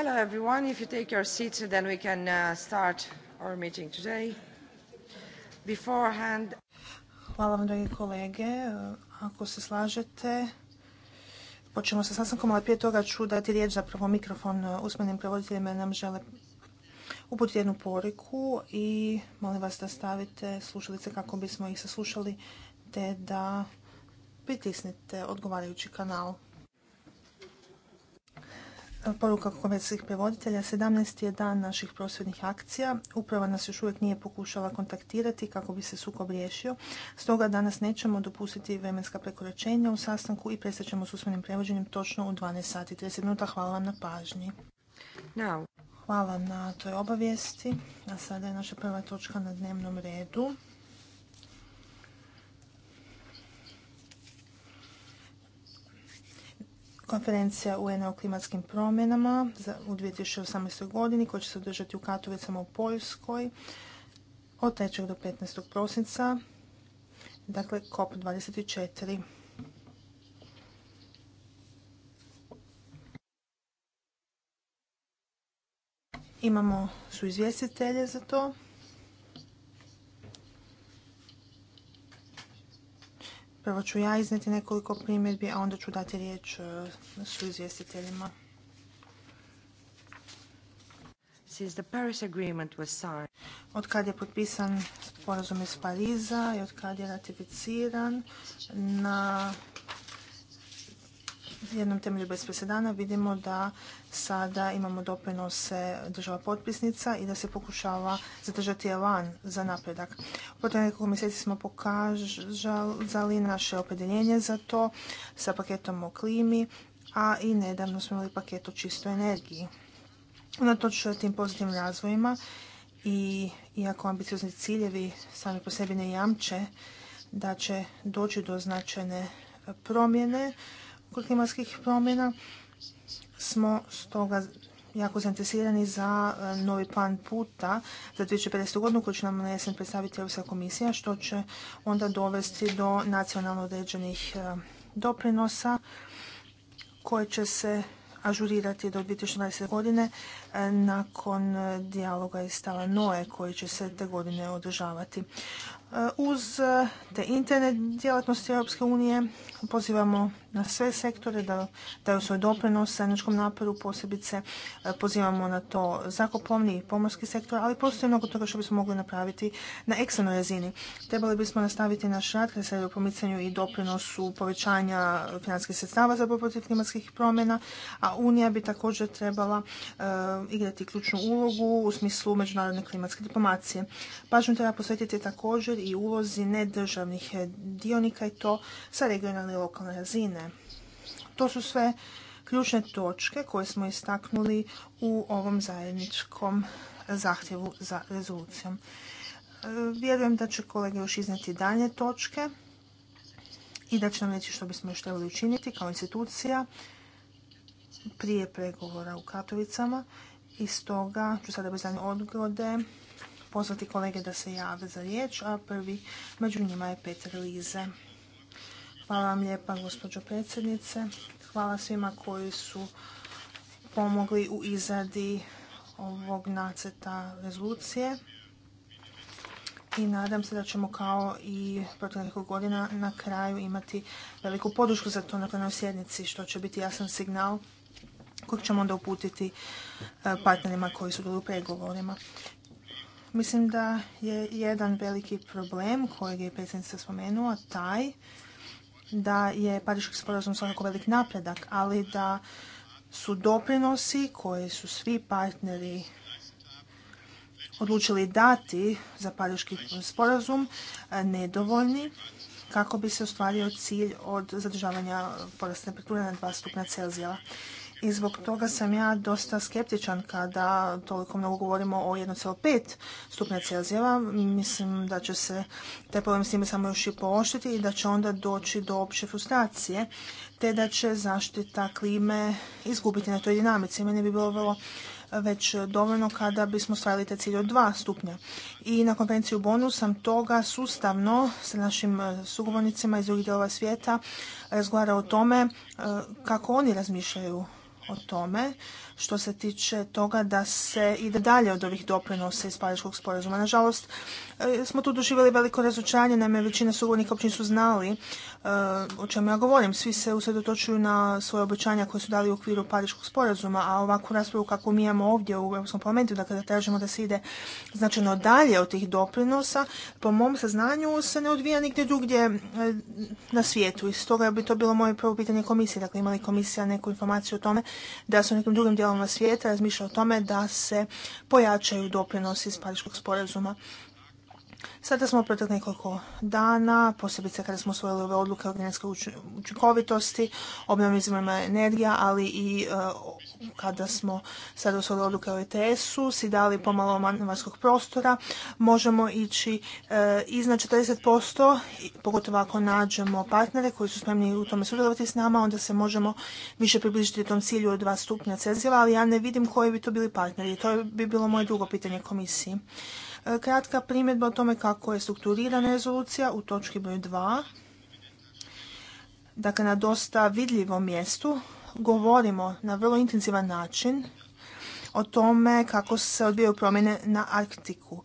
Hello everyone, if you take your seats then we can uh, start our meeting today. Beforehand... Hvala vam dragi kolege, ako se slažete, počnemo sa sastankom, ali prije toga ću dati riječ zapravo mikrofon uh, usmenim prevoditeljima nam žele uputiti jednu poriku i molim vas da stavite slušalice kako bismo ih saslušali te da pritisnite odgovarajući kanal poruka komercijskih prevoditelja, 17 je dan naših prosvjednih akcija. Uprava nas još uvijek nije pokušala kontaktirati kako bi se sukob riješio. Stoga danas nećemo dopustiti vremenska prekoračenja u sastanku i ćemo s usmenim prevođenjem točno u 12 sati 30 minuta. Hvala vam na pažnji. Now. Hvala na toj obavijesti. A sada je naša prva točka na dnevnom redu. konferencija un o klimatskim promjenama u 2018. godini koja će se održati u Katovicama u Poljskoj od 3. do 15. prosinca, dakle COP24. Imamo su izvjestitelje za to. Prvo ću ja izneti nekoliko primjedbi, a onda ću dati riječ e, su izvjestiteljima. Od kad je potpisan sporazum iz Pariza i od kad je ratificiran na jednom temelju bez presedana vidimo da sada imamo doprinose država potpisnica i da se pokušava zadržati elan za napredak. Potom nekoliko mjeseci smo pokazali naše opredjeljenje za to sa paketom o klimi, a i nedavno smo imali paket o čistoj energiji. Unatoč tim pozitivnim razvojima i iako ambiciozni ciljevi sami po sebi ne jamče da će doći do značajne promjene kod klimatskih promjena smo stoga jako zainteresirani za e, novi plan puta za 2050. godinu koji će nam na jesen predstaviti Europska komisija što će onda dovesti do nacionalno određenih e, doprinosa koje će se ažurirati do 2020. godine e, nakon dijaloga iz stava NOE koji će se te godine održavati. Uz te internet djelatnosti Europske unije pozivamo na sve sektore da daju svoj doprinos zajedničkom naporu, posebice e, pozivamo na to zrakoplovni i pomorski sektor, ali postoji mnogo toga što bismo mogli napraviti na eksternoj razini. Trebali bismo nastaviti naš rad kada se u promicanju i doprinosu povećanja financijskih sredstava za borbu klimatskih promjena, a Unija bi također trebala e, igrati ključnu ulogu u smislu međunarodne klimatske diplomacije. Pažnju treba posvetiti također i ulozi nedržavnih dionika i to sa regionalne i lokalne razine. To su sve ključne točke koje smo istaknuli u ovom zajedničkom zahtjevu za rezolucijom. E, vjerujem da će kolege još iznijeti dalje točke i da će nam reći što bismo još trebali učiniti kao institucija prije pregovora u Katovicama. I stoga ću sada bez dalje odgode pozvati kolege da se jave za riječ, a prvi među njima je Petar Lize. Hvala vam lijepa, gospođo predsjednice. Hvala svima koji su pomogli u izradi ovog naceta rezolucije i nadam se da ćemo kao i proteklih godina na kraju imati veliku podušku za to na plenarnoj sjednici, što će biti jasan signal kojeg ćemo onda uputiti e, partnerima koji su bili u pregovorima. Mislim da je jedan veliki problem kojeg je predsjednica spomenula taj da je Pariški sporazum svakako velik napredak, ali da su doprinosi koje su svi partneri odlučili dati za Pariški sporazum e, nedovoljni kako bi se ostvario cilj od zadržavanja porasta temperature na 2 stupnja Celzijeva i zbog toga sam ja dosta skeptičan kada toliko mnogo govorimo o 1,5 stupnja Celzijeva. Mislim da će se taj problem s time samo još i pooštiti i da će onda doći do opće frustracije, te da će zaštita klime izgubiti na toj dinamici. Meni bi bilo vrlo već dovoljno kada bismo stvarili te cilje od dva stupnja. I na konferenciju Bonu sam toga sustavno sa našim e, sugovornicima iz drugih dijelova svijeta razgovarao o tome e, kako oni razmišljaju o tome što se tiče toga da se ide dalje od ovih doprinosa iz Pariškog sporazuma. Nažalost, e, smo tu doživjeli veliko razočaranje, naime većina sugovornika uopće nisu znali e, o čemu ja govorim. Svi se usredotočuju na svoje obećanja koje su dali u okviru Pariškog sporazuma, a ovakvu raspravu kakvu mi imamo ovdje u Europskom parlamentu, dakle da tražimo da se ide značajno dalje od tih doprinosa, po mom saznanju se ne odvija nigdje drugdje e, na svijetu. I stoga bi to bilo moje prvo pitanje komisije. Dakle, ima li komisija neku informaciju o tome da su u nekim drugim dijelovima svijeta razmišlja o tome da se pojačaju doprinosi iz Pariškog sporazuma. Sada smo protek nekoliko dana, posebice kada smo usvojili ove odluke o genetskoj učinkovitosti, obnovljivim izvorima energija, ali i e, kada smo sada usvojili odluke o ETS-u, si dali pomalo manevarskog prostora, možemo ići e, iznad 40%, pogotovo ako nađemo partnere koji su spremni u tome sudjelovati s nama, onda se možemo više približiti tom cilju od dva stupnja Cezila, ali ja ne vidim koji bi to bili partneri. To bi bilo moje drugo pitanje komisiji kratka primjedba o tome kako je strukturirana rezolucija u točki broj 2. Dakle, na dosta vidljivom mjestu govorimo na vrlo intenzivan način o tome kako se odbijaju promjene na Arktiku.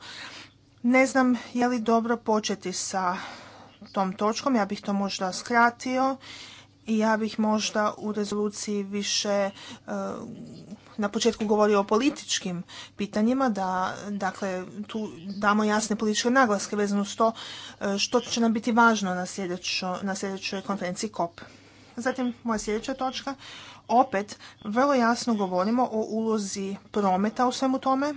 Ne znam je li dobro početi sa tom točkom, ja bih to možda skratio i ja bih možda u rezoluciji više e, na početku govorio o političkim pitanjima, da dakle, tu damo jasne političke naglaske vezano s to e, što će nam biti važno na, sljedećo, na sljedećoj konferenciji COP. Zatim, moja sljedeća točka, opet vrlo jasno govorimo o ulozi prometa u svemu tome,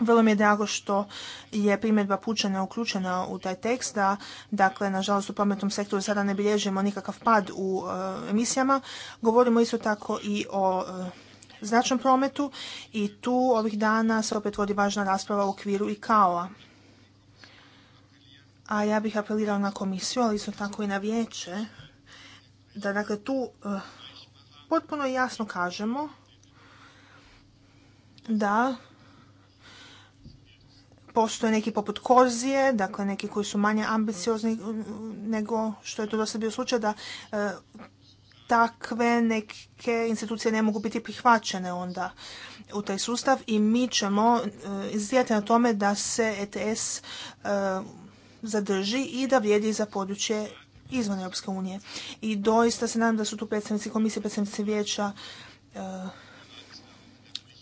vrlo mi je drago što je primjedba pučana uključena u taj tekst, da dakle, nažalost u pametnom sektoru sada ne bilježimo nikakav pad u e, emisijama. Govorimo isto tako i o e, Zračnom prometu i tu ovih dana se opet vodi važna rasprava u okviru ICAO-a. A ja bih apelirao na komisiju, ali isto tako i na vijeće, da dakle tu eh, potpuno jasno kažemo da postoje neki poput Kozije, dakle neki koji su manje ambiciozni nego što je to do sada bio slučaj, da eh, takve neke institucije ne mogu biti prihvaćene onda u taj sustav i mi ćemo e, izvijati na tome da se ETS e, zadrži i da vrijedi za područje izvan Europske unije. I doista se nadam da su tu predstavnici komisije, predstavnici vijeća e,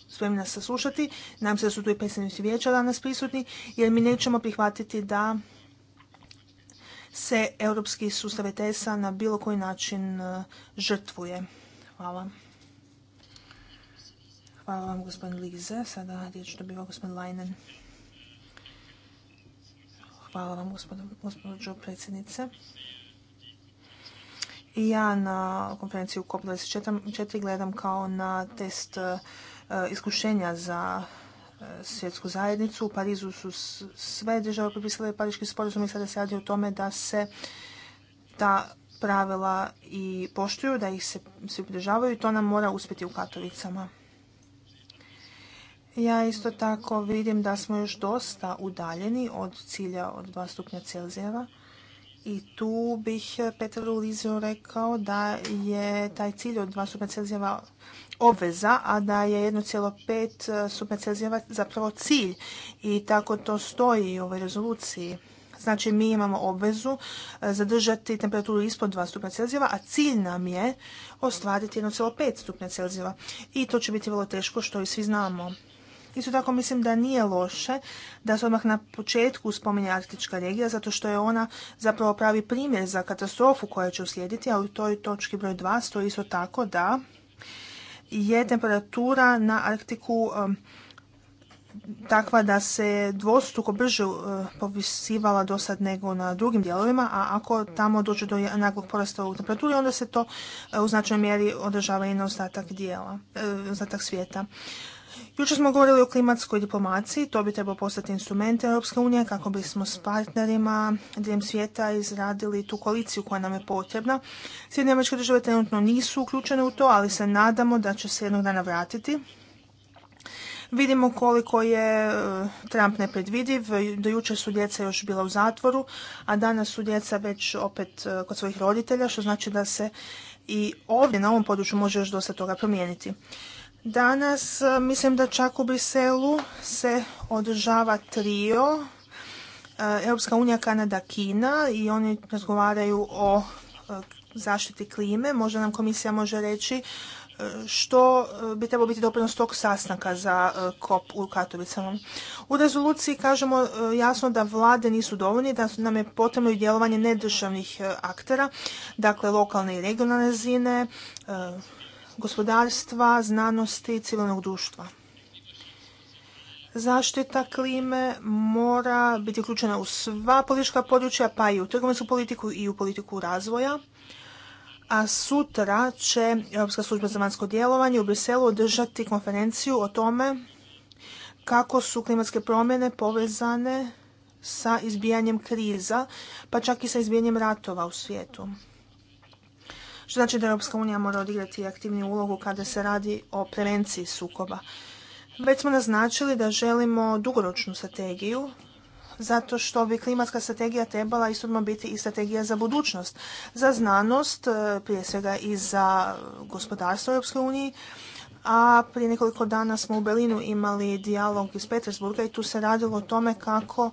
spremni nas saslušati. Nadam se da su tu i predstavnici vijeća danas prisutni jer mi nećemo prihvatiti da se europski sustav ETS-a na bilo koji način e, žrtvuje. Hvala. Hvala vam gospodin Lize. Sada riječ dobiva gospodin Lajnen. Hvala vam gospođo predsjednice. I ja na konferenciju COP24 gledam kao na test e, iskušenja za svjetsku zajednicu. U Parizu su sve države propisale Pariški sporazum i sada se radi o tome da se ta pravila i poštuju, da ih se svi pridržavaju i to nam mora uspjeti u Katovicama. Ja isto tako vidim da smo još dosta udaljeni od cilja od 2 stupnja Celzijeva. I tu bih Petru Liziju rekao da je taj cilj od 2 stupnja Celzijeva obveza, a da je 1,5 e, stupnja Celzijeva zapravo cilj. I tako to stoji u ovoj rezoluciji. Znači mi imamo obvezu e, zadržati temperaturu ispod 2 stupnja Celzijeva, a cilj nam je ostvariti 1,5 stupnja Celzijeva. I to će biti vrlo teško što i svi znamo. Isto tako mislim da nije loše da se odmah na početku spominje Arktička regija, zato što je ona zapravo pravi primjer za katastrofu koja će uslijediti, a u toj točki broj 2 stoji isto tako da je temperatura na Arktiku takva da se dvostruko brže eh, povisivala do sad nego na drugim dijelovima, a ako tamo dođe do naglog porasta u temperaturi, onda se to eh, u značajnoj mjeri održava i na ostatak, dijela, eh, ostatak svijeta. Juče smo govorili o klimatskoj diplomaciji, to bi trebalo postati instrument Europske unije kako bismo s partnerima diljem svijeta izradili tu koaliciju koja nam je potrebna. Sjedinje američke države trenutno nisu uključene u to, ali se nadamo da će se jednog dana vratiti. Vidimo koliko je e, Trump nepredvidiv. Do jučer su djeca još bila u zatvoru, a danas su djeca već opet e, kod svojih roditelja, što znači da se i ovdje na ovom području može još dosta toga promijeniti. Danas e, mislim da čak u Briselu se održava trio e, Europska unija, Kanada, Kina i oni razgovaraju o e, zaštiti klime. Možda nam komisija može reći što bi trebalo biti doprinos tog sastanka za KOP u Katovicama. U rezoluciji kažemo jasno da vlade nisu dovoljni, da nam je potrebno i djelovanje nedržavnih aktera, dakle lokalne i regionalne zine gospodarstva, znanosti i civilnog društva. Zaštita klime mora biti uključena u sva politička područja, pa i u trgovinsku politiku i u politiku razvoja. A sutra će Europska služba za vanjsko djelovanje u Briselu održati konferenciju o tome kako su klimatske promjene povezane sa izbijanjem kriza, pa čak i sa izbijanjem ratova u svijetu. Što znači da Europska unija mora odigrati aktivniju ulogu kada se radi o prevenciji sukoba. Već smo naznačili da želimo dugoročnu strategiju zato što bi klimatska strategija trebala istodno biti i strategija za budućnost, za znanost, e, prije svega i za gospodarstvo Europske unije, a prije nekoliko dana smo u Berlinu imali dijalog iz Petersburga i tu se radilo o tome kako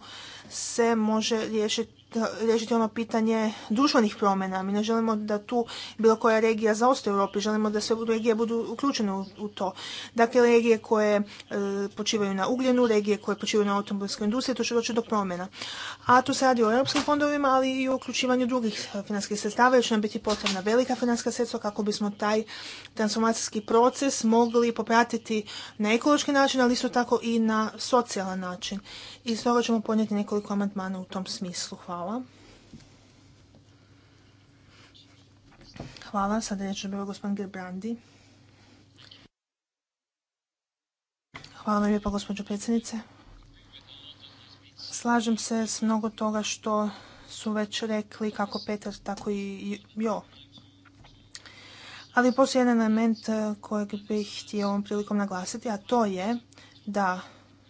se može riješiti riješiti ono pitanje društvenih promjena. Mi ne želimo da tu bilo koja regija zaostaje u Europi, želimo da sve regije budu uključene u to. Dakle, regije koje e, počivaju na ugljenu, regije koje počivaju na automobilskoj industriji, to će doći do promjena. A tu se radi o europskim fondovima, ali i o uključivanju drugih e, financijskih sredstava, jer će nam biti potrebna velika financijska sredstva kako bismo taj transformacijski proces mogli popratiti na ekološki način, ali isto tako i na socijalan način i stoga ćemo podnijeti nekoliko amandmana u tom smislu. Hvala. Hvala. Sada je bio gospodin Gerbrandi. Hvala vam lijepa gospođo predsjednice. Slažem se s mnogo toga što su već rekli kako Petar, tako i Jo. Ali postoji jedan element eh, kojeg bih htio ovom prilikom naglasiti, a to je da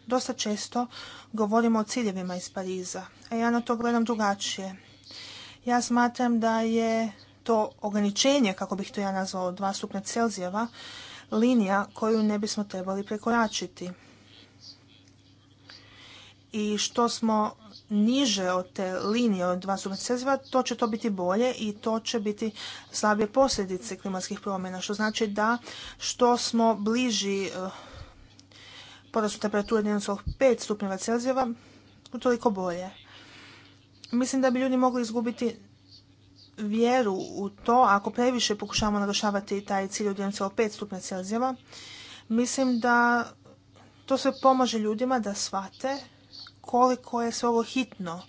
dosta često govorimo o ciljevima iz Pariza, a ja na to gledam drugačije. Ja smatram da je to ograničenje, kako bih to ja nazvao, dva stupnja Celzijeva, linija koju ne bismo trebali prekoračiti. I što smo niže od te linije od dva stupnja Celzijeva, to će to biti bolje i to će biti slabije posljedice klimatskih promjena, što znači da što smo bliži eh, su temperature 1,5 stupnjeva Celzijeva, utoliko bolje. Mislim da bi ljudi mogli izgubiti vjeru u to ako previše pokušavamo narušavati taj cilj od 1,5 stupnja Celzijeva. Mislim da to sve pomaže ljudima da shvate koliko je sve ovo hitno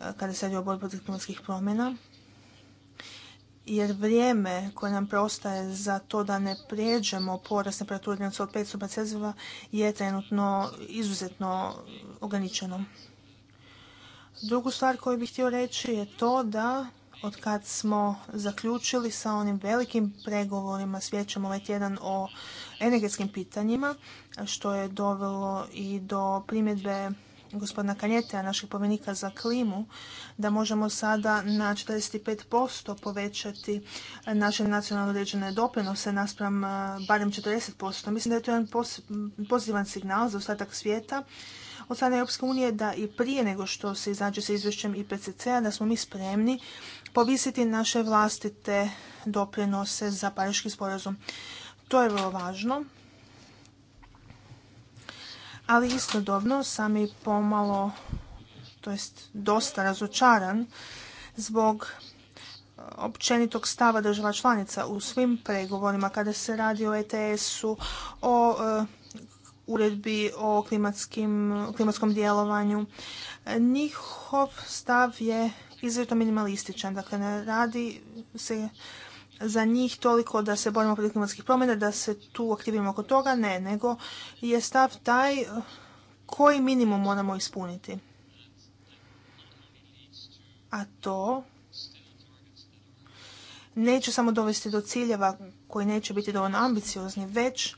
eh, kada se radi o borbi protiv klimatskih promjena jer vrijeme koje nam preostaje za to da ne prijeđemo porast temperature od 5 Ceziva je trenutno izuzetno ograničeno. Drugu stvar koju bih htio reći je to da od kad smo zaključili sa onim velikim pregovorima s vijećem ovaj tjedan o energetskim pitanjima, što je dovelo i do primjedbe gospodina Kanjeta, našeg pomenika za klimu, da možemo sada na 45% povećati naše nacionalno određene doprinose naspram eh, barem 40%. Mislim da je to jedan pozitivan signal za ostatak svijeta od strane Europske unije da i prije nego što se izađe sa izvješćem IPCC-a da smo mi spremni povisiti naše vlastite doprinose za Pariški sporazum. To je vrlo važno ali istodobno sam i pomalo, to jest dosta razočaran zbog e, općenitog stava država članica u svim pregovorima kada se radi o ETS-u, o e, uredbi o klimatskim, klimatskom djelovanju. E, njihov stav je izvjetno minimalističan, dakle ne radi se za njih toliko da se borimo protiv klimatskih promjena, da se tu aktiviramo oko toga, ne, nego je stav taj eh, koji minimum moramo ispuniti. A to neće samo dovesti do ciljeva koji neće biti dovoljno ambiciozni, već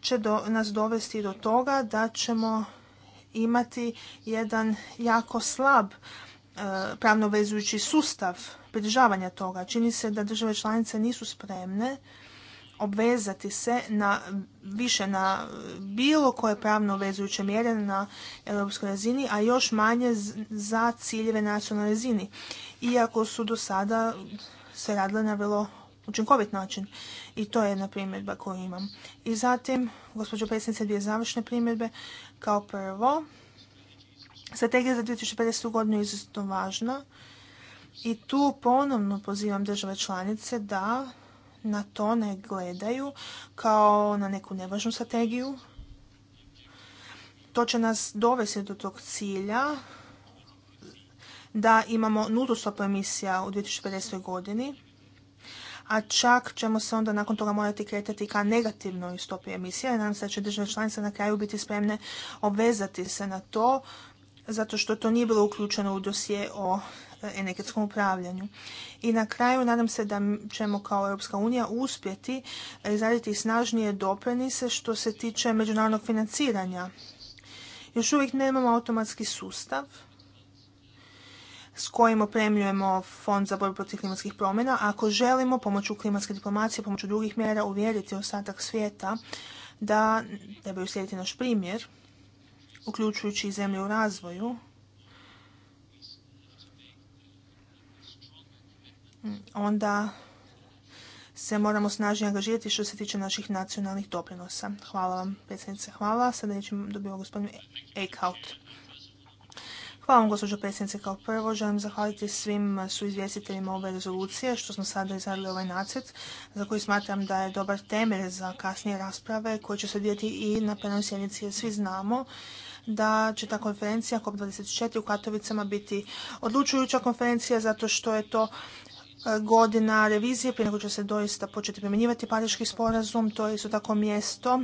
će nas dovesti do toga da ćemo imati jedan jako slab E, pravno vezujući sustav pridržavanja toga. Čini se da države članice nisu spremne obvezati se na više na bilo koje pravno vezujuće mjere na europskoj razini, a još manje za ciljeve nacionalnoj razini. Iako su do sada se radile na vrlo učinkovit način. I to je jedna primjedba koju imam. I zatim, gospođo predsjednice, dvije završne primjedbe. Kao prvo, Strategija za 2050. godinu je izuzetno važna i tu ponovno pozivam države članice da na to ne gledaju kao na neku nevažnu strategiju. To će nas dovesti do tog cilja da imamo nudu stopu emisija u 2050. godini, a čak ćemo se onda nakon toga morati kretati ka negativnoj stopi emisija. Nadam se da će države članice na kraju biti spremne obvezati se na to zato što to nije bilo uključeno u dosije o e, energetskom upravljanju. I na kraju nadam se da ćemo kao Europska unija uspjeti e, izraditi snažnije doprinise što se tiče međunarodnog financiranja. Još uvijek nemamo automatski sustav s kojim opremljujemo Fond za borbu protiv klimatskih promjena. Ako želimo pomoću klimatske diplomacije, pomoću drugih mjera uvjeriti ostatak svijeta da trebaju slijediti naš primjer, uključujući i zemlje u razvoju, onda se moramo snažnije angažirati što se tiče naših nacionalnih doprinosa. Hvala vam, predsjednice. Hvala. Sada ćemo dobio gospodin Eichhout. Hvala vam, gospođo predsjednice. Kao prvo želim zahvaliti svim suizvjestiteljima ove rezolucije što smo sada izradili ovaj nacrt za koji smatram da je dobar temelj za kasnije rasprave koje će se odvijeti i na plenarnoj sjednici jer svi znamo da će ta konferencija COP24 u Katovicama biti odlučujuća konferencija zato što je to e, godina revizije prije nego će se doista početi primjenjivati Pariški sporazum. To je isto tako mjesto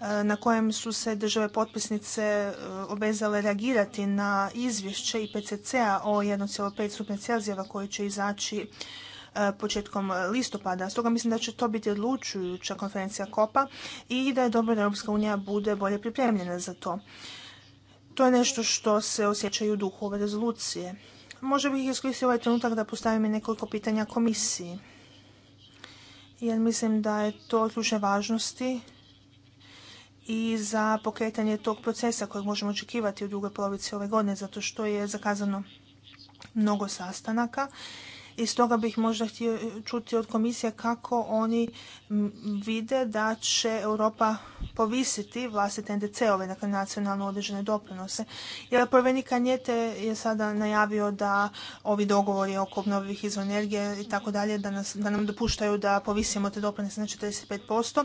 e, na kojem su se države potpisnice e, obezale reagirati na izvješće IPCC-a o 1,5 stupnje Celzijeva koji će izaći E, početkom listopada. Stoga mislim da će to biti odlučujuća konferencija kopa i da je dobro da Europska unija bude bolje pripremljena za to. To je nešto što se osjeća i u duhu ove rezolucije. Možda bih iskoristio ovaj trenutak da postavim nekoliko pitanja komisiji. Jer mislim da je to od ključne važnosti i za pokretanje tog procesa kojeg možemo očekivati u drugoj polovici ove godine, zato što je zakazano mnogo sastanaka i stoga bih možda htio čuti od komisije kako oni vide da će Europa povisiti vlastite NDC-ove, dakle nacionalno određene doprinose. Jer prvenik Kanjete je sada najavio da ovi dogovori oko obnovljivih izvora energije i tako dalje, da, da nam dopuštaju da povisimo te doprinose na 45%.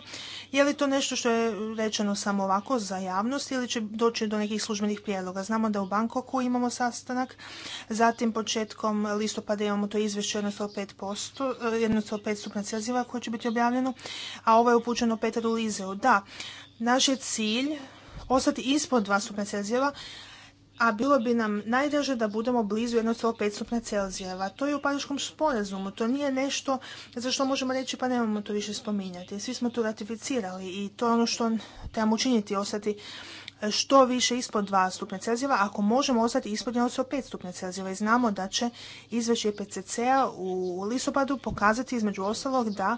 Je li to nešto što je rečeno samo ovako za javnost ili će doći do nekih službenih prijedloga? Znamo da u Bankoku imamo sastanak, zatim početkom listopada imamo to izvješće izvješće 1,5 e, stupna Celzijeva koje će biti objavljeno, a ovo je upućeno petaru Lizeu. Da, naš je cilj ostati ispod 2 stupna Celzijeva, a bilo bi nam najdraže da budemo blizu 1,5 stupna Celzijeva. To je u Pariškom sporazumu, to nije nešto za što možemo reći pa nemamo to više spominjati. Svi smo to ratificirali i to je ono što trebamo učiniti, ostati što više ispod 2 stupnja Celzijeva, ako možemo ostati ispod 5 stupnja Celzijeva. I znamo da će izvješće e pcc a u listopadu pokazati između ostalog da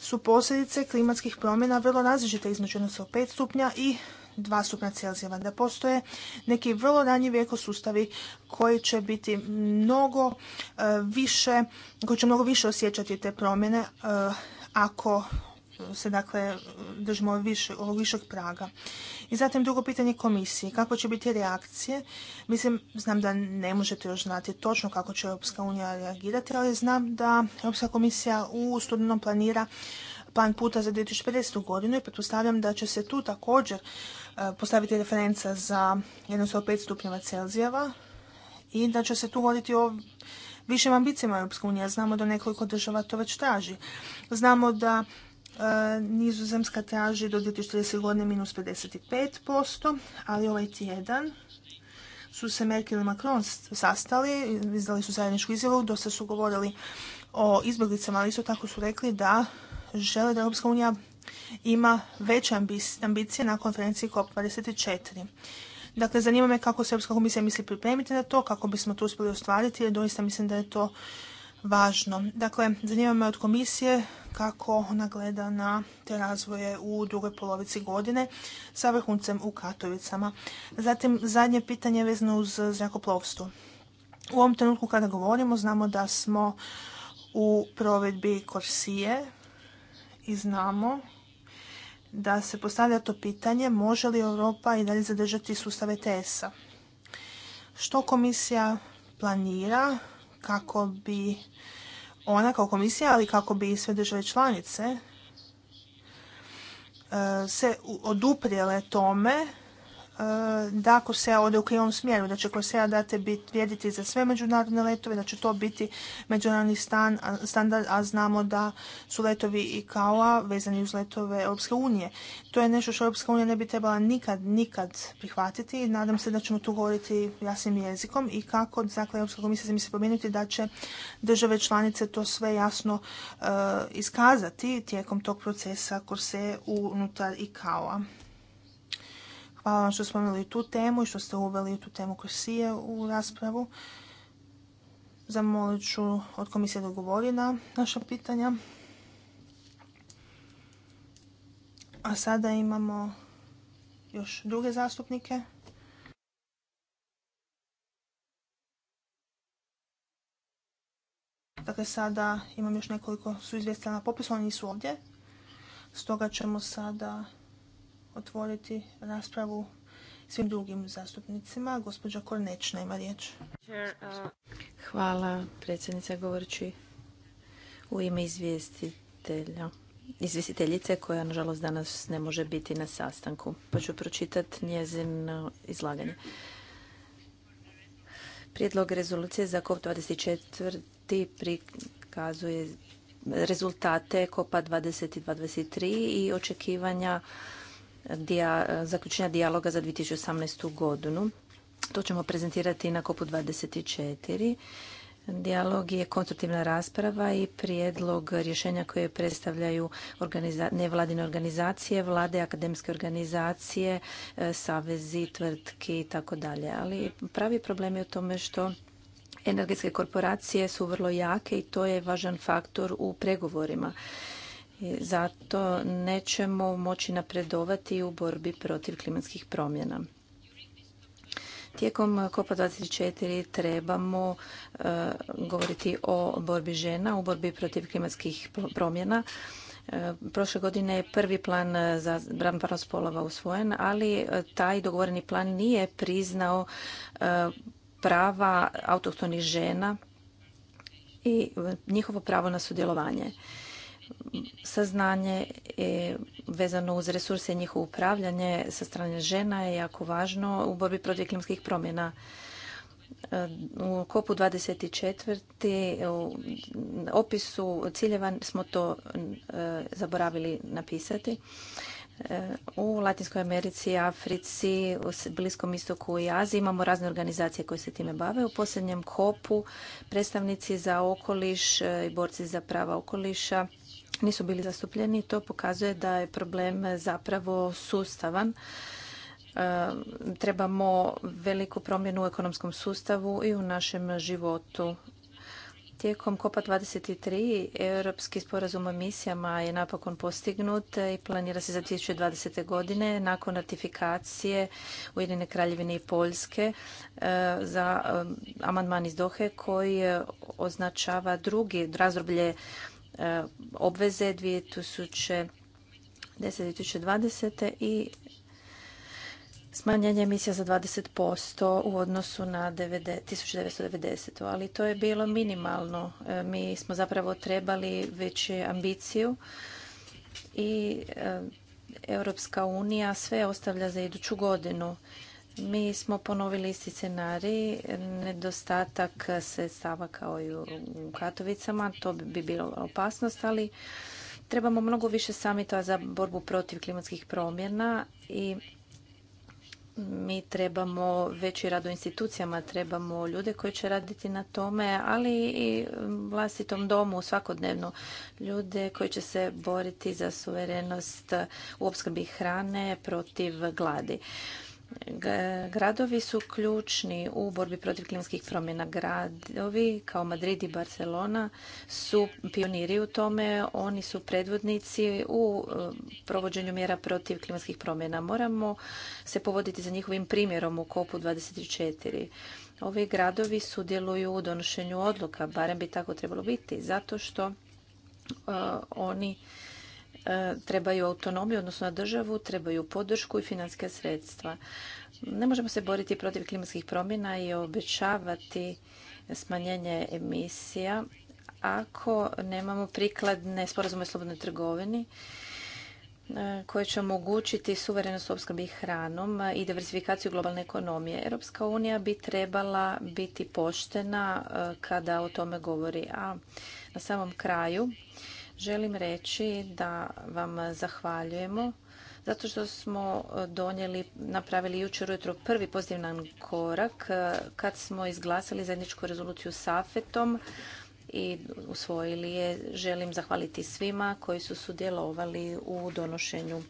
su posljedice klimatskih promjena vrlo različite između 1,5 stupnja i 2 stupnja Celzijeva, da postoje neki vrlo ranjivi sustavi koji će biti mnogo e, više, koji će mnogo više osjećati te promjene e, ako se dakle držimo više, ovog višeg praga. I zatim drugo pitanje komisije. Kako će biti reakcije? Mislim, znam da ne možete još znati točno kako će Europska unija reagirati, ali znam da Europska komisija u studenom planira plan puta za 2050. godinu i pretpostavljam da će se tu također e, postaviti referenca za 1,5 stupnjeva Celzijeva i da će se tu voditi o višim ambicijama Europske unije. Znamo da nekoliko država to već traži. Znamo da E, Nizozemska traži do 2040. godine minus 55%, ali ovaj tjedan su se Merkel i Macron sastali, izdali su zajedničku izjavu, dosta su govorili o izbjeglicama, ali isto tako su rekli da žele da Europska unija ima veće ambicije na konferenciji COP24. Dakle, zanima me kako se Europska komisija misli pripremiti na to, kako bismo to uspjeli ostvariti, jer doista mislim da je to važno. Dakle, zanima me od komisije kako ona gleda na te razvoje u drugoj polovici godine sa vrhuncem u Katovicama. Zatim, zadnje pitanje vezano uz zrakoplovstvo. U ovom trenutku kada govorimo, znamo da smo u provedbi Korsije i znamo da se postavlja to pitanje može li Europa i dalje zadržati sustave Tesa. a Što komisija planira kako bi ona kao komisija, ali kako bi sve države članice e, se oduprijele tome E, da se ode u krivom smjeru, da će Korsera date bit, vrijediti za sve međunarodne letove, da će to biti međunarodni standard, a znamo da su letovi i kao vezani uz letove Europske unije. To je nešto što Europska unija ne bi trebala nikad, nikad prihvatiti i nadam se da ćemo tu govoriti jasnim jezikom i kako dakle, Europska komisija se misli pomenuti da će države članice to sve jasno e, iskazati tijekom tog procesa Korse unutar i kao Hvala vam što smo imali tu temu i što ste uveli tu temu Korsije u raspravu. Zamolit ću od komisije da odgovori na naša pitanja. A sada imamo još druge zastupnike. Dakle, sada imam još nekoliko su izvjestila na popisu, oni nisu ovdje. Stoga ćemo sada otvoriti raspravu svim drugim zastupnicima. Gospođa Kornečna ima riječ. Hvala, predsjednica, govorči u ime izvjestitelja izvjestiteljice koja nažalost danas ne može biti na sastanku. Pa ću pročitati njezin e, izlaganje. Prijedlog rezolucije za COP24 prikazuje rezultate cop 22 i 23 i očekivanja zaključenja dijaloga za 2018. godinu. To ćemo prezentirati na kopu 24. Dijalog je konstruktivna rasprava i prijedlog rješenja koje predstavljaju nevladine organizacije, vlade, akademske organizacije, e, savezi, tvrtki i tako dalje. Ali pravi problem je u tome što energetske korporacije su vrlo jake i to je važan faktor u pregovorima zato nećemo moći napredovati u borbi protiv klimatskih promjena. Tijekom COP24 trebamo e, govoriti o borbi žena, u borbi protiv klimatskih promjena. E, prošle godine je prvi plan za ravnopravnost spolova usvojen, ali e, taj dogovoreni plan nije priznao prava autohtonih žena i njihovo pravo na sudjelovanje saznanje vezano uz resurse i njihovo upravljanje sa strane žena je jako važno u borbi protiv klimatskih promjena. E, u kopu 24. opisu ciljeva smo to e, zaboravili napisati. E, u Latinskoj Americi, Africi, u Bliskom istoku i Aziji imamo razne organizacije koje se time bave. U posljednjem kopu predstavnici za okoliš i borci za prava okoliša nisu bili zastupljeni to pokazuje da je problem zapravo sustavan. E, trebamo veliku promjenu u ekonomskom sustavu i u našem životu. Tijekom COPA 23 europski sporazum o misijama je napokon postignut i planira se za 2020. godine nakon ratifikacije Ujedine kraljevine i Poljske e, za e, amandman iz Dohe koji označava drugi razdoblje obveze 2010-2020 i smanjenje emisija za 20% u odnosu na 1990. Ali to je bilo minimalno. E, mi smo zapravo trebali veću ambiciju i e, Europska unija sve ostavlja za iduću godinu. Mi smo ponovili isti scenarij, nedostatak sredstava kao i u Katovicama, to bi bilo opasnost, ali trebamo mnogo više samita za borbu protiv klimatskih promjena i mi trebamo veći rad u institucijama, trebamo ljude koji će raditi na tome, ali i vlastitom domu svakodnevno. Ljude koji će se boriti za suverenost u opskrbi hrane protiv gladi. Gradovi su ključni u borbi protiv klimatskih promjena. Gradovi kao Madrid i Barcelona su pioniri u tome. Oni su predvodnici u eh, provođenju mjera protiv klimatskih promjena. Moramo se povoditi za njihovim primjerom u kopu 24. Ovi gradovi sudjeluju u donošenju odluka, barem bi tako trebalo biti, zato što eh, oni E, trebaju autonomiju, odnosno na državu, trebaju podršku i financijska sredstva. Ne možemo se boriti protiv klimatskih promjena i obećavati smanjenje emisija ako nemamo prikladne sporazume o slobodnoj trgovini e, koje će omogućiti suverenost opskrbi hranom i diversifikaciju globalne ekonomije. Europska unija bi trebala biti poštena e, kada o tome govori. A na samom kraju Želim reći da vam zahvaljujemo zato što smo donijeli, napravili jučer ujutro prvi pozitivan korak eh, kad smo izglasali zajedničku rezoluciju s AFET-om i usvojili je. Želim zahvaliti svima koji su sudjelovali u donošenju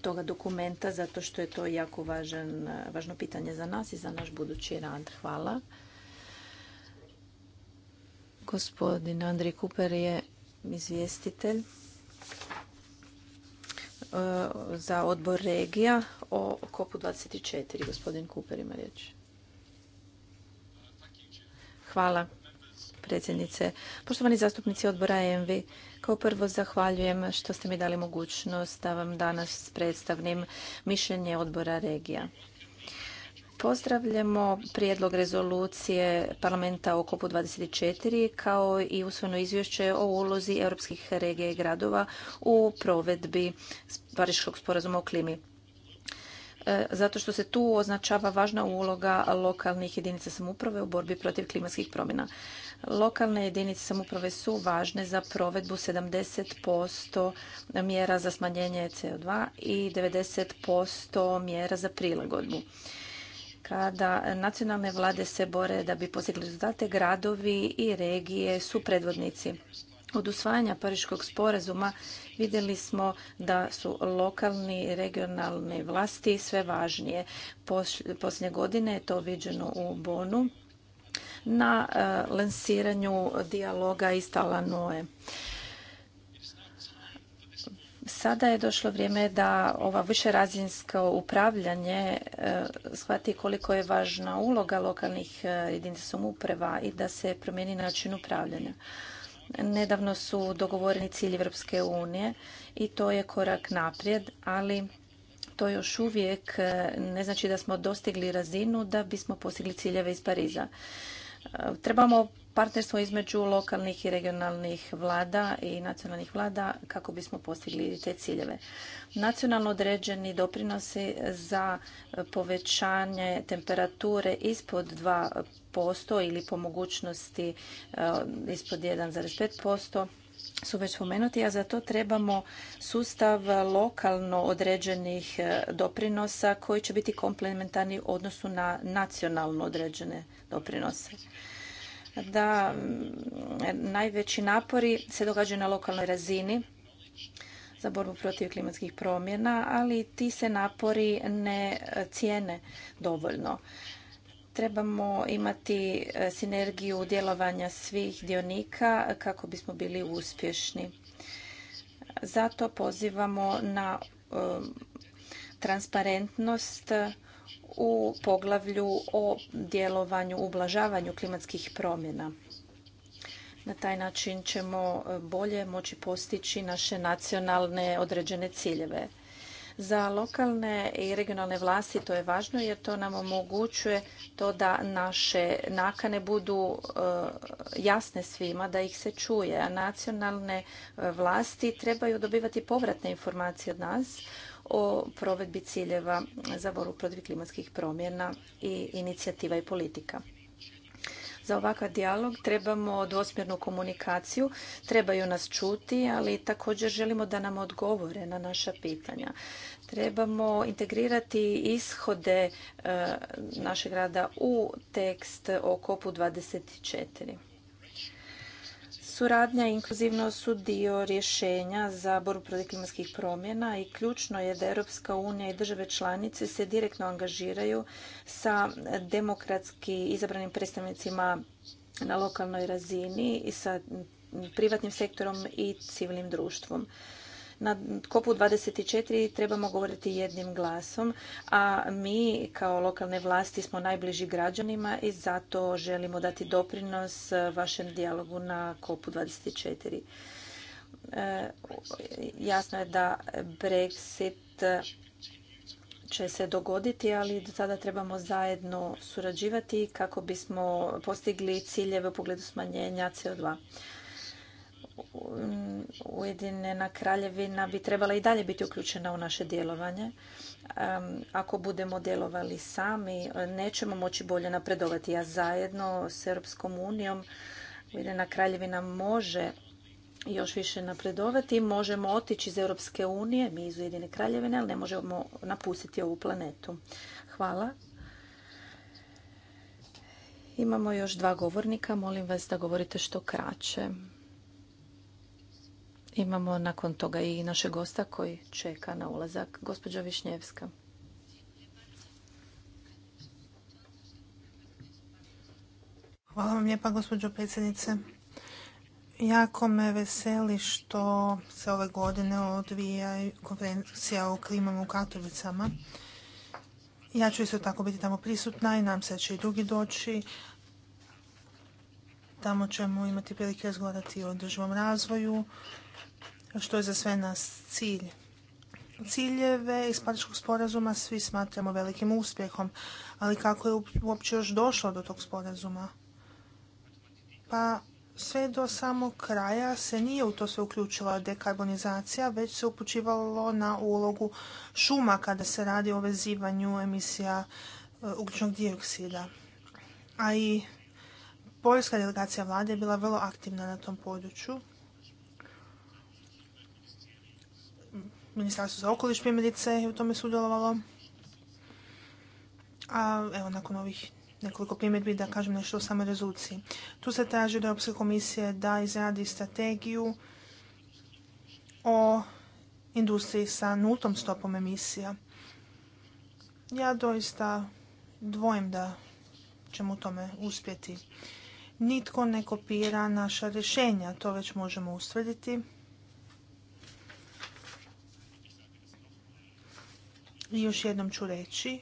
toga dokumenta zato što je to jako važan, eh, važno pitanje za nas i za naš budući rad. Hvala. Gospodin andrij Kuper je izvjestitelj e, za odbor regija o kopu 24. Gospodin Kuper ima riječ. Hvala predsjednice. Poštovani zastupnici odbora EMV, kao prvo zahvaljujem što ste mi dali mogućnost da vam danas predstavnim mišljenje odbora regija. Pozdravljamo prijedlog rezolucije parlamenta o kopu 24 kao i usvojeno izvješće o ulozi europskih regija i gradova u provedbi Pariškog sporazuma o klimi e, zato što se tu označava važna uloga lokalnih jedinica samouprave u borbi protiv klimatskih promjena. Lokalne jedinice samouprave su važne za provedbu 70% mjera za smanjenje CO2 i 90% mjera za prilagodbu kada nacionalne vlade se bore da bi postigli rezultate, gradovi i regije su predvodnici. Od usvajanja Pariškog sporazuma vidjeli smo da su lokalni i regionalne vlasti sve važnije. Posljednje godine je to viđeno u Bonu na eh, lansiranju dijaloga iz Talanoe. Sada je došlo vrijeme da ova višerazinsko upravljanje e, shvati koliko je važna uloga lokalnih e, jedinica samouprava i da se promijeni način upravljanja. Nedavno su dogovoreni cilj Europske unije i to je korak naprijed, ali to još uvijek e, ne znači da smo dostigli razinu da bismo postigli ciljeve iz Pariza. Trebamo partnerstvo između lokalnih i regionalnih vlada i nacionalnih vlada kako bismo postigli te ciljeve. Nacionalno određeni doprinosi za povećanje temperature ispod 2% ili po mogućnosti e, ispod 1,5% su već spomenuti, a za to trebamo sustav lokalno određenih e, doprinosa koji će biti komplementarni u odnosu na nacionalno određene doprinose. Da mm, najveći napori se događaju na lokalnoj razini za borbu protiv klimatskih promjena, ali ti se napori ne e, cijene dovoljno trebamo imati e, sinergiju djelovanja svih dionika kako bismo bili uspješni. Zato pozivamo na e, transparentnost u poglavlju o djelovanju, ublažavanju klimatskih promjena. Na taj način ćemo e, bolje moći postići naše nacionalne određene ciljeve. Za lokalne i regionalne vlasti to je važno jer to nam omogućuje to da naše nakane budu e, jasne svima, da ih se čuje. A nacionalne e, vlasti trebaju dobivati povratne informacije od nas o provedbi ciljeva za borbu protiv klimatskih promjena i inicijativa i politika. Za ovakav dijalog trebamo dvosmjernu komunikaciju, trebaju nas čuti, ali također želimo da nam odgovore na naša pitanja. Trebamo integrirati ishode eh, našeg rada u tekst o kopu 24. Suradnja i inkluzivnost su dio rješenja za borbu protiv klimatskih promjena i ključno je da Europska unija i države članice se direktno angažiraju sa demokratski izabranim predstavnicima na lokalnoj razini i sa privatnim sektorom i civilnim društvom. Na kopu 24 trebamo govoriti jednim glasom, a mi kao lokalne vlasti smo najbliži građanima i zato želimo dati doprinos vašem dijalogu na kopu 24. E, jasno je da Brexit će se dogoditi, ali do sada trebamo zajedno surađivati kako bismo postigli ciljeve u pogledu smanjenja CO2. Ujedinjena kraljevina bi trebala i dalje biti uključena u naše djelovanje. Ako budemo djelovali sami, nećemo moći bolje napredovati, a zajedno s Europskom unijom Ujedinjena kraljevina može još više napredovati. Možemo otići iz Europske unije, mi iz Ujedine kraljevine, ali ne možemo napustiti ovu planetu. Hvala. Imamo još dva govornika. Molim vas da govorite što kraće. Imamo nakon toga i našeg gosta koji čeka na ulazak, gospođa Višnjevska. Hvala vam lijepa, gospođo predsjednice. Jako me veseli što se ove godine odvija konferencija o klimama u Katovicama. Ja ću isto tako biti tamo prisutna i nam se će i drugi doći. Tamo ćemo imati prilike razgovarati o održivom razvoju, što je za sve nas cilj. Ciljeve iz Pariškog sporazuma svi smatramo velikim uspjehom, ali kako je uopće još došlo do tog sporazuma? Pa sve do samog kraja se nije u to sve uključila dekarbonizacija, već se upućivalo na ulogu šuma kada se radi o vezivanju emisija e, ugljičnog dioksida. A i poljska delegacija vlade je bila vrlo aktivna na tom području Ministarstvo za okoliš primjerice je u tome sudjelovalo. A evo, nakon ovih nekoliko primjedbi da kažem nešto o samoj rezoluciji. Tu se traži od Europske komisije da izradi strategiju o industriji sa nultom stopom emisija. Ja doista dvojim da ćemo u tome uspjeti. Nitko ne kopira naša rješenja, to već možemo ustvrditi. I još jednom ću reći,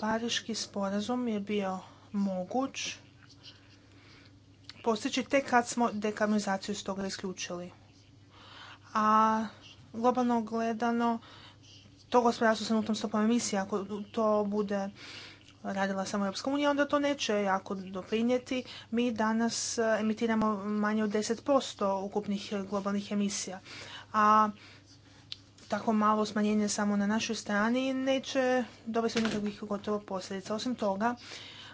Pariški sporazum je bio moguć postići tek kad smo dekarbonizaciju iz toga isključili. A globalno gledano, to gospodarstvo sa nutnom stopom emisije, ako to bude radila samo Europska unija, onda to neće jako doprinijeti. Mi danas eh, emitiramo manje od 10% ukupnih globalnih emisija. A tako malo smanjenje samo na našoj strani neće dovesti nikakvih gotovo posljedica. Osim toga,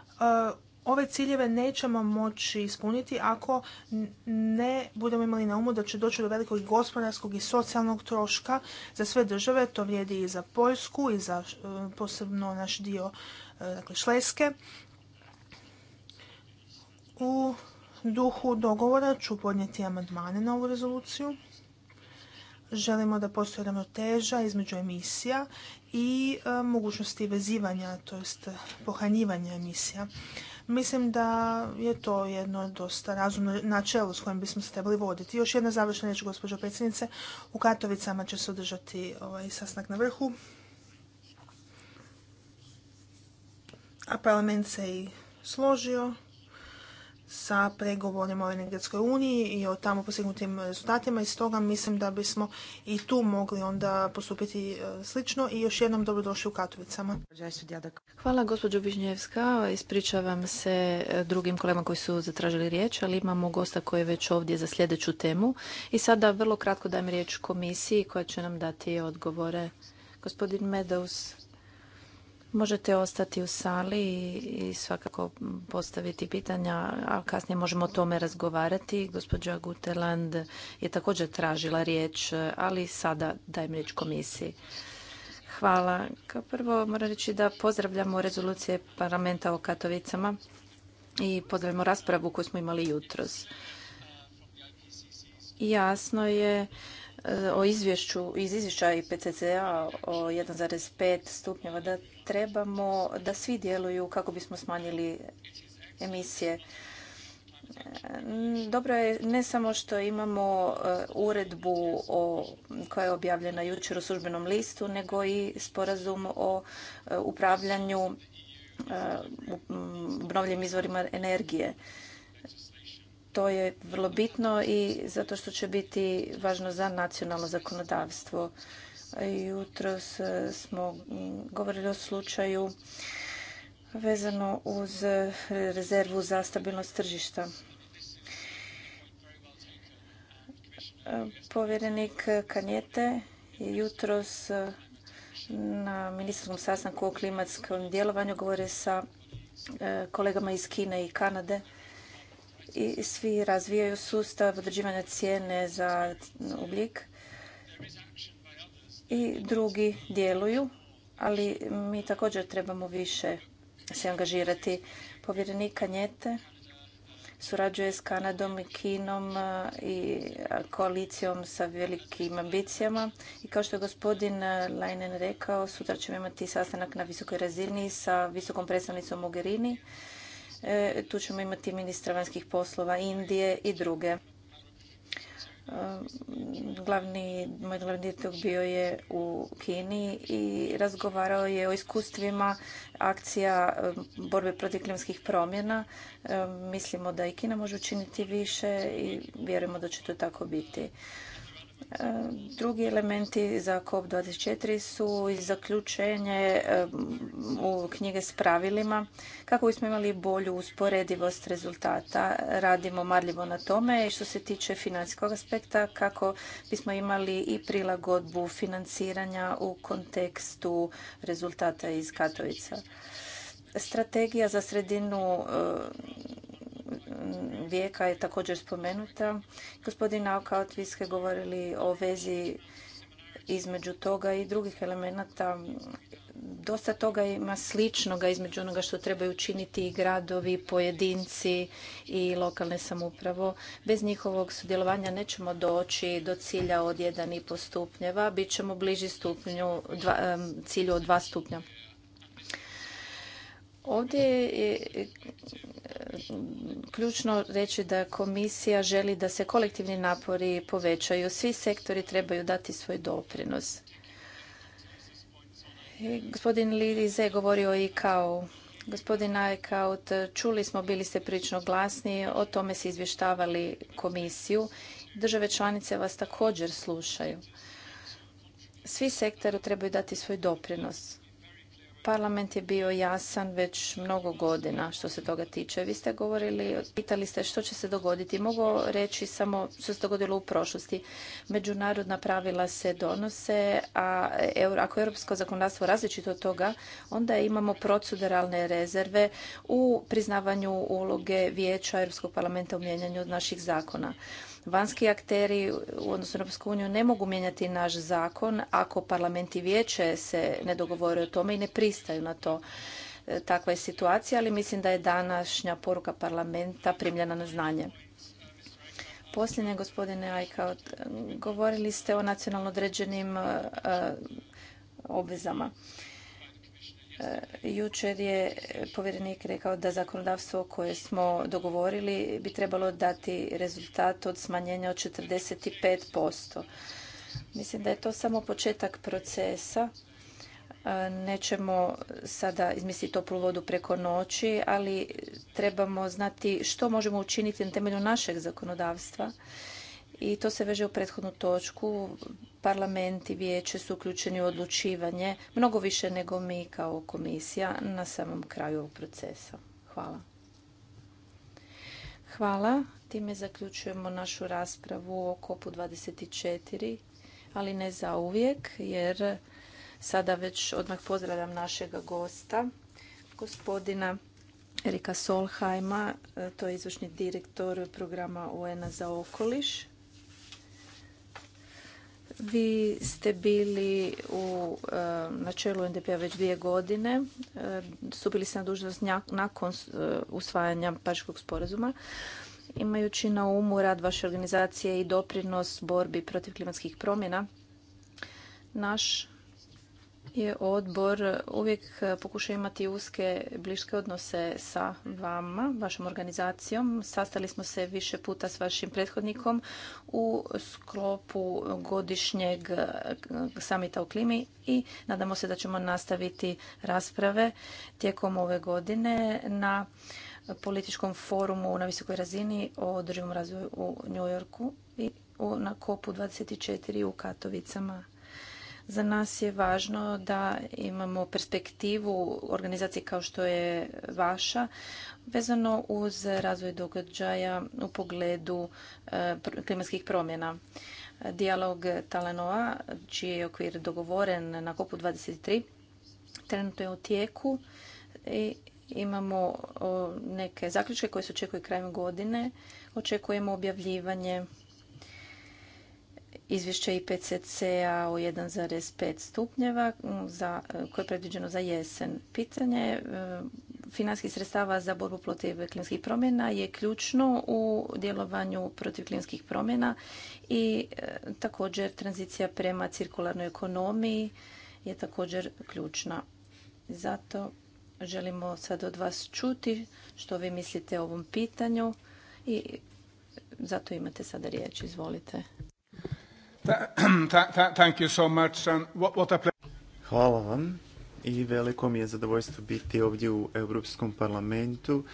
e, ove ciljeve nećemo moći ispuniti ako ne budemo imali na umu da će doći do velikog gospodarskog i socijalnog troška za sve države. To vrijedi i za Poljsku i za e, posebno naš dio e, dakle, Šleske. U duhu dogovora ću podnijeti amandmane na ovu rezoluciju želimo da postoji ravnoteža između emisija i e, mogućnosti vezivanja, to jest pohanjivanja emisija. Mislim da je to jedno dosta razumno načelo s kojim bismo se trebali voditi. Još jedna završna riječ, gospođo predsjednice. U Katovicama će se održati ovaj sastanak na vrhu. A parlament se i složio sa pregovorima o energetskoj uniji i o tamo postignutim rezultatima i stoga mislim da bismo i tu mogli onda postupiti e, slično i još jednom dobrodošli u Katovicama. Hvala gospođo Bižnjevska, ispričavam se e, drugim kolegama koji su zatražili riječ, ali imamo gosta koji je već ovdje za sljedeću temu i sada vrlo kratko dajem riječ komisiji koja će nam dati odgovore. Gospodin Meadows, Možete ostati u sali i svakako postaviti pitanja, a kasnije možemo o tome razgovarati. Gospođa Guteland je također tražila riječ, ali sada dajem riječ komisiji. Hvala. Kao prvo moram reći da pozdravljamo rezolucije parlamenta o Katovicama i pozdravljamo raspravu koju smo imali jutros. Jasno je e, o izvješću, iz izvješća IPCC-a o 1,5 stupnjeva da trebamo da svi djeluju kako bismo smanjili emisije. Dobro je ne samo što imamo e, uredbu o, koja je objavljena jučer u službenom listu, nego i sporazum o e, upravljanju e, obnovljivim izvorima energije. To je vrlo bitno i zato što će biti važno za nacionalno zakonodavstvo. Jutros e, smo govorili o slučaju vezano uz e, rezervu za stabilnost tržišta. E, povjerenik Kanjete je jutros na ministarskom sastanku o klimatskom djelovanju govore sa kolegama iz Kine i Kanade i svi razvijaju sustav određivanja cijene za ugljik i drugi djeluju, ali mi također trebamo više se angažirati. Povjerenik njete surađuje s Kanadom i Kinom e, i koalicijom sa velikim ambicijama. I kao što je gospodin Leinen rekao, sutra ćemo imati sastanak na visokoj razini sa visokom predstavnicom Mogherini. E, tu ćemo imati ministra vanjskih poslova Indije i druge. Glavni, moj glavni djetok bio je u Kini i razgovarao je o iskustvima akcija um, borbe protiv klimatskih promjena. Um, mislimo da i Kina može učiniti više i vjerujemo da će to tako biti. Drugi elementi za COP24 su i zaključenje um, u knjige s pravilima kako bismo imali bolju usporedivost rezultata. Radimo marljivo na tome i što se tiče financijskog aspekta kako bismo imali i prilagodbu financiranja u kontekstu rezultata iz Katovica. Strategija za sredinu um, Mm, vijeka je također spomenuta. Gospodin Aukaut, vi ste govorili o vezi između toga i drugih elemenata. Dosta toga ima sličnoga između onoga što trebaju učiniti i gradovi, pojedinci i lokalne samupravo. Bez njihovog sudjelovanja nećemo doći do cilja od 1,5 stupnjeva, bit ćemo bliži stupnju, cilju od 2 stupnja. Ovdje je ključno reći da komisija želi da se kolektivni napori povećaju. Svi sektori trebaju dati svoj doprinos. gospodin Lirize govorio i kao Gospodin Aykaut, čuli smo, bili ste prilično glasni, o tome se izvještavali komisiju. Države članice vas također slušaju. Svi sektori trebaju dati svoj doprinos. Parlament je bio jasan već mnogo godina što se toga tiče. Vi ste govorili, pitali ste što će se dogoditi. Mogu reći samo što se dogodilo u prošlosti. Međunarodna pravila se donose, a ako je europsko zakonodavstvo različito od toga, onda imamo proceduralne rezerve u priznavanju uloge Vijeća Europskog parlamenta u mijenjanju naših zakona. Vanski akteri u odnosu na Europsku uniju ne mogu mijenjati naš zakon ako parlament i vijeće se ne dogovore o tome i ne pristaju na to. E, takva je situacija, ali mislim da je današnja poruka parlamenta primljena na znanje. Posljednje, gospodine Ajka, govorili ste o nacionalno određenim e, obvezama. Jučer je povjerenik rekao da zakonodavstvo koje smo dogovorili bi trebalo dati rezultat od smanjenja od 45%. Mislim da je to samo početak procesa. Nećemo sada izmisliti toplu vodu preko noći, ali trebamo znati što možemo učiniti na temelju našeg zakonodavstva i to se veže u prethodnu točku. Parlament i vijeće su uključeni u odlučivanje mnogo više nego mi kao komisija na samom kraju ovog procesa. Hvala. Hvala. Time zaključujemo našu raspravu o kopu 24, ali ne za uvijek, jer sada već odmah pozdravljam našega gosta, gospodina Erika Solheima, e, to je izvršni direktor programa UN-a za okoliš. Vi ste bili u, eh, načelu NDP-a već dvije godine. Eh, Stupili ste na dužnost nakon eh, usvajanja Pariškog sporazuma. Imajući na umu rad vaše organizacije i doprinos borbi protiv klimatskih promjena, naš je odbor e, uvijek e, pokušao imati uske bliske odnose sa vama, vašom organizacijom. Sastali smo se više puta s vašim prethodnikom u sklopu godišnjeg e, samita u klimi i nadamo se da ćemo nastaviti rasprave tijekom ove godine na političkom forumu na visokoj razini o održivom razvoju u New Yorku i na kopu 24 u Katovicama. Za nas je važno da imamo perspektivu organizacije kao što je vaša vezano uz razvoj događaja u pogledu e, klimatskih promjena. Dijalog Talenoa, čiji je okvir dogovoren na kopu 23, trenutno je u tijeku i imamo neke zaključke koje se očekuju krajem godine. Očekujemo objavljivanje izvješće IPCC-a o 1,5 stupnjeva za, e, koje je predviđeno za jesen. Pitanje e, financijskih sredstava za borbu protiv klinskih promjena je ključno u djelovanju protiv klimskih promjena i e, također tranzicija prema cirkularnoj ekonomiji je također ključna. Zato želimo sad od vas čuti što vi mislite o ovom pitanju i zato imate sada riječ. Izvolite. Thank you Hvala vam i veliko mi je zadovoljstvo biti ovdje u Europskom parlamentu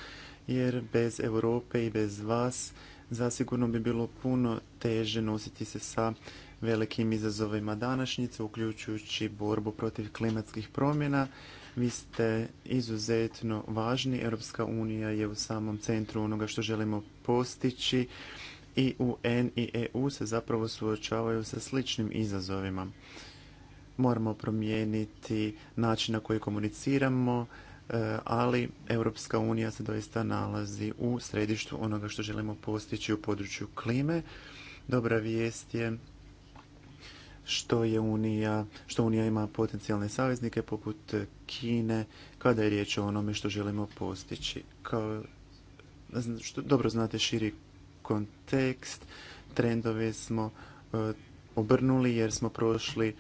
jer bez Europe i bez vas zasigurno bi bilo puno teže nositi se sa velikim izazovima današnjice, uključujući borbu protiv klimatskih promjena. Vi ste izuzetno važni. Europska unija je u samom centru onoga što želimo postići i UN i EU se zapravo suočavaju sa sličnim izazovima. Moramo promijeniti način na koji komuniciramo, e, ali Europska unija se doista nalazi u središtu onoga što želimo postići u području klime. Dobra vijest je što je Unija, što Unija ima potencijalne saveznike poput Kine kada je riječ o onome što želimo postići. Kao, što dobro znate širi kontekst. Trendove smo eh, obrnuli jer smo prošli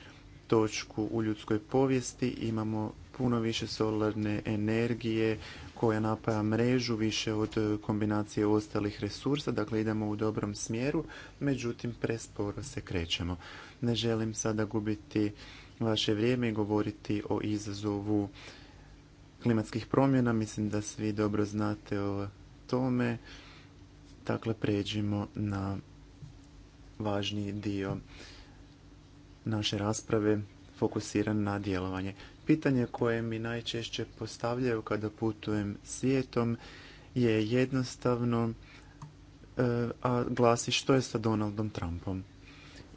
točku u ljudskoj povijesti. Imamo puno više solarne energije koja napaja mrežu više od eh, kombinacije ostalih resursa, dakle idemo u dobrom smjeru, međutim presporo se krećemo. Ne želim sada gubiti vaše vrijeme i govoriti o izazovu klimatskih promjena, mislim da svi dobro znate o tome. Dakle, pređimo na važniji dio naše rasprave fokusiran na djelovanje. Pitanje koje mi najčešće postavljaju kada putujem svijetom je jednostavno, e, a glasi što je sa Donaldom Trumpom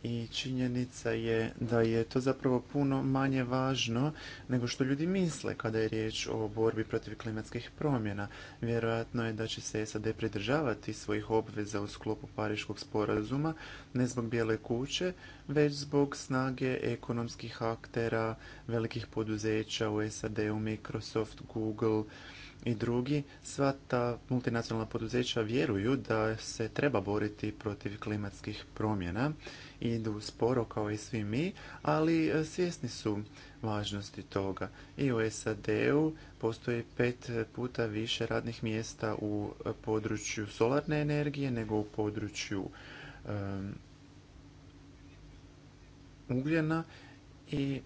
i činjenica je da je to zapravo puno manje važno nego što ljudi misle kada je riječ o borbi protiv klimatskih promjena. Vjerojatno je da će se SAD pridržavati svojih obveza u sklopu Pariškog sporazuma, ne zbog bijele kuće, već zbog snage ekonomskih aktera, velikih poduzeća u SAD-u, Microsoft, Google, i drugi, sva ta multinacionalna poduzeća vjeruju da se treba boriti protiv klimatskih promjena idu sporo kao i svi mi, ali e, svjesni su važnosti toga. I u SAD-u postoji pet puta više radnih mjesta u području solarne energije nego u području ugljena i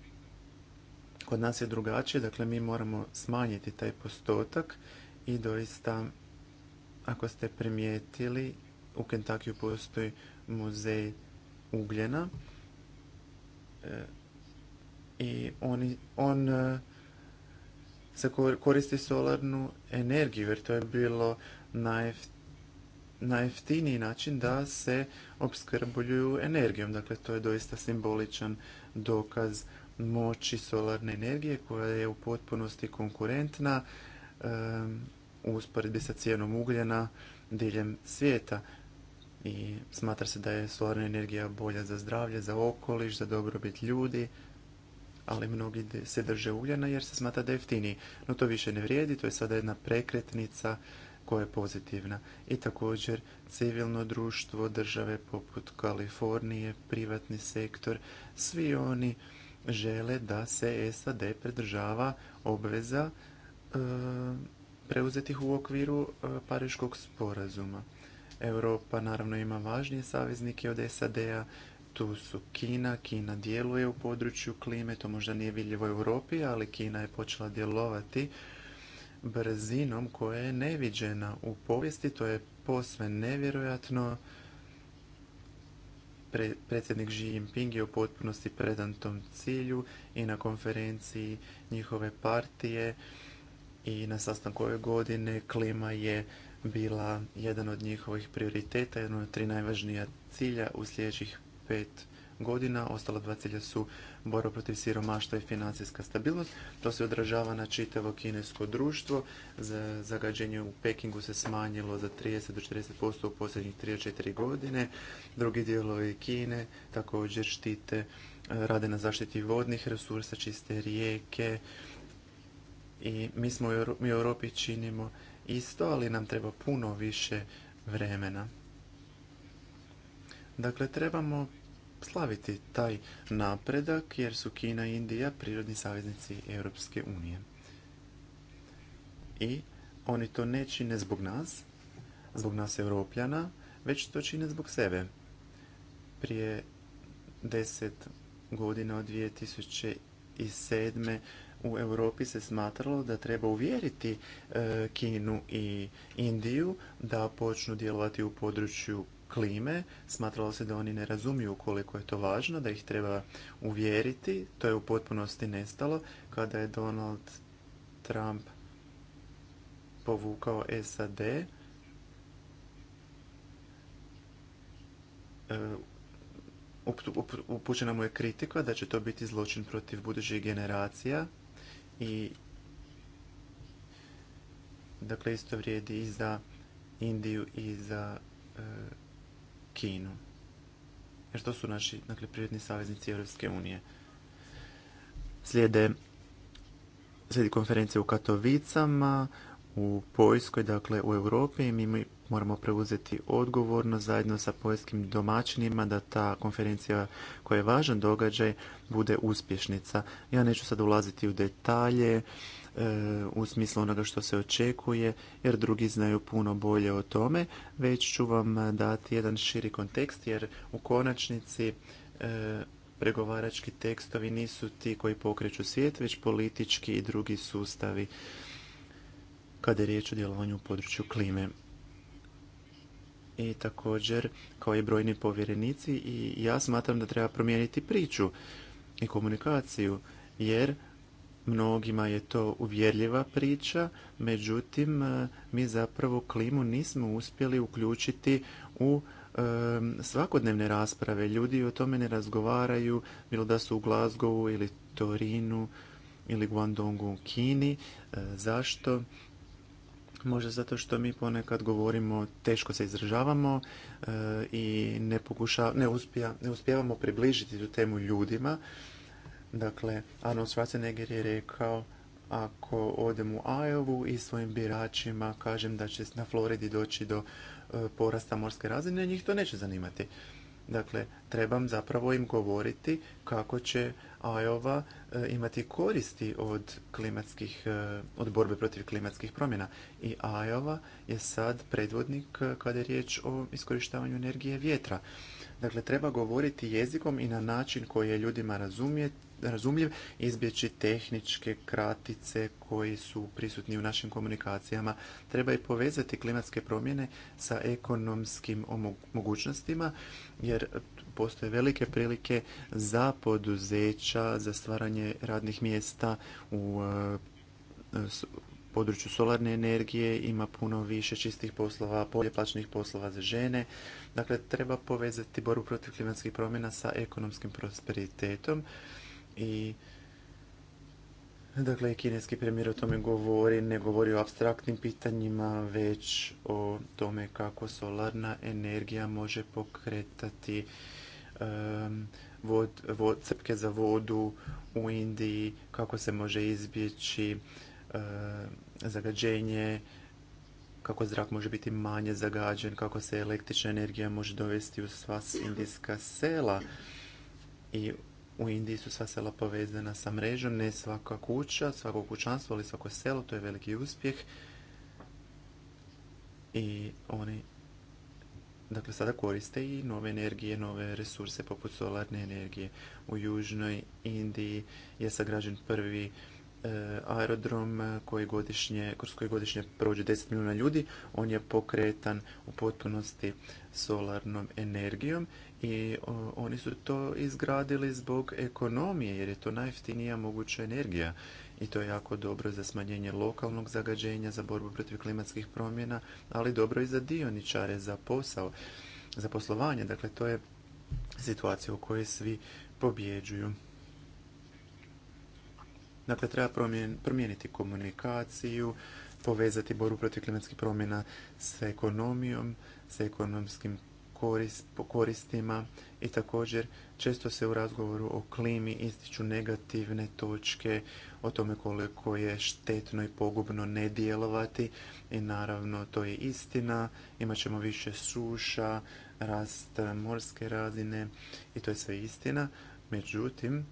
kod nas je drugačije, dakle mi moramo smanjiti taj postotak i doista ako ste primijetili u Kentakiju postoji muzej ugljena e, i on, e, se koristi solarnu energiju jer to je bilo najjeftiniji način da se opskrbljuju energijom. Dakle, to je doista simboličan dokaz moći solarne energije koja je u potpunosti konkurentna e, u usporedbi sa cijenom ugljena diljem svijeta i smatra se da je solarna energija bolja za zdravlje, za okoliš, za dobrobit ljudi, ali mnogi se drže ugljena jer se smatra da je jeftiniji. No to više ne vrijedi, to je sada jedna prekretnica koja je pozitivna. I također civilno društvo, države poput Kalifornije, privatni sektor, svi oni žele da se SAD predržava obveza e, preuzetih u okviru e, Pariškog sporazuma. Europa naravno ima važnije saveznike od SAD-a, tu su Kina, Kina djeluje u području klime, to možda nije vidljivo u Europi, ali Kina je počela djelovati brzinom koja je neviđena u povijesti, to je posve nevjerojatno. predsjednik Xi Jinping je u potpunosti predan tom cilju i na konferenciji njihove partije i na sastanku ove godine klima je bila jedan od njihovih prioriteta, jedan od tri najvažnija cilja u sljedećih pet godina. Ostala dva cilja su borba protiv siromaštva i financijska stabilnost. To se odražava na čitavo kinesko društvo. zagađenje u Pekingu se smanjilo za 30 do 40% u posljednjih 3-4 godine. Drugi dijelovi Kine također štite, rade na zaštiti vodnih resursa, čiste rijeke. I mi smo u Europi činimo isto, ali nam treba puno više vremena. Dakle, trebamo slaviti taj napredak jer su Kina i Indija prirodni saveznici Europske unije. I oni to ne čine zbog nas, zbog nas Europljana, već to čine zbog sebe. Prije deset godina od 2007 u Europi se smatralo da treba uvjeriti e, Kinu i Indiju da počnu djelovati u području klime. Smatralo se da oni ne razumiju koliko je to važno, da ih treba uvjeriti. To je u potpunosti nestalo kada je Donald Trump povukao SAD. E, upućena mu je kritika da će to biti zločin protiv budućih generacija i dakle isto vrijedi i za Indiju i za e, Kinu. Jer to su naši dakle, prirodni saveznici Europske unije. Slijede slijedi konferencije u Katovicama, u Poljskoj, dakle u Europi. Mi moramo preuzeti odgovorno zajedno sa poljskim domaćinima da ta konferencija koja je važan događaj bude uspješnica. Ja neću sad ulaziti u detalje e, u smislu onoga što se očekuje jer drugi znaju puno bolje o tome, već ću vam dati jedan širi kontekst jer u konačnici e, pregovarački tekstovi nisu ti koji pokreću svijet, već politički i drugi sustavi kada je riječ o djelovanju u području klime i također kao i brojni povjerenici i ja smatram da treba promijeniti priču i komunikaciju jer mnogima je to uvjerljiva priča, međutim e, mi zapravo klimu nismo uspjeli uključiti u e, svakodnevne rasprave. Ljudi o tome ne razgovaraju, bilo da su u Glasgowu ili Torinu ili Guangdongu u Kini. E, zašto? Možda zato što mi ponekad govorimo, teško se izražavamo e, i ne, pokuša, ne, uspija, ne uspijevamo približiti tu temu ljudima. Dakle, Arnold Schwarzenegger je rekao ako odem u Ajovu i svojim biračima kažem da će na Floridi doći do e, porasta morske razine, njih to neće zanimati. Dakle, trebam zapravo im govoriti kako će Ajova e, imati koristi od klimatskih, e, od borbe protiv klimatskih promjena. I Ajova je sad predvodnik e, kada je riječ o iskorištavanju energije vjetra. Dakle, treba govoriti jezikom i na način koji je ljudima razumljiv, izbjeći tehničke kratice koji su prisutni u našim komunikacijama. Treba i povezati klimatske promjene sa ekonomskim mogućnostima, jer postoje velike prilike za poduzeća, za stvaranje radnih mjesta u e, području solarne energije, ima puno više čistih poslova, bolje poslova za žene. Dakle, treba povezati borbu protiv klimatskih promjena sa ekonomskim prosperitetom i Dakle, kineski premijer o tome govori, ne govori o abstraktnim pitanjima, već o tome kako solarna energija može pokretati um, crpke za vodu u Indiji, kako se može izbjeći zagađenje, kako zrak može biti manje zagađen, kako se električna energija može dovesti u sva indijska sela. I u Indiji su sva sela povezana sa mrežom, ne svaka kuća, svako kućanstvo, ali svako selo, to je veliki uspjeh. I oni dakle sada koriste i nove energije, nove resurse poput solarne energije. U južnoj Indiji je sagrađen prvi E, aerodrom e, koji godišnje, kroz koji godišnje prođe 10 milijuna ljudi. On je pokretan u potpunosti solarnom energijom i oni su to izgradili zbog ekonomije jer je to najjeftinija moguća energija i to je jako dobro za smanjenje lokalnog zagađenja, za borbu protiv klimatskih promjena, ali dobro i za dioničare, za posao, za poslovanje. Dakle, to je situacija u kojoj svi pobjeđuju. Dakle, treba promijeniti komunikaciju, povezati boru protiv klimatskih promjena s ekonomijom, s ekonomskim koristima i također često se u razgovoru o klimi ističu negativne točke o tome koliko je štetno i pogubno ne djelovati i naravno to je istina, imat ćemo više suša, rast morske razine i to je sve istina. Međutim,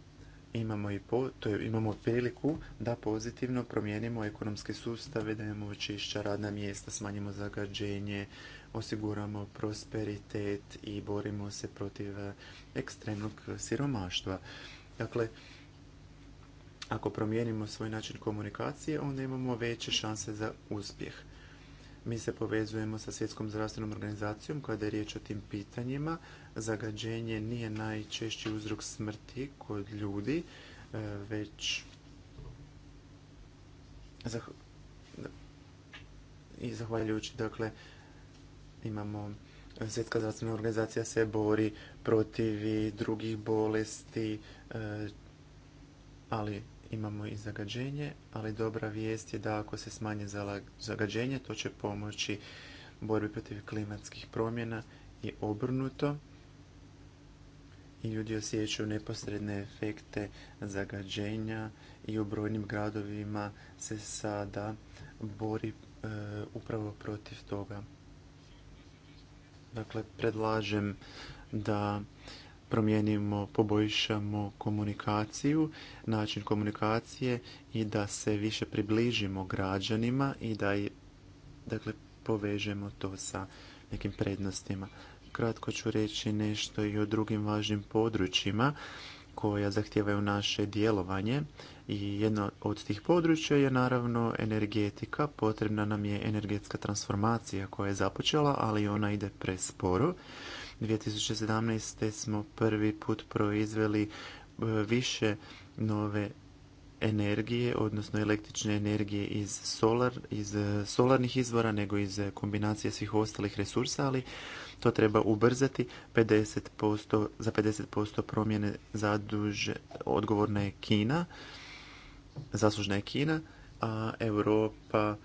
imamo, i to je, imamo priliku da pozitivno promijenimo ekonomske sustave, da imamo čišća radna mjesta, smanjimo zagađenje, osiguramo prosperitet i borimo se protiv eh, ekstremnog siromaštva. Dakle, ako promijenimo svoj način komunikacije, onda imamo veće šanse za uspjeh. Mi se povezujemo sa svjetskom zdravstvenom organizacijom kada je riječ o tim pitanjima. Zagađenje nije najčešći uzrok smrti kod ljudi, e, već i zahvaljujući dakle imamo Svjetska zdravstvena organizacija se bori protiv drugih bolesti, e, ali imamo i zagađenje, ali dobra vijest je da ako se smanje zagađenje, to će pomoći borbi protiv klimatskih promjena i obrnuto. I ljudi osjećaju neposredne efekte zagađenja i u brojnim gradovima se sada bori e, upravo protiv toga. Dakle, predlažem da promijenimo, poboljšamo komunikaciju, način komunikacije i da se više približimo građanima i da dakle, povežemo to sa nekim prednostima. Kratko ću reći nešto i o drugim važnim područjima koja zahtijevaju naše djelovanje i jedno od tih područja je naravno energetika. Potrebna nam je energetska transformacija koja je započela, ali ona ide presporo. 2017. smo prvi put proizveli e, više nove energije, odnosno električne energije iz, solar, iz e, solarnih izvora nego iz e, kombinacije svih ostalih resursa, ali to treba ubrzati. 50%, za 50% promjene zaduže, odgovorna je Kina, zaslužna je Kina, a Europa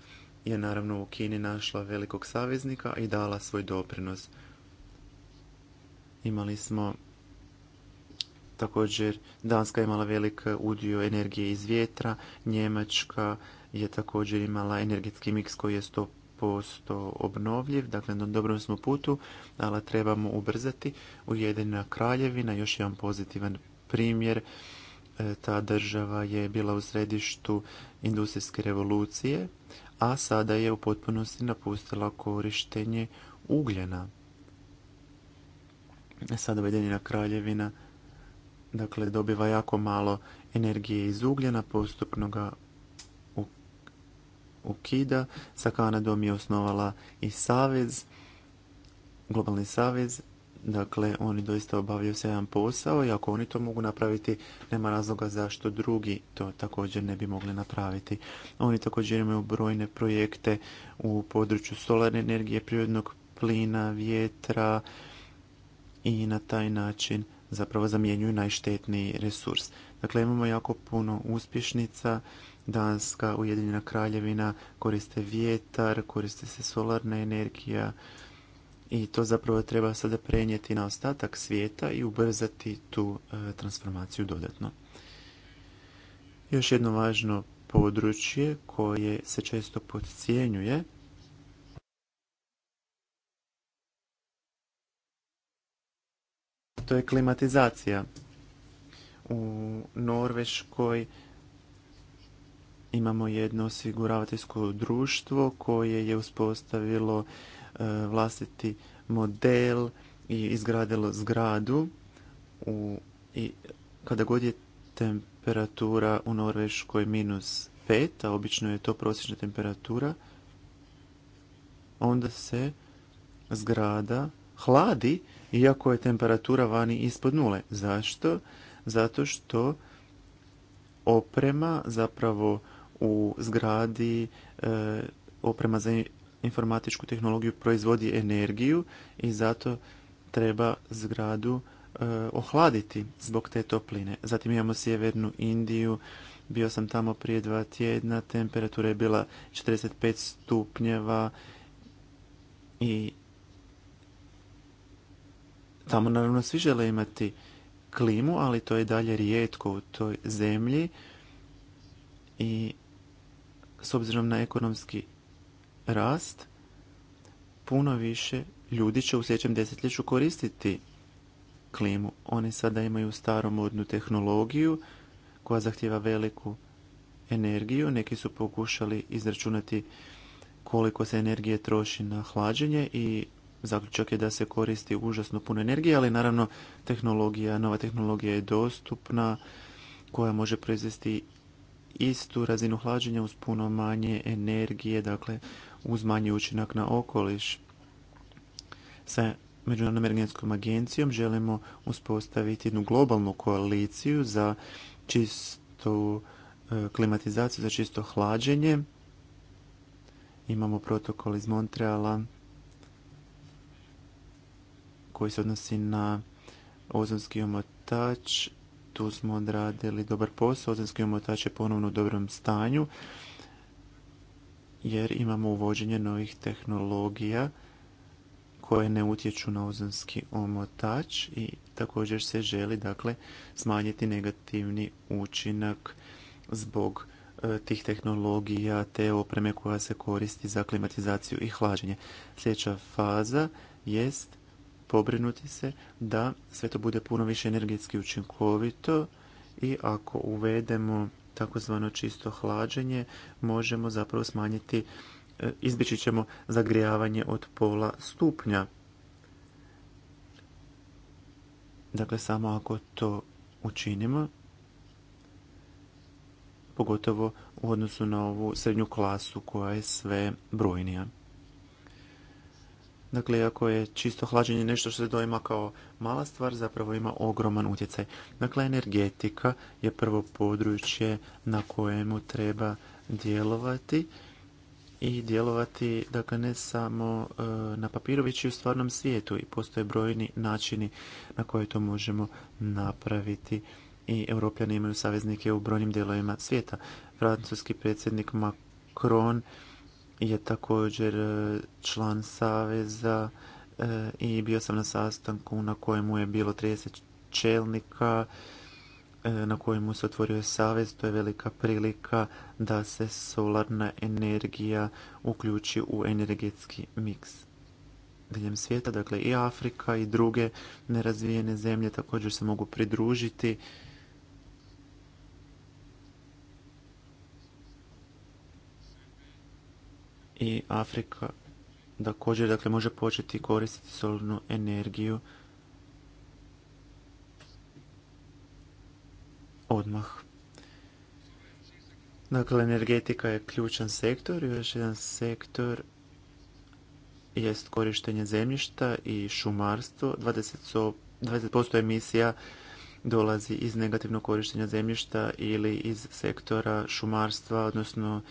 je naravno u Kini našla velikog saveznika i dala svoj doprinos. Imali smo također, Danska je imala velik uh, udio energije iz vjetra, Njemačka je također imala energetski miks koji je 100% obnovljiv, dakle na dobrom smo putu, ali trebamo ubrzati. Ujedina kraljevina, još jedan pozitivan primjer, uh, ta država je bila u središtu industrijske revolucije, a sada je u potpunosti napustila korištenje ugljena. E sada Ujedinjena kraljevina dakle dobiva jako malo energije iz ugljena, postupno ga ukida. Sa Kanadom je osnovala i savez, globalni savez, dakle oni doista obavljaju jedan posao i ako oni to mogu napraviti, nema razloga zašto drugi to također ne bi mogli napraviti. Oni također imaju brojne projekte u području solarne energije, prirodnog plina, vjetra, i na taj način zapravo zamjenjuju najštetniji resurs. Dakle, imamo jako puno uspješnica. Danska, Ujedinjena kraljevina, koriste vjetar, koriste se solarna energija i to zapravo treba sada prenijeti na ostatak svijeta i ubrzati tu e, transformaciju dodatno. Još jedno važno područje koje se često podcijenjuje to je klimatizacija. U Norveškoj imamo jedno osiguravateljsko društvo koje je uspostavilo e, vlastiti model i izgradilo zgradu i kada god je temperatura u Norveškoj minus 5, a obično je to prosječna temperatura, onda se zgrada hladi iako je temperatura vani ispod nule. Zašto? Zato što oprema zapravo u zgradi, e, oprema za informatičku tehnologiju proizvodi energiju i zato treba zgradu e, ohladiti zbog te topline. Zatim imamo sjevernu Indiju, bio sam tamo prije dva tjedna, temperatura je bila 45 stupnjeva i Tamo naravno svi žele imati klimu, ali to je dalje rijetko u toj zemlji i s obzirom na ekonomski rast, puno više ljudi će u sljedećem desetljeću koristiti klimu. Oni sada imaju staromodnu tehnologiju koja zahtjeva veliku energiju. Neki su pokušali izračunati koliko se energije troši na hlađenje i Zaključak je da se koristi užasno puno energije, ali naravno tehnologija, nova tehnologija je dostupna koja može proizvesti istu razinu hlađenja uz puno manje energije, dakle uz manji učinak na okoliš. Sa Međunarodnom energetskom agencijom želimo uspostaviti jednu globalnu koaliciju za čistu e, klimatizaciju, za čisto hlađenje. Imamo protokol iz Montreala koji se odnosi na ozonski omotač. Tu smo odradili dobar posao. Ozonski omotač je ponovno u dobrom stanju jer imamo uvođenje novih tehnologija koje ne utječu na ozonski omotač i također se želi dakle smanjiti negativni učinak zbog e, tih tehnologija te opreme koja se koristi za klimatizaciju i hlađenje. Sljedeća faza jest pobrinuti se da sve to bude puno više energetski učinkovito i ako uvedemo takozvano čisto hlađenje možemo zapravo smanjiti e, izbjeći ćemo zagrijavanje od pola stupnja. Dakle, samo ako to učinimo, pogotovo u odnosu na ovu srednju klasu koja je sve brojnija. Dakle, iako je čisto hlađenje nešto što se doima kao mala stvar, zapravo ima ogroman utjecaj. Dakle, energetika je prvo područje na kojemu treba djelovati i djelovati dakle ne samo e, na papiru već i u stvarnom svijetu i postoje brojni načini na koje to možemo napraviti i europljani imaju saveznike u brojnim dijelovima svijeta. Francuski predsjednik Macron je također e, član saveza e, i bio sam na sastanku na kojemu je bilo 30 čelnika e, na kojemu se otvorio savez, to je velika prilika da se solarna energija uključi u energetski miks diljem svijeta, dakle i Afrika i druge nerazvijene zemlje također se mogu pridružiti. i Afrika također dakle, može početi koristiti solarnu energiju odmah. Dakle, energetika je ključan sektor i još jedan sektor jest korištenje zemljišta i šumarstvo. 20%, 20 emisija dolazi iz negativnog korištenja zemljišta ili iz sektora šumarstva, odnosno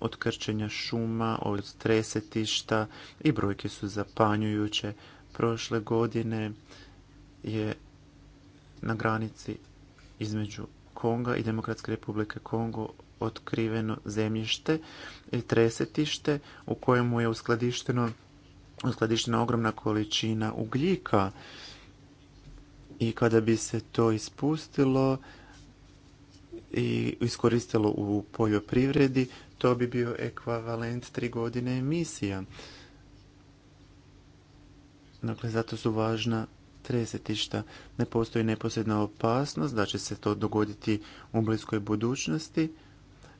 od krčenja šuma, od stresetišta i brojke su zapanjujuće. Prošle godine je na granici između Konga i Demokratske republike Kongo otkriveno zemljište i tresetište u kojemu je uskladišteno uskladištena ogromna količina ugljika i kada bi se to ispustilo i iskoristilo u poljoprivredi, to bi bio ekvivalent tri godine emisija. Dakle, zato su važna tresetišta. Ne postoji neposredna opasnost da će se to dogoditi u bliskoj budućnosti.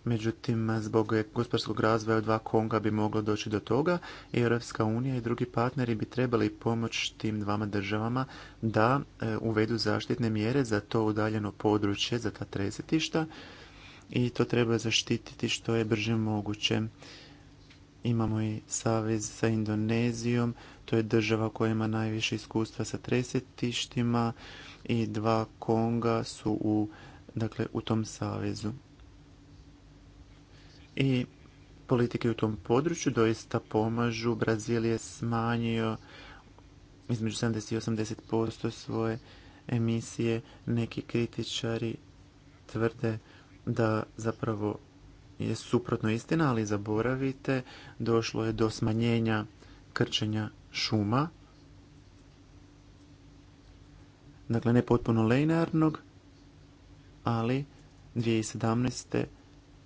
Međutim, zbog gospodarskog razvoja dva Konga bi moglo doći do toga i Europska unija i drugi partneri bi trebali pomoći tim dvama državama da e, uvedu zaštitne mjere za to udaljeno područje, za ta tresetišta i to treba zaštititi što je brže moguće. Imamo i savez sa Indonezijom, to je država koja ima najviše iskustva sa tresetištima i dva Konga su u, dakle, u tom savezu. I politike u tom području doista pomažu. Brazil je smanjio između 70 i 80% svoje emisije. Neki kritičari tvrde da zapravo je suprotno istina, ali zaboravite, došlo je do smanjenja krčenja šuma. Dakle, ne potpuno linearnog, ali 2017.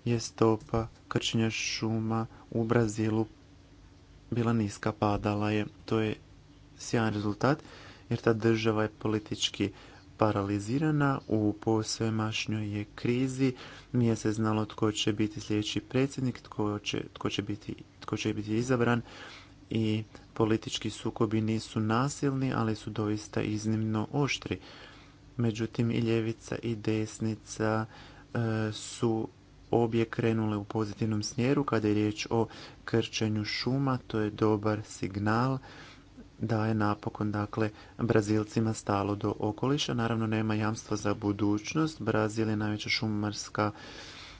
je stopa krčenja šuma u Brazilu bila niska, padala je. To je sjajan rezultat jer ta država je politički paralizirana u posvemašnjoj je krizi. Nije se znalo tko će biti sljedeći predsjednik, tko će, tko će, biti, tko će biti izabran i politički sukobi nisu nasilni, ali su doista iznimno oštri. Međutim, i ljevica i desnica e, su obje krenule u pozitivnom smjeru. Kada je riječ o krčenju šuma, to je dobar signal da je napokon dakle Brazilcima stalo do okoliša. Naravno nema jamstva za budućnost. Brazil je najveća šumarska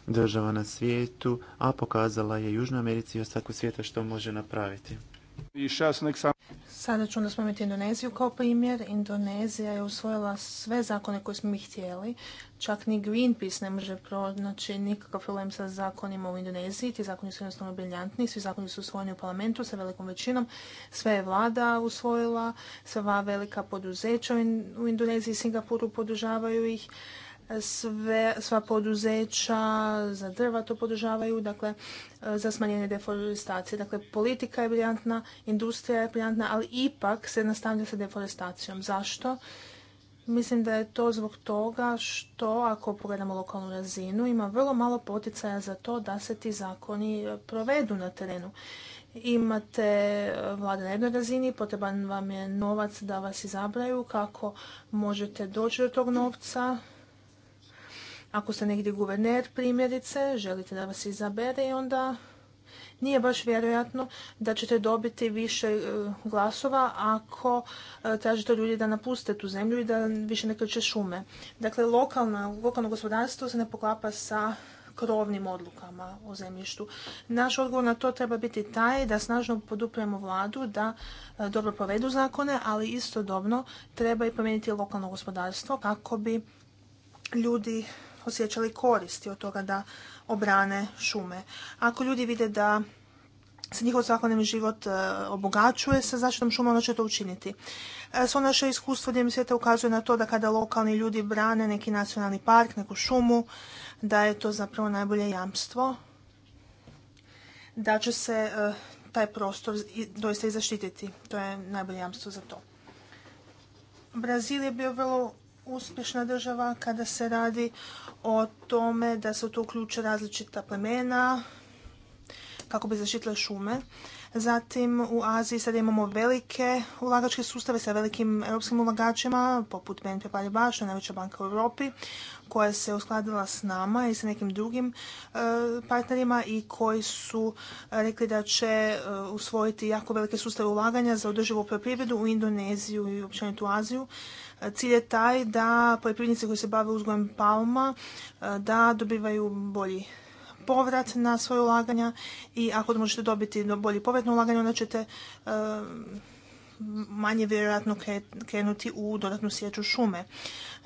država na svijetu, a pokazala je Južnoj Americi i ostatku svijeta što može napraviti. Sada ću onda spomenuti Indoneziju kao primjer. Indonezija je usvojila sve zakone koje smo mi htjeli. Čak ni Greenpeace ne može pronaći nikakav problem sa zakonima u Indoneziji. Ti zakoni su jednostavno briljantni. Svi zakoni su usvojeni u parlamentu sa velikom većinom. Sve je vlada usvojila. Sva velika poduzeća u Indoneziji i Singapuru podržavaju ih sve, sva poduzeća za drva to podržavaju, dakle e, za smanjenje deforestacije. Dakle, politika je briljantna, industrija je briljantna, ali ipak se nastavlja sa deforestacijom. Zašto? Mislim da je to zbog toga što ako pogledamo lokalnu razinu ima vrlo malo poticaja za to da se ti zakoni e, provedu na terenu. Imate e, vlada na jednoj razini, potreban vam je novac da vas izabraju, kako možete doći do tog novca, ako ste negdje guverner primjerice, želite da vas izabere i onda nije baš vjerojatno da ćete dobiti više e, glasova ako e, tražite ljudi da napuste tu zemlju i da više ne krče šume. Dakle, lokalno, lokalno gospodarstvo se ne poklapa sa krovnim odlukama o zemljištu. Naš odgovor na to treba biti taj da snažno podupremo vladu, da e, dobro provedu zakone, ali istodobno treba i promijeniti lokalno gospodarstvo kako bi ljudi osjećali koristi od toga da obrane šume. Ako ljudi vide da se njihov svakodnevni život e, obogaćuje sa zaštitom šuma, onda će to učiniti. E, svo naše iskustvo diljem svijeta ukazuje na to da kada lokalni ljudi brane neki nacionalni park, neku šumu, da je to zapravo najbolje jamstvo da će se e, taj prostor doista i zaštititi. To je najbolje jamstvo za to. Brazil je bio vrlo uspješna država kada se radi o tome da se u to uključe različita plemena kako bi zaštitile šume. Zatim u Aziji sada imamo velike ulagačke sustave sa velikim europskim ulagačima, poput BNP Paribas, najveća banka u Europi, koja se uskladila s nama i sa nekim drugim e, partnerima i koji su rekli da će e, usvojiti jako velike sustave ulaganja za održivu poljoprivredu u Indoneziju i općenito u Aziju. Cilj je taj da poljoprivrednici koji se bave uzgojem palma e, da dobivaju bolji povrat na svoje ulaganja i ako možete dobiti bolji povrat na ulaganje, onda ćete e, manje vjerojatno krenuti u dodatnu sjeću šume.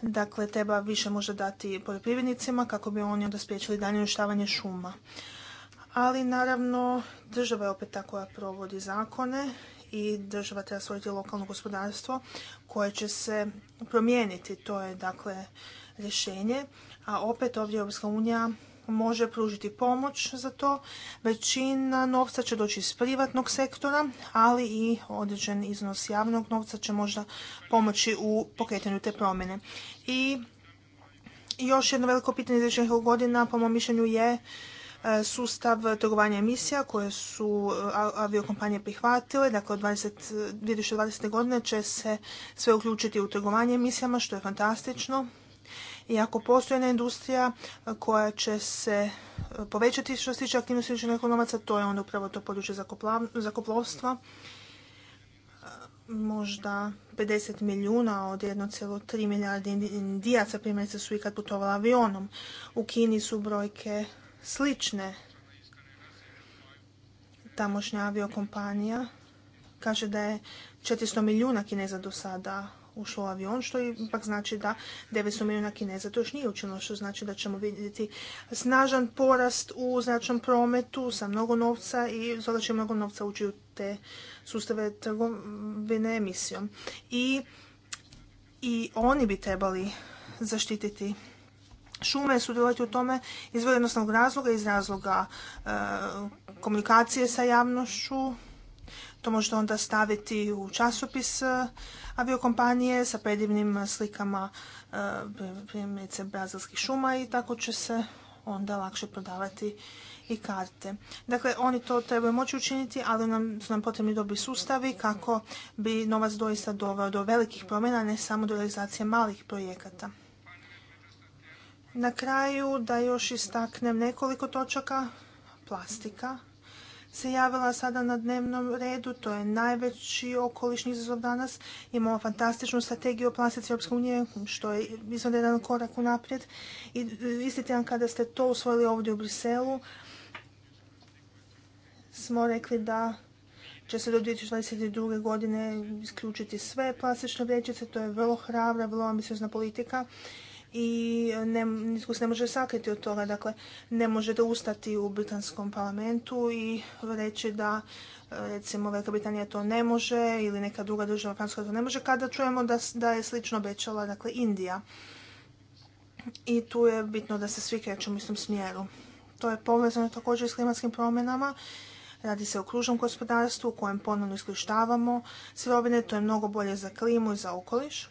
Dakle, treba više možda dati poljoprivrednicima kako bi oni onda spriječili dalje uništavanje šuma. Ali naravno, država je opet ta koja provodi zakone i država treba stvoriti lokalno gospodarstvo koje će se promijeniti. To je dakle rješenje. A opet ovdje Europska unija može pružiti pomoć za to. Većina novca će doći iz privatnog sektora, ali i određen iznos javnog novca će možda pomoći u pokretanju te promjene. I još jedno veliko pitanje izređenih godina, po mom mišljenju, je E, sustav trgovanja emisija koje su e, aviokompanije prihvatile. Dakle, od 20, 2020. godine će se sve uključiti u trgovanje emisijama, što je fantastično. I ako postoji jedna industrija e, koja će se povećati što se tiče aktivnosti novaca to je onda upravo to područje zakoplovstva možda 50 milijuna od 1,3 milijarde indijaca primjerice su ikad putovala avionom. U Kini su brojke slične tamošnja aviokompanija kaže da je 400 milijuna kineza do sada ušlo u avion, što ipak znači da 900 milijuna kineza to još nije učinilo, što znači da ćemo vidjeti snažan porast u značnom prometu sa mnogo novca i zato će mnogo novca ući u te sustave trgovine emisijom. I, i oni bi trebali zaštititi šume sudjelovati u tome iz jednostavnog razloga, iz razloga e, komunikacije sa javnošću. To možete onda staviti u časopis e, aviokompanije sa predivnim slikama e, primjerice brazilskih šuma i tako će se onda lakše prodavati i karte. Dakle, oni to trebaju moći učiniti, ali nam su nam potrebni dobri sustavi kako bi novac doista doveo do velikih promjena, ne samo do realizacije malih projekata. Na kraju da još istaknem nekoliko točaka. Plastika se javila sada na dnevnom redu, to je najveći okolišni izazov danas. Imamo fantastičnu strategiju o plastici Europske unije, što je izvan jedan korak unaprijed. I e, isti tjedan kada ste to usvojili ovdje u Briselu, smo rekli da će se do 2022. godine isključiti sve plastične vrećice. To je vrlo hrabra, vrlo ambiciozna politika i ne, nitko se ne može sakriti od toga. Dakle, ne da ustati u britanskom parlamentu i reći da e, recimo Velika Britanija to ne može ili neka druga država Francuska to ne može kada čujemo da, da je slično obećala dakle, Indija. I tu je bitno da se svi kreću u istom smjeru. To je povezano također s klimatskim promjenama. Radi se o kružnom gospodarstvu u kojem ponovno iskorištavamo sirovine. To je mnogo bolje za klimu i za okoliš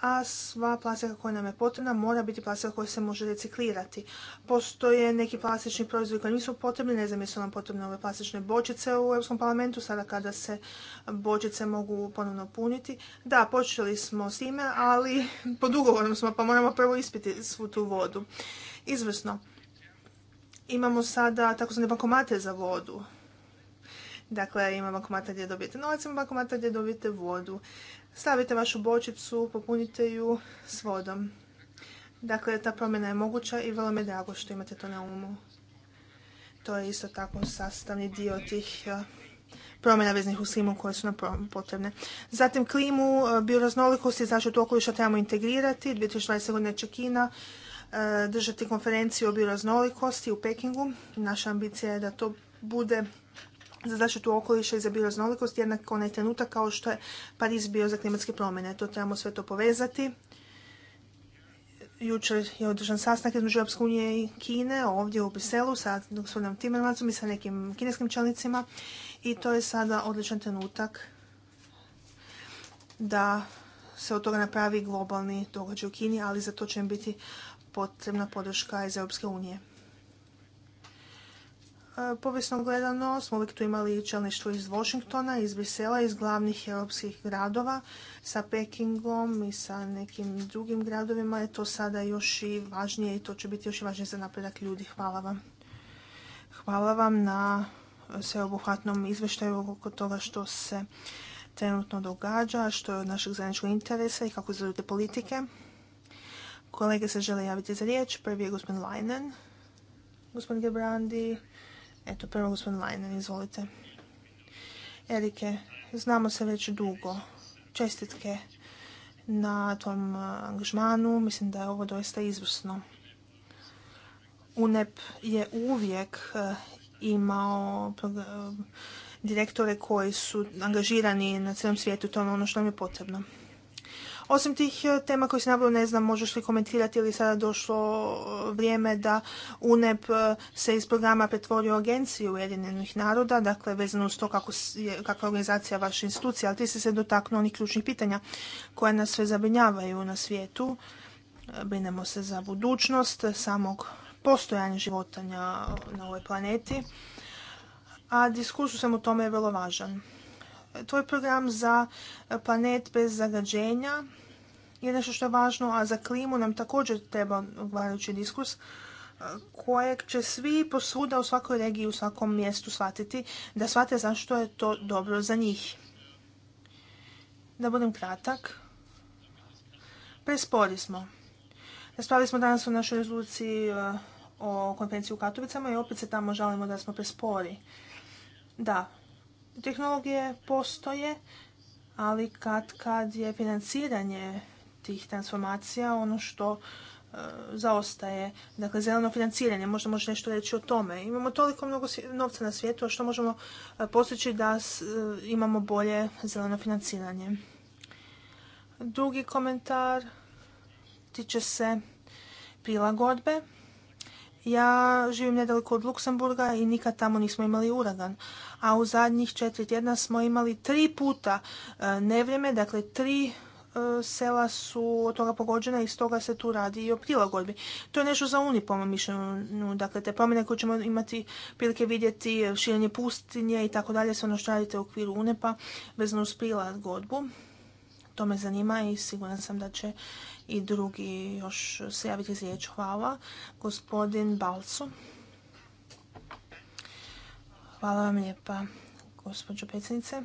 a sva plastika koja nam je potrebna mora biti plastika koja se može reciklirati. Postoje neki plastični proizvodi koji nisu potrebni, ne znam jesu nam potrebne ove plastične bočice u Europskom parlamentu, sada kada se bočice mogu ponovno puniti. Da, počeli smo s time, ali pod ugovorom smo, pa moramo prvo ispiti svu tu vodu. Izvrsno. Imamo sada takozvane bankomate za vodu. Dakle, ima bankomata gdje dobijete novac, ima bankomata gdje dobijete vodu stavite vašu bočicu, popunite ju s vodom. Dakle, ta promjena je moguća i vrlo me drago što imate to na umu. To je isto tako sastavni dio tih e, promjena veznih u slimu koje su nam potrebne. Zatim klimu, e, bioraznolikost i zaštitu okoliša trebamo integrirati. 2020. godine će Kina e, držati konferenciju o bioraznolikosti u Pekingu. Naša ambicija je da to bude za zaštitu okoliša i za bioraznolikost jednak onaj trenutak kao što je Pariz bio za klimatske promjene. To trebamo sve to povezati. Jučer je održan sastanak između Europske unije i Kine ovdje u Briselu sa gospodinom Timmermansom i sa nekim kineskim čelnicima i to je sada odličan trenutak da se od toga napravi globalni događaj u Kini, ali za to će im biti potrebna podrška iz Europske unije. E, povijesno gledano smo uvijek tu imali čelništvo iz Washingtona, iz Brisela, iz glavnih europskih gradova, sa Pekingom i sa nekim drugim gradovima je to sada još i važnije i to će biti još i važnije za napredak ljudi. Hvala vam. Hvala vam na sveobuhvatnom izveštaju oko toga što se trenutno događa, što je od našeg zajedničkog interesa i kako izgledate politike. Kolege se žele javiti za riječ. Prvi je gospodin Leinen, gospodin Gebrandi, Eto, prvo gospodin Lajnen, izvolite. Erike, znamo se već dugo. Čestitke na tom uh, angažmanu. Mislim da je ovo doista izvrsno. UNEP je uvijek uh, imao uh, direktore koji su angažirani na cijelom svijetu. To je ono što nam je potrebno. Osim tih e, tema koji se nabavljaju, ne znam, možeš li komentirati ili sada došlo e, vrijeme da UNEP e, se iz programa pretvorio u agenciju Ujedinjenih naroda, dakle vezano uz to kakva je organizacija vaša institucija, ali ti si se dotaknuo onih ključnih pitanja koja nas sve zabrinjavaju na svijetu. Brinemo se za budućnost samog postojanja životanja na ovoj planeti, a diskurs sam o tome je vrlo važan to je program za e, planet bez zagađenja je nešto što je važno, a za klimu nam također treba odgovarajući diskurs e, kojeg će svi posvuda u svakoj regiji, u svakom mjestu shvatiti, da shvate zašto je to dobro za njih. Da budem kratak. Prespori smo. Raspravili smo danas u našoj rezoluciji e, o konferenciji u Katovicama i opet se tamo žalimo da smo prespori. Da, Tehnologije postoje, ali kad kad je financiranje tih transformacija ono što e, zaostaje. Dakle, zeleno financiranje, možda možeš nešto reći o tome. Imamo toliko mnogo novca na svijetu, a što možemo e, postići da e, imamo bolje zeleno financiranje. Drugi komentar tiče se prilagodbe. Ja živim nedaleko od Luksemburga i nikad tamo nismo imali uragan. A u zadnjih četiri tjedna smo imali tri puta e, nevrijeme, dakle tri e, sela su od toga pogođena i stoga se tu radi i o prilagodbi. To je nešto za uni po mišljenju. Dakle, te promjene koje ćemo imati prilike vidjeti, širenje pustinje i tako dalje, sve ono što radite u okviru UNEPA vezano uz prilagodbu. To me zanima i siguran sam da će i drugi još se javiti za riječ. Hvala. Gospodin Balcu. Hvala vam lijepa, gospođo predsjednice.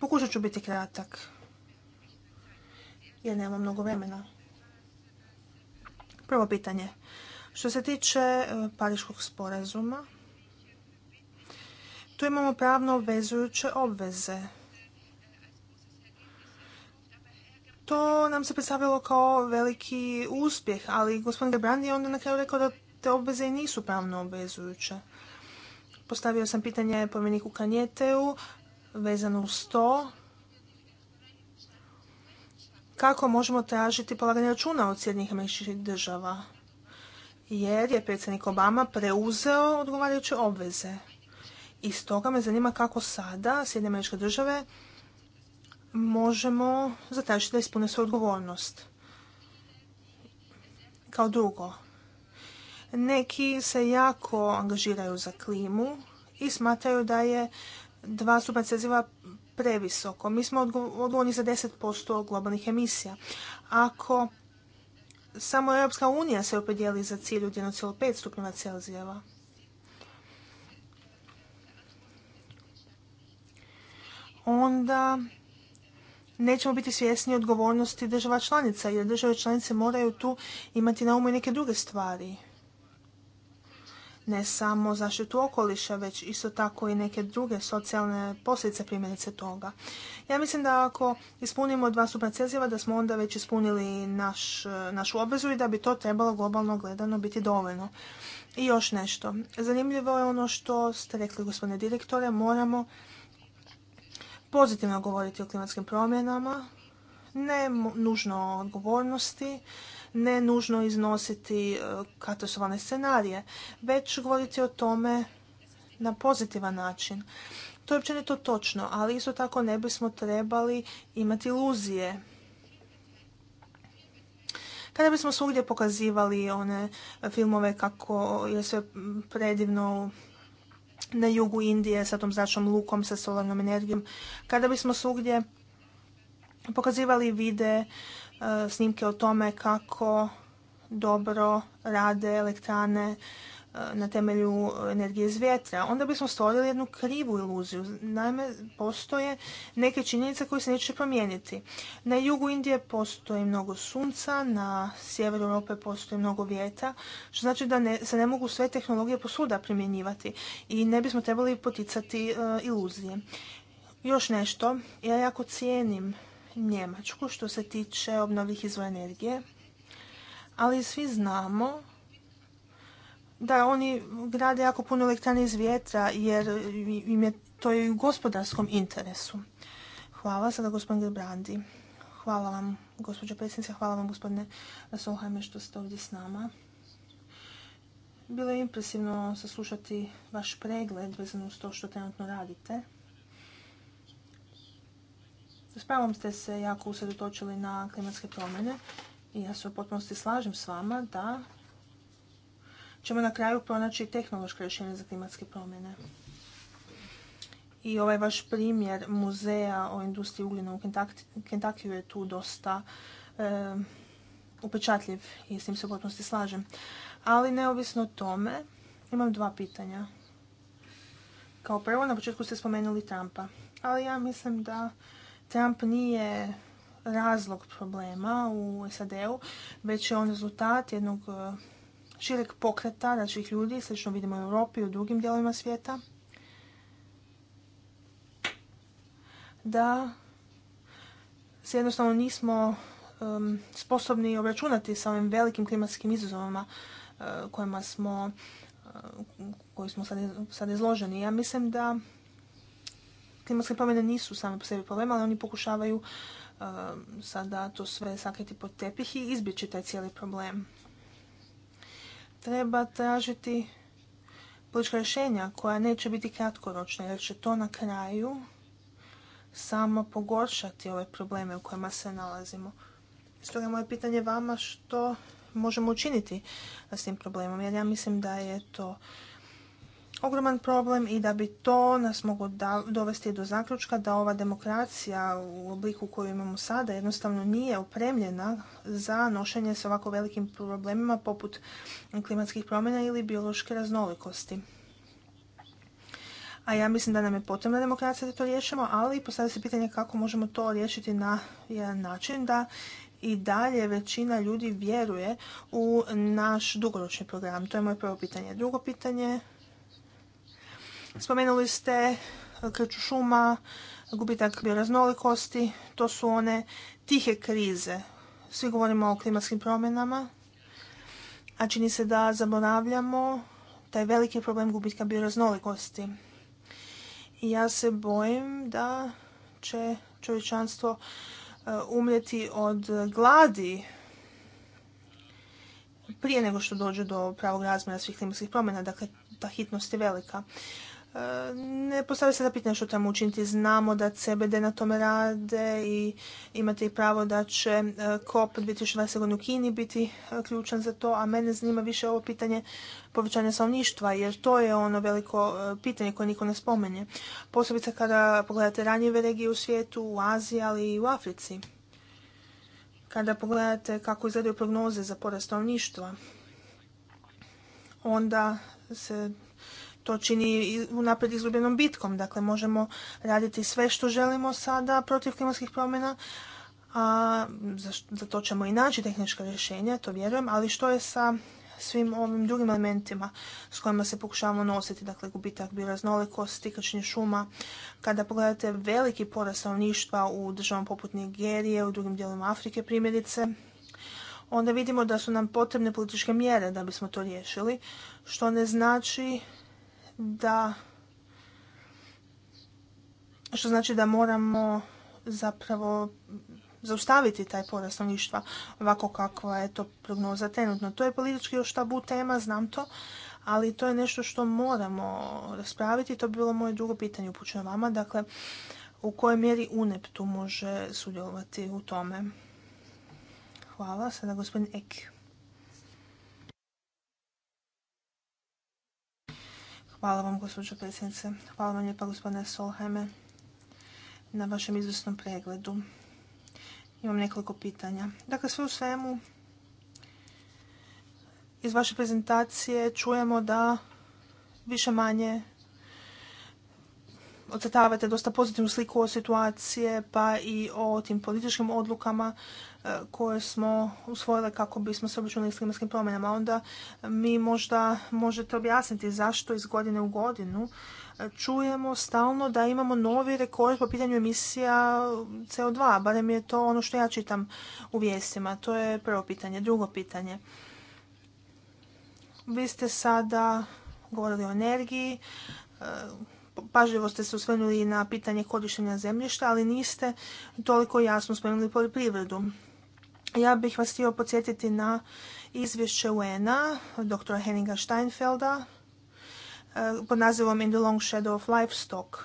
Pokušat ću biti kratak, jer nemam mnogo vremena. Prvo pitanje. Što se tiče e, Pariškog sporazuma, tu imamo pravno obvezujuće obveze to nam se predstavilo kao veliki uspjeh, ali gospodin Gebrandi je onda na kraju rekao da te obveze nisu pravno obvezujuće. Postavio sam pitanje pomeniku Kanjeteu vezano uz to kako možemo tražiti polaganje računa od Sjednih američkih država, jer je predsjednik Obama preuzeo odgovarajuće obveze. I stoga me zanima kako sada Sjedinje američke države možemo zatražiti da ispune svoju odgovornost. Kao drugo, neki se jako angažiraju za klimu i smatraju da je dva stupnja ceziva previsoko. Mi smo odgovorni za 10% globalnih emisija. Ako samo Europska unija se opredijeli za cilj od 1,5 stupnjeva Celzijeva, onda nećemo biti svjesni odgovornosti država članica, jer države članice moraju tu imati na umu i neke druge stvari. Ne samo zaštitu okoliša, već isto tako i neke druge socijalne posljedice primjerice toga. Ja mislim da ako ispunimo dva stupna da smo onda već ispunili naš, našu obvezu i da bi to trebalo globalno gledano biti dovoljno. I još nešto. Zanimljivo je ono što ste rekli, gospodine direktore, moramo pozitivno govoriti o klimatskim promjenama, ne nužno o odgovornosti, ne nužno iznositi e, katastrofalne scenarije, već govoriti o tome na pozitivan način. To je općenito točno, ali isto tako ne bismo trebali imati iluzije. Kada bismo svugdje pokazivali one filmove kako je sve predivno na jugu Indije sa tom zračnom lukom, sa solarnom energijom. Kada bismo svugdje pokazivali vide, e, snimke o tome kako dobro rade elektrane Eh, na temelju eh, energije iz vjetra, onda bismo stvorili jednu krivu iluziju. Naime, postoje neke činjenice koje se neće promijeniti. Na jugu Indije postoji mnogo sunca, na sjeveru Europe postoji mnogo vjetra, što znači da se ne mogu sve tehnologije posuda primjenjivati i ne bismo trebali poticati eh, iluzije. Još nešto, ja jako cijenim Njemačku što se tiče obnovljivih izvora energije, ali svi znamo da oni grade jako puno elektrane iz vjetra jer im je to i u gospodarskom interesu. Hvala sada gospodin Brandi. Hvala vam gospođo predsjednice, hvala vam gospodine Solheime što ste ovdje s nama. Bilo je impresivno saslušati vaš pregled vezano to što trenutno radite. S pravom ste se jako usredotočili na klimatske promjene i ja se u potpunosti slažem s vama da ćemo na kraju pronaći tehnološke rješenje za klimatske promjene. I ovaj vaš primjer muzeja o industriji ugljena u Kentakiju je tu dosta upečatljiv i s tim se u potpunosti slažem. Ali neovisno o tome, imam dva pitanja. Kao prvo, na početku ste spomenuli Trumpa. Ali ja mislim da Trump nije razlog problema u SAD-u, već je on rezultat jednog šireg pokreta naših ljudi, slično vidimo u Europi i u drugim dijelovima svijeta, da se jednostavno nismo um, sposobni obračunati sa ovim velikim klimatskim izazovama uh, kojima smo, uh, koji smo sad, izloženi. Ja mislim da klimatske promjene nisu same po sebi problema, ali oni pokušavaju um, sada to sve sakriti pod tepih i izbjeći taj cijeli problem treba tražiti politička rješenja koja neće biti kratkoročna jer će to na kraju samo pogoršati ove probleme u kojima se nalazimo. Stoga moje pitanje vama što možemo učiniti s tim problemom jer ja mislim da je to ogroman problem i da bi to nas moglo dovesti do zaključka da ova demokracija u obliku koju imamo sada jednostavno nije opremljena za nošenje s ovako velikim problemima poput klimatskih promjena ili biološke raznolikosti. A ja mislim da nam je potrebna demokracija da to riješimo, ali postavlja se pitanje kako možemo to riješiti na jedan način da i dalje većina ljudi vjeruje u naš dugoročni program. To je moje prvo pitanje. Drugo pitanje Spomenuli ste eh, krču šuma, gubitak bioraznolikosti, to su one tihe krize. Svi govorimo o klimatskim promjenama, a čini se da zaboravljamo taj veliki problem gubitka bioraznolikosti. I ja se bojim da će čovječanstvo eh, umjeti od gladi prije nego što dođe do pravog razmjera svih klimatskih promjena, dakle ta hitnost je velika ne postavlja se da pitanje što tamo učiniti. Znamo da CBD na tome rade i imate i pravo da će e, COP 2020 u Kini biti e, ključan za to, a mene zanima više ovo pitanje povećanja stanovništva, jer to je ono veliko e, pitanje koje niko ne spomenje. Posebice kada pogledate ranjive regije u svijetu, u Aziji, ali i u Africi. Kada pogledate kako izgledaju prognoze za porast stanovništva, onda se to čini unaprijed izgubljenom bitkom. Dakle, možemo raditi sve što želimo sada protiv klimatskih promjena, a za to ćemo i naći tehnička rješenja, to vjerujem, ali što je sa svim ovim drugim elementima s kojima se pokušavamo nositi, dakle gubitak bioraznolikosti, krčenje šuma. Kada pogledate veliki porast stanovništva u državama poput Nigerije, u drugim dijelovima Afrike primjerice, onda vidimo da su nam potrebne političke mjere da bismo to riješili, što ne znači da što znači da moramo zapravo zaustaviti taj porast stanovništva ovako kakva je to prognoza trenutno. To je politički još tabu tema, znam to, ali to je nešto što moramo raspraviti. To bi bilo moje drugo pitanje upućeno vama. Dakle, u kojoj mjeri UNEP tu može sudjelovati u tome? Hvala. Sada gospodin Ek. Hvala vam, gospođo predsjednice. Hvala vam lijepa, gospodine Solheime, na vašem izvrsnom pregledu. Imam nekoliko pitanja. Dakle, sve u svemu, iz vaše prezentacije čujemo da više manje ocrtavate dosta pozitivnu sliku o situacije, pa i o tim političkim odlukama E, koje smo usvojile kako bismo se obračunali s klimatskim promjenama. Onda mi možda možete objasniti zašto iz godine u godinu e, čujemo stalno da imamo novi rekord po pitanju emisija CO2. Barem je to ono što ja čitam u vijestima. To je prvo pitanje. Drugo pitanje. Vi ste sada govorili o energiji, e, pažljivo ste se osvrnuli na pitanje korištenja zemljišta, ali niste toliko jasno spomenuli poljoprivredu. Ja bih vas htio podsjetiti na izvješće UN-a, dr. Henninga Steinfelda, e, pod nazivom In the Long Shadow of Livestock.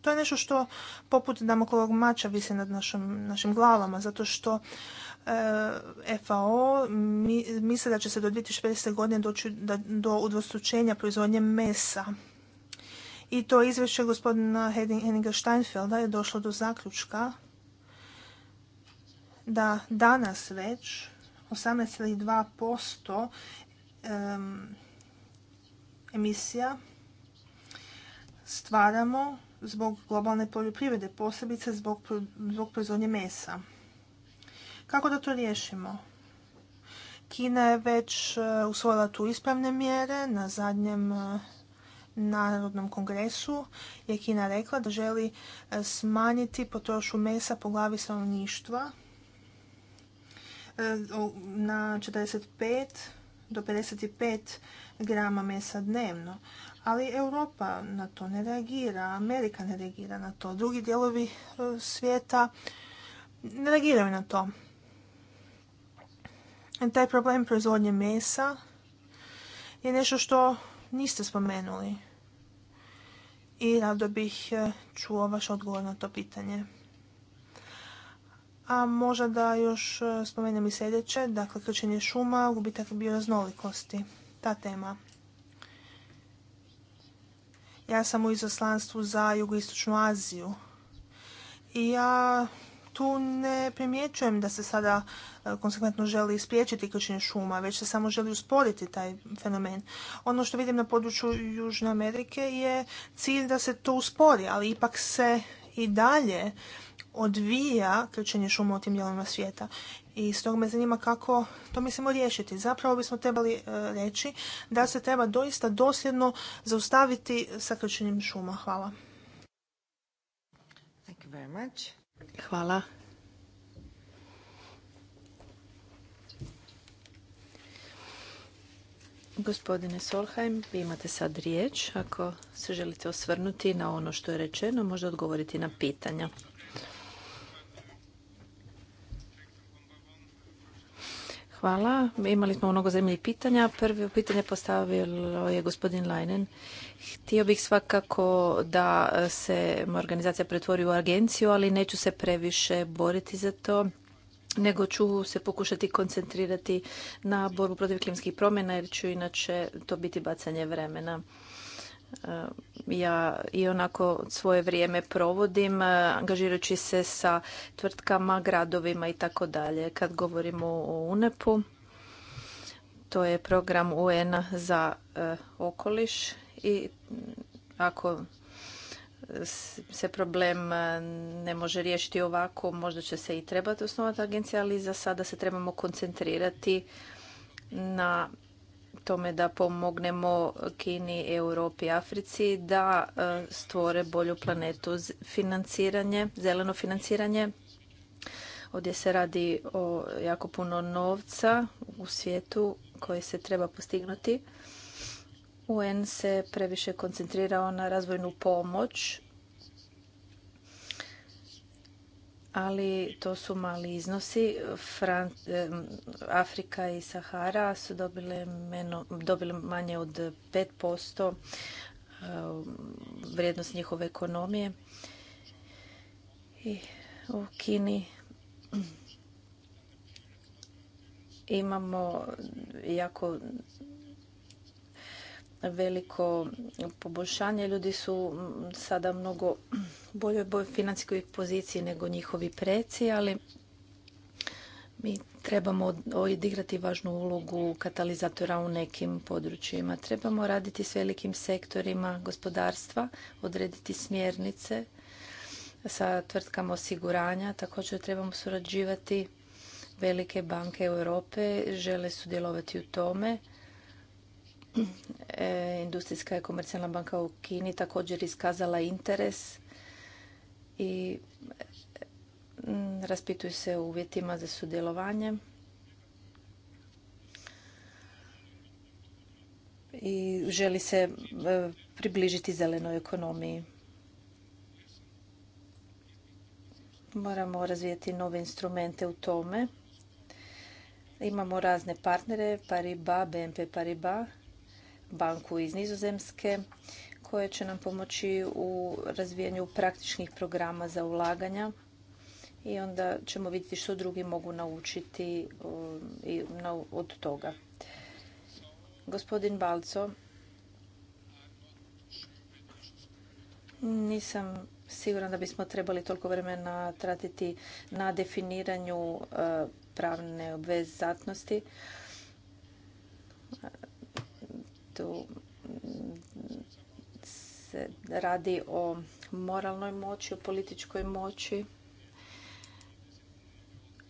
To je nešto što poput damoklovog mača visi nad našom, našim glavama, zato što e, FAO mi, misle da će se do 2050. godine doći do udvostručenja proizvodnje mesa. I to izvješće gospodina Henninga Steinfelda je došlo do zaključka da danas već 18,2% emisija stvaramo zbog globalne poljoprivrede, posebice zbog, zbog proizvodnje mesa. Kako da to riješimo? Kina je već e, usvojila tu ispravne mjere na zadnjem e, Narodnom kongresu je Kina rekla da želi e, smanjiti potrošu mesa po glavi stanovništva E, na 45 do 55 grama mesa dnevno. Ali Europa na to ne reagira, Amerika ne reagira na to, drugi dijelovi e, svijeta ne reagiraju na to. E, taj problem proizvodnje mesa je nešto što niste spomenuli. I rado bih čuo vaš odgovor na to pitanje. A možda da još e, spomenem i sljedeće, dakle krčenje šuma, gubitak bioraznolikosti, ta tema. Ja sam u izoslanstvu za jugoistočnu Aziju i ja tu ne primjećujem da se sada e, konsekventno želi ispriječiti krčenje šuma, već se samo želi usporiti taj fenomen. Ono što vidim na području Južne Amerike je cilj da se to uspori, ali ipak se i dalje odvija krčenje šuma u tim dijelovima svijeta. I stoga me zanima kako to mislimo riješiti. Zapravo bismo trebali e, reći da se treba doista dosljedno zaustaviti sa krčenjem šuma. Hvala. Thank you very much. Hvala. Gospodine Solheim, vi imate sad riječ. Ako se želite osvrnuti na ono što je rečeno, možda odgovoriti na pitanja. Hvala. Imali smo mnogo zemljih pitanja. Prvo pitanje postavio je gospodin Leinen. Htio bih svakako da se organizacija pretvori u agenciju, ali neću se previše boriti za to nego ću se pokušati koncentrirati na borbu protiv klimskih promjena jer ću inače to biti bacanje vremena ja i onako svoje vrijeme provodim e, angažirajući se sa tvrtkama, gradovima i tako dalje. Kad govorimo o UNEP-u, to je program UN za e, okoliš i ako se problem e, ne može riješiti ovako, možda će se i trebati osnovati agencija, ali za sada se trebamo koncentrirati na tome da pomognemo Kini, Europi i Africi da e, stvore bolju planetu financiranje, zeleno financiranje. Ovdje se radi o jako puno novca u svijetu koje se treba postignuti. UN se previše koncentrirao na razvojnu pomoć ali to su mali iznosi. Afrika i Sahara su dobile, dobile manje od 5% vrijednost njihove ekonomije. I u Kini imamo jako veliko poboljšanje. Ljudi su mm, sada mnogo bolje u financijskoj poziciji nego njihovi preci, ali mi trebamo odigrati važnu ulogu katalizatora u nekim područjima. Trebamo raditi s velikim sektorima gospodarstva, odrediti smjernice sa tvrtkama osiguranja. Također trebamo surađivati velike banke Europe, žele sudjelovati u tome E, industrijska i komercijalna banka u Kini također iskazala interes i mm, raspituju se o uvjetima za sudjelovanje. I želi se e, približiti zelenoj ekonomiji. Moramo razvijeti nove instrumente u tome. Imamo razne partnere, Pariba, BNP Paribas, banku iz Nizozemske koje će nam pomoći u razvijanju praktičnih programa za ulaganja i onda ćemo vidjeti što drugi mogu naučiti um, od toga. Gospodin Balco, nisam siguran da bismo trebali toliko vremena tratiti na definiranju uh, pravne obvezatnosti tu se radi o moralnoj moći, o političkoj moći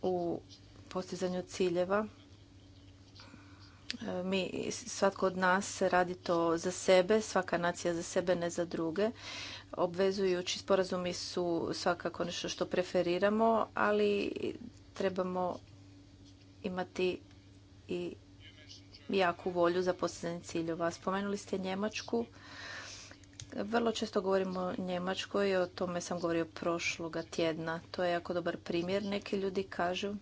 u postizanju ciljeva. E, mi, svatko od nas radi to za sebe, svaka nacija za sebe, ne za druge. Obvezujući sporazumi su svakako nešto što preferiramo, ali trebamo imati i jaku volju za postavljanje ciljeva. Spomenuli ste Njemačku. Vrlo često govorimo o Njemačkoj i o tome sam govorio prošloga tjedna. To je jako dobar primjer. Neki ljudi kažu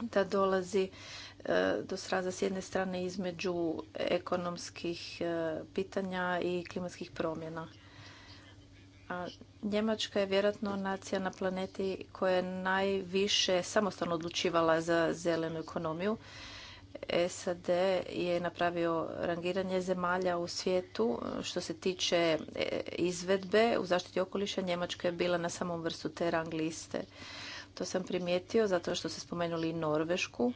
da dolazi e, do sraza s jedne strane između ekonomskih e, pitanja i klimatskih promjena. A Njemačka je vjerojatno nacija na planeti koja je najviše samostalno odlučivala za zelenu ekonomiju SAD je napravio rangiranje zemalja u svijetu eh, što se tiče eh, izvedbe u zaštiti okoliša. Njemačka je bila na samom vrstu te rang liste. To sam primijetio zato što ste spomenuli i Norvešku.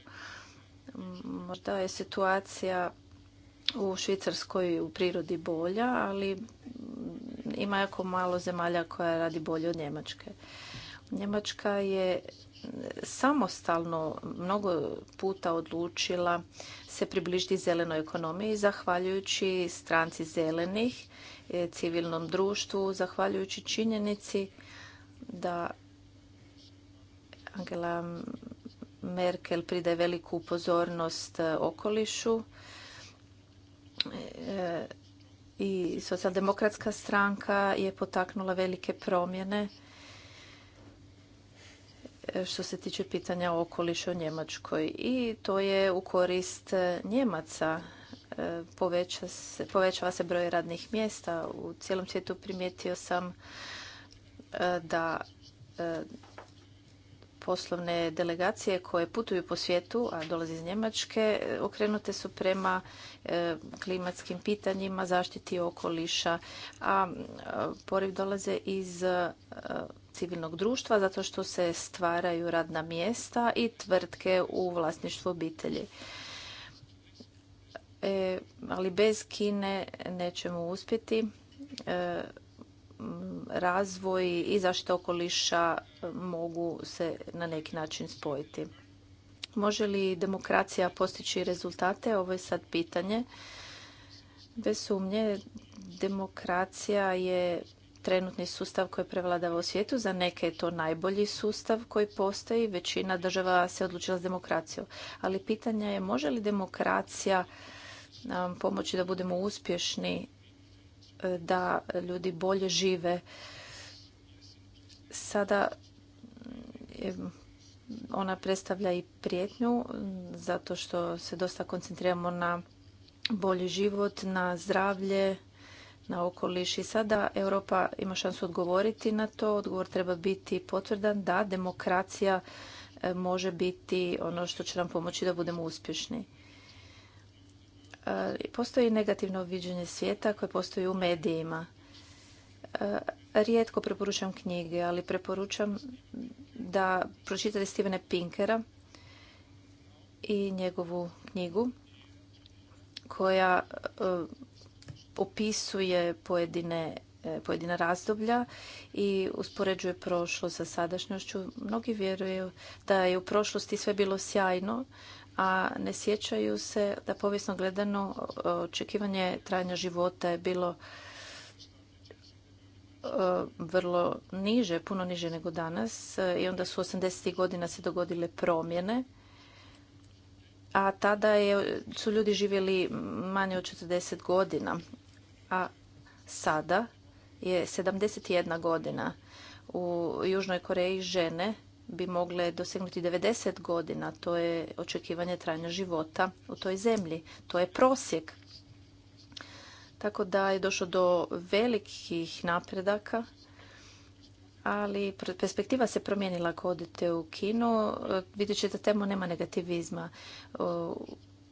Možda je situacija u Švicarskoj u prirodi bolja, ali mm, ima jako malo zemalja koja radi bolje od Njemačke. Njemačka je samostalno mnogo puta odlučila se približiti zelenoj ekonomiji zahvaljujući stranci zelenih, e, civilnom društvu, zahvaljujući činjenici da Angela Merkel pridaje veliku pozornost e, okolišu e, i socijaldemokratska stranka je potaknula velike promjene što se tiče pitanja o okolišu u Njemačkoj i to je u korist e, Njemaca. E, povećava se broj radnih mjesta. U cijelom svijetu primijetio sam e, da poslovne delegacije koje putuju po svijetu, a dolaze iz Njemačke, okrenute su prema klimatskim pitanjima, zaštiti okoliša, a poriv dolaze iz civilnog društva zato što se stvaraju radna mjesta i tvrtke u vlasništvu obitelji. E, ali bez Kine nećemo uspjeti. E, razvoj i zaštita okoliša mogu se na neki način spojiti. Može li demokracija postići rezultate? Ovo je sad pitanje. Bez sumnje, demokracija je trenutni sustav koji prevladava u svijetu. Za neke je to najbolji sustav koji postoji. Većina država se odlučila s demokracijom. Ali pitanje je može li demokracija nam um, pomoći da budemo uspješni, e, da ljudi bolje žive. Sada ona predstavlja i prijetnju zato što se dosta koncentriramo na bolji život, na zdravlje, na okoliš i sada Europa ima šansu odgovoriti na to. Odgovor treba biti potvrdan da demokracija e, može biti ono što će nam pomoći da budemo uspješni. E, postoji negativno viđenje svijeta koje postoji u medijima. E, rijetko preporučam knjige, ali preporučam da pročitate Stevena Pinkera i njegovu knjigu koja opisuje pojedine e, pojedina razdoblja i uspoređuje prošlo sa sadašnjošću. Mnogi vjeruju da je u prošlosti sve bilo sjajno, a ne sjećaju se da povijesno gledano očekivanje trajanja života je bilo e, vrlo niže, puno niže nego danas e, i onda su 80. godina se dogodile promjene a tada je, su ljudi živjeli manje od 40 godina a sada je 71 godina. U Južnoj Koreji žene bi mogle dosegnuti 90 godina. To je očekivanje trajanja života u toj zemlji. To je prosjek. Tako da je došlo do velikih napredaka, ali perspektiva se promijenila ako odete u kino. Vidjet ćete temu nema negativizma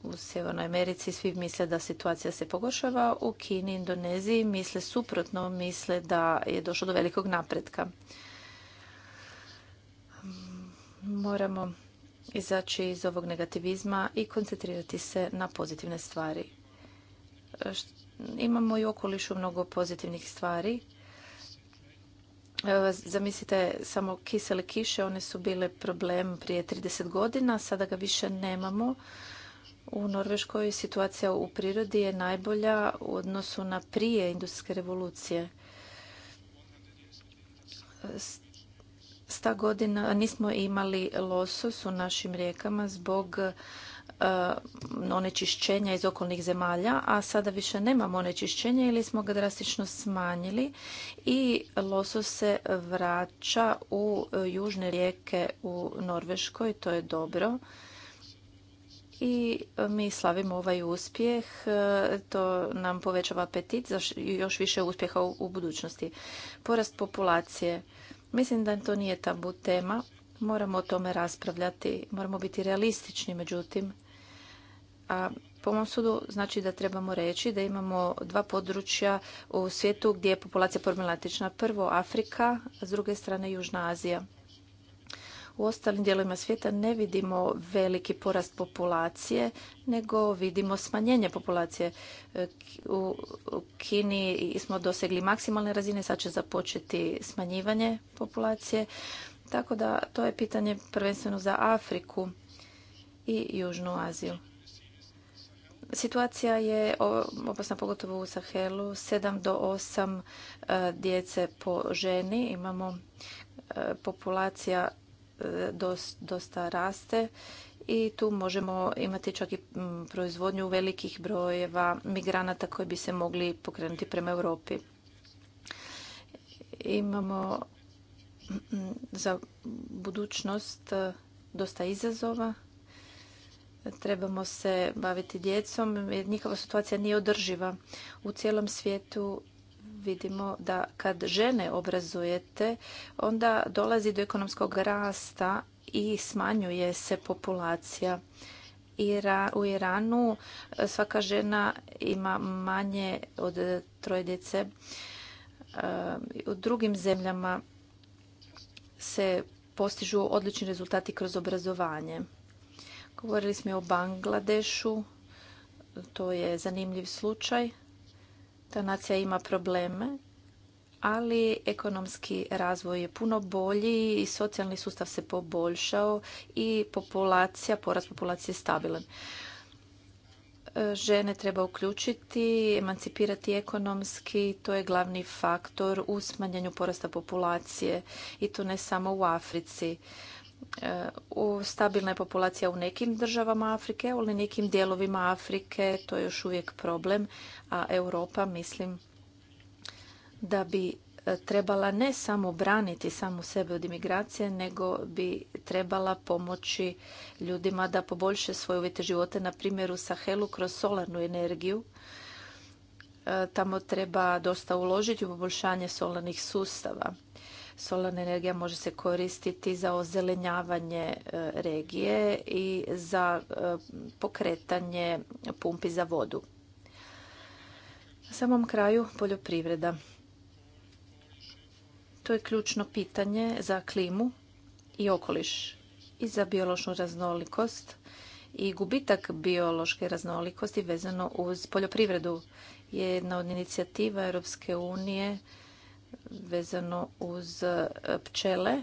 u Sjevernoj Americi svi misle da situacija se pogoršava, u Kini, i Indoneziji misle suprotno, misle da je došlo do velikog napretka. Moramo izaći iz ovog negativizma i koncentrirati se na pozitivne stvari. Imamo i okolišu mnogo pozitivnih stvari. Zamislite samo kisele kiše, one su bile problem prije 30 godina, sada ga više nemamo. U Norveškoj situacija u prirodi je najbolja u odnosu na prije industrijske revolucije. Sta godina nismo imali losos u našim rijekama zbog e, onečišćenja iz okolnih zemalja, a sada više nemamo onečišćenja ili smo ga drastično smanjili i losos se vraća u južne rijeke u Norveškoj, to je dobro i e, mi slavimo ovaj uspjeh. E, to nam povećava apetit za još više uspjeha u budućnosti. Porast populacije. Mislim da to nije tabu tema. Moramo o tome raspravljati. Moramo biti realistični, međutim. A po mom sudu znači da trebamo reći da imamo dva područja u svijetu gdje je populacija problematična. Prvo Afrika, a s druge strane Južna Azija u ostalim dijelovima svijeta ne vidimo veliki porast populacije, nego vidimo smanjenje populacije. E, u Kini smo dosegli maksimalne razine, sad će započeti smanjivanje populacije. Tako da to je pitanje prvenstveno za Afriku i Južnu Aziju. Situacija je opasna pogotovo u Sahelu. 7 do 8 e, djece po ženi. Imamo e, populacija dosta raste i tu možemo imati čak i proizvodnju velikih brojeva migranata koji bi se mogli pokrenuti prema Europi. Imamo za budućnost e, dosta izazova. Trebamo se baviti djecom jer njihova situacija nije održiva. U cijelom svijetu vidimo da kad žene obrazujete, onda dolazi do ekonomskog rasta i smanjuje se populacija. U Iranu e, svaka žena ima manje od troje djece. E, u drugim zemljama se postižu odlični rezultati kroz obrazovanje. Govorili smo i o Bangladešu, to je zanimljiv slučaj. Ta nacija ima probleme, ali ekonomski razvoj je puno bolji i socijalni sustav se poboljšao i populacija, porast populacije je stabilan. Žene treba uključiti, emancipirati ekonomski, to je glavni faktor u smanjenju porasta populacije i to ne samo u Africi. U stabilna je populacija u nekim državama Afrike, ali nekim dijelovima Afrike to je još uvijek problem, a Europa mislim da bi e, trebala ne samo braniti samu sebe od imigracije, nego bi trebala pomoći ljudima da poboljše svoje uvjete života, na primjer u Sahelu kroz solarnu energiju. E, tamo treba dosta uložiti u poboljšanje solarnih sustava. Solarna energija može se koristiti za ozelenjavanje e, regije i za e, pokretanje pumpi za vodu. Na samom kraju poljoprivreda. To je ključno pitanje za klimu i okoliš i za biološnu raznolikost i gubitak biološke raznolikosti vezano uz poljoprivredu je jedna od inicijativa Europske unije vezano uz e, pčele.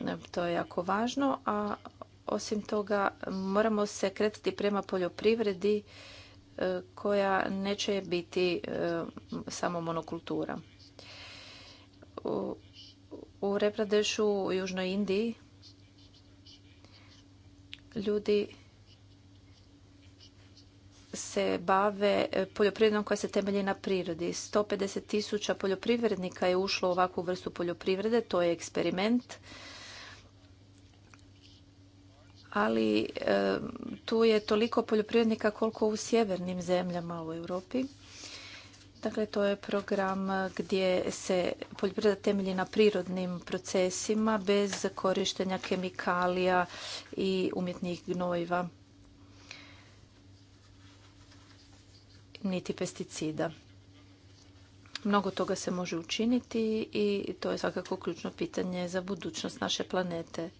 E, to je jako važno, a osim toga moramo se kretati prema poljoprivredi e, koja neće biti samo monokultura. U Repradešu u Južnoj Indiji ljudi se bave e, poljoprivredom koja se temelji na prirodi. 150 tisuća poljoprivrednika je ušlo u ovakvu vrstu poljoprivrede, to je eksperiment. Ali e, tu je toliko poljoprivrednika koliko u sjevernim zemljama u Europi. Dakle, to je program gdje se poljoprivreda temelji na prirodnim procesima bez korištenja kemikalija i umjetnih gnojiva. niti pesticida. Mnogo toga se može učiniti i to je svakako ključno pitanje za budućnost naše planete.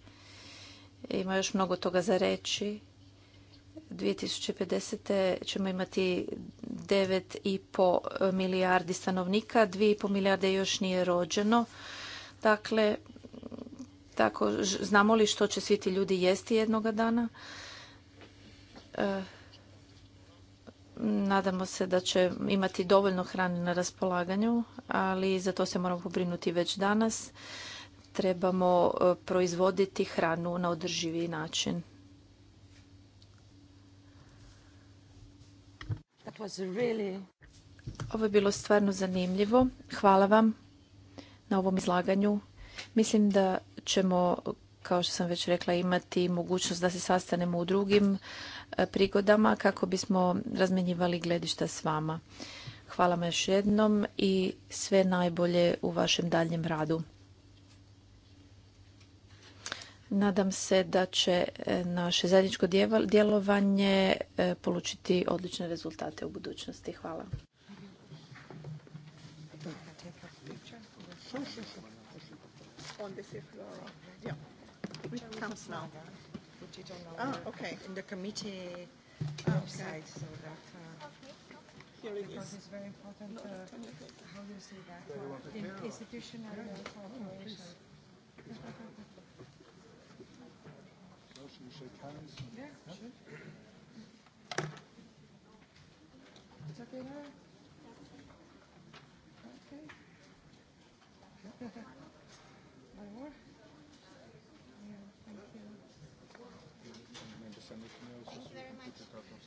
Ima još mnogo toga za reći. 2050. ćemo imati 9,5 milijardi stanovnika, 2,5 milijarde još nije rođeno. Dakle, tako, znamo li što će svi ti ljudi jesti jednoga dana? E, Nadamo se da će imati dovoljno hrane na raspolaganju, ali za to se moramo pobrinuti već danas. Trebamo e, proizvoditi hranu na održivi način. Ovo je bilo stvarno zanimljivo. Hvala vam na ovom izlaganju. Mislim da ćemo, kao što sam već rekla, imati mogućnost da se sastanemo u drugim E, prigodama kako bismo razmenjivali gledišta s vama. Hvala vam još jednom i sve najbolje u vašem daljem radu. Nadam se da će e, naše zajedničko djelovanje e, polučiti odlične rezultate u budućnosti. Hvala. Uh, it on our ah, okay. in the committee ah, okay. website. So that uh, Here it because is. it's very important uh, how you see that uh, in institutional yeah. yeah, uh, oh, cooperation. It's okay Okay.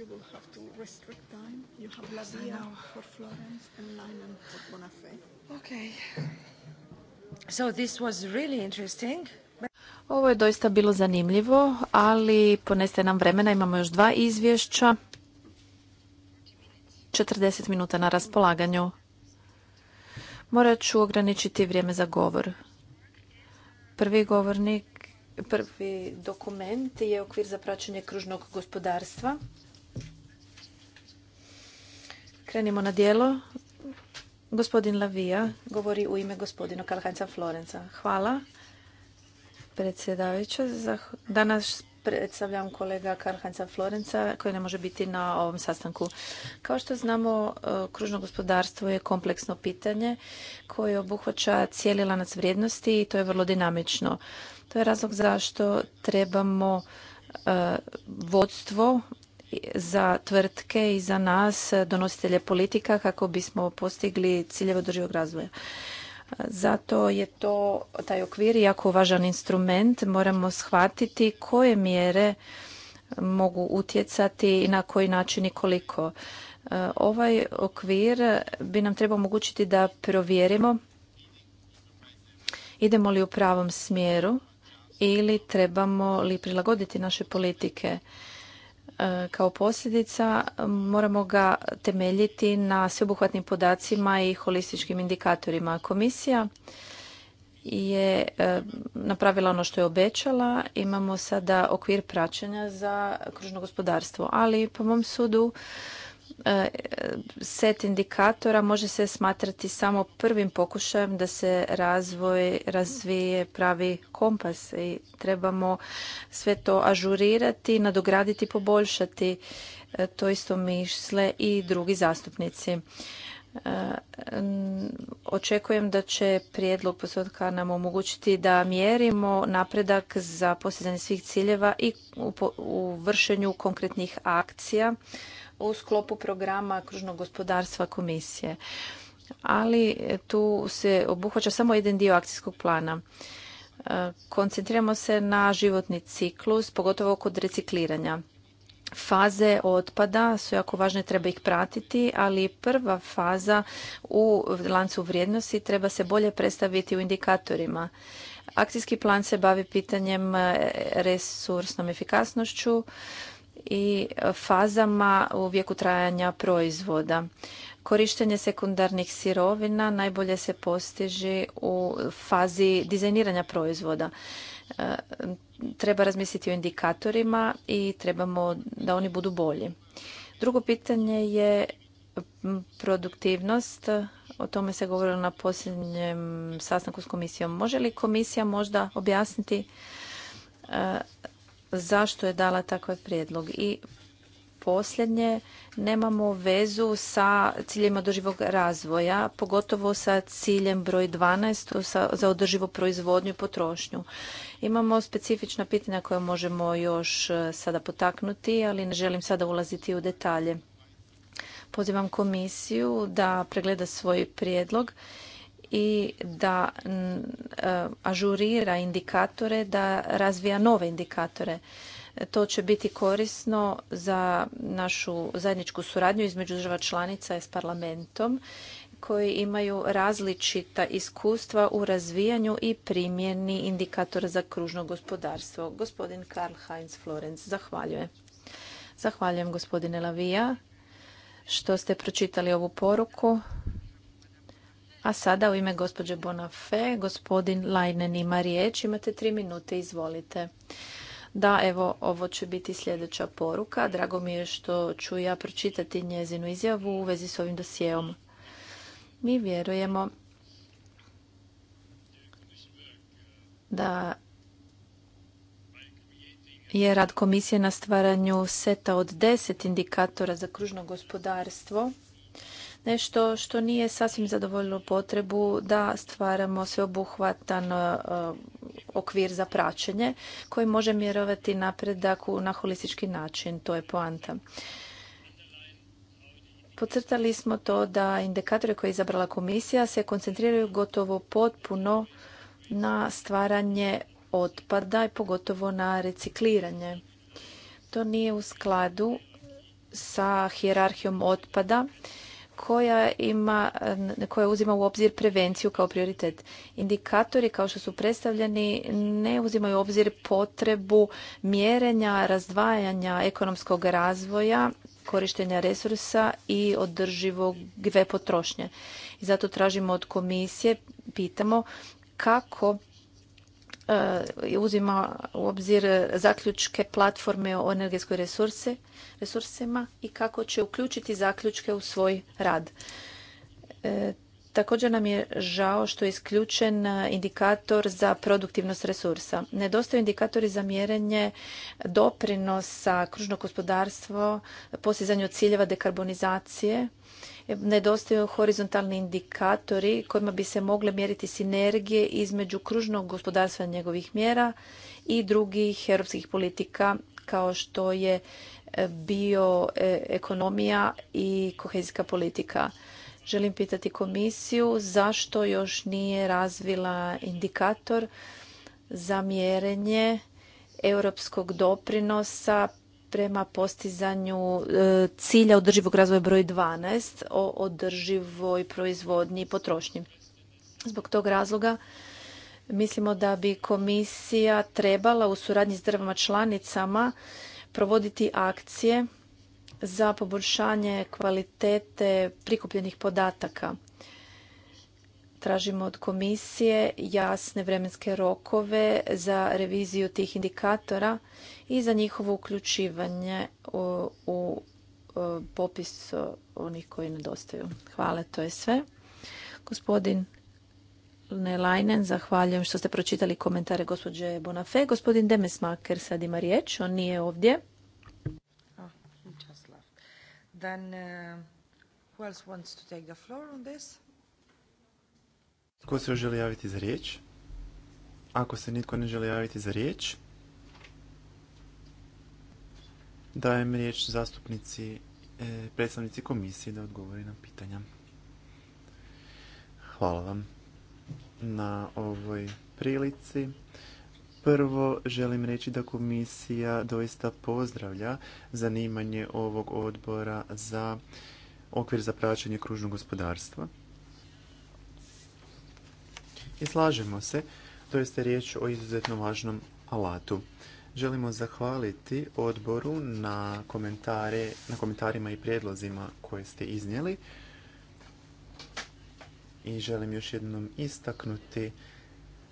you will have to restrict time. You have for Florence and Bonafé. Okay. So this was really interesting. Ovo je doista bilo zanimljivo, ali poneste nam vremena, imamo još dva izvješća. 40 minuta na raspolaganju. Morat ću ograničiti vrijeme za govor. Prvi govornik, prvi dokument je okvir za praćenje kružnog gospodarstva. Krenimo na dijelo. Gospodin Lavija govori u ime gospodina Karhanca Florenca. Hvala predsjedavajuća. Danas predstavljam kolega Karhanca Florenca koji ne može biti na ovom sastanku. Kao što znamo, e, kružno gospodarstvo je kompleksno pitanje koje obuhvaća cijeli lanac vrijednosti i to je vrlo dinamično. To je razlog zašto trebamo e, vodstvo za tvrtke i za nas, e, donositelje politika, kako bismo postigli ciljeve održivog razvoja. E, zato je to taj okvir jako važan instrument. Moramo shvatiti koje mjere mogu utjecati i na koji način i koliko. E, ovaj okvir bi nam trebao omogućiti da provjerimo idemo li u pravom smjeru ili trebamo li prilagoditi naše politike E, kao posljedica moramo ga temeljiti na sveobuhvatnim podacima i holističkim indikatorima. Komisija je e, napravila ono što je obećala. Imamo sada okvir praćenja za kružno gospodarstvo, ali po mom sudu E, set indikatora može se smatrati samo prvim pokušajem da se razvoj razvije pravi kompas i trebamo sve to ažurirati, nadograditi, poboljšati. E, to isto misle i drugi zastupnici. E, očekujem da će prijedlog postotka nam omogućiti da mjerimo napredak za postizanje svih ciljeva i u vršenju konkretnih akcija u sklopu programa kružnog gospodarstva komisije. Ali tu se obuhvaća samo jedan dio akcijskog plana. E, koncentriramo se na životni ciklus, pogotovo kod recikliranja. Faze otpada su jako važne, treba ih pratiti, ali prva faza u lancu vrijednosti treba se bolje predstaviti u indikatorima. Akcijski plan se bavi pitanjem resursnom efikasnošću, i fazama u vijeku trajanja proizvoda. Korištenje sekundarnih sirovina najbolje se postiže u fazi dizajniranja proizvoda. E, treba razmisliti o indikatorima i trebamo da oni budu bolji. Drugo pitanje je produktivnost. O tome se govorilo na posljednjem sastanku s komisijom. Može li komisija možda objasniti e, zašto je dala takav prijedlog. I posljednje, nemamo vezu sa ciljem održivog razvoja, pogotovo sa ciljem broj 12 za održivu proizvodnju i potrošnju. Imamo specifična pitanja koja možemo još e, sada potaknuti, ali ne želim sada ulaziti u detalje. Pozivam komisiju da pregleda svoj prijedlog i da e, ažurira indikatore, da razvija nove indikatore. To će biti korisno za našu zajedničku suradnju između država članica i s parlamentom koji imaju različita iskustva u razvijanju i primjeni indikatora za kružno gospodarstvo. Gospodin Karl Heinz Florenz, zahvaljujem. Zahvaljujem gospodine Lavija što ste pročitali ovu poruku a sada u ime gospođe Bonafe, gospodin Lajnen ima riječ. Imate tri minute, izvolite. Da, evo, ovo će biti sljedeća poruka. Drago mi je što ću ja pročitati njezinu izjavu u vezi s ovim dosijeom. Mi vjerujemo da je rad komisije na stvaranju seta od deset indikatora za kružno gospodarstvo nešto što nije sasvim zadovoljilo potrebu da stvaramo sveobuhvatan e, okvir za praćenje koji može mjerovati napredak na holistički način. To je poanta. Podcrtali smo to da indikatore koje je izabrala komisija se koncentriraju gotovo potpuno na stvaranje otpada i pogotovo na recikliranje. To nije u skladu sa hjerarhijom otpada koja, ima, koja uzima u obzir prevenciju kao prioritet. Indikatori kao što su predstavljeni ne uzimaju u obzir potrebu mjerenja, razdvajanja ekonomskog razvoja, korištenja resursa i održivog potrošnje. I zato tražimo od komisije, pitamo kako E, uzima u obzir zaključke platforme o energetskoj resurse, resursima i kako će uključiti zaključke u svoj rad. E, Također nam je žao što je isključen indikator za produktivnost resursa. Nedostaju indikatori za mjerenje doprinosa kružnog gospodarstva, postizanju ciljeva dekarbonizacije, nedostaju horizontalni indikatori kojima bi se mogle mjeriti sinergije između kružnog gospodarstva njegovih mjera i drugih europskih politika kao što je bioekonomija e, i kohezijska politika. Želim pitati komisiju zašto još nije razvila indikator za mjerenje europskog doprinosa prema postizanju e, cilja održivog razvoja broj 12 o održivoj proizvodnji i potrošnji. Zbog tog razloga mislimo da bi komisija trebala u suradnji s državama članicama provoditi akcije za poboljšanje kvalitete prikupljenih podataka. Tražimo od komisije jasne vremenske rokove za reviziju tih indikatora i za njihovo uključivanje u, e, popis onih koji nedostaju. Hvala, to je sve. Gospodin Nelajnen, zahvaljujem što ste pročitali komentare gospođe Bonafe. Gospodin Demesmaker sad ima riječ, on nije ovdje. Then, uh, who else wants to take the floor on this? Tko se još želi javiti za riječ? Ako se nitko ne želi javiti za riječ, dajem riječ zastupnici, eh, predstavnici komisije da odgovori na pitanja. Hvala vam na ovoj prilici Prvo želim reći da komisija doista pozdravlja zanimanje ovog odbora za okvir za praćenje kružnog gospodarstva. I slažemo se, to jeste riječ o izuzetno važnom alatu. Želimo zahvaliti odboru na, komentare, na komentarima i prijedlozima koje ste iznijeli. I želim još jednom istaknuti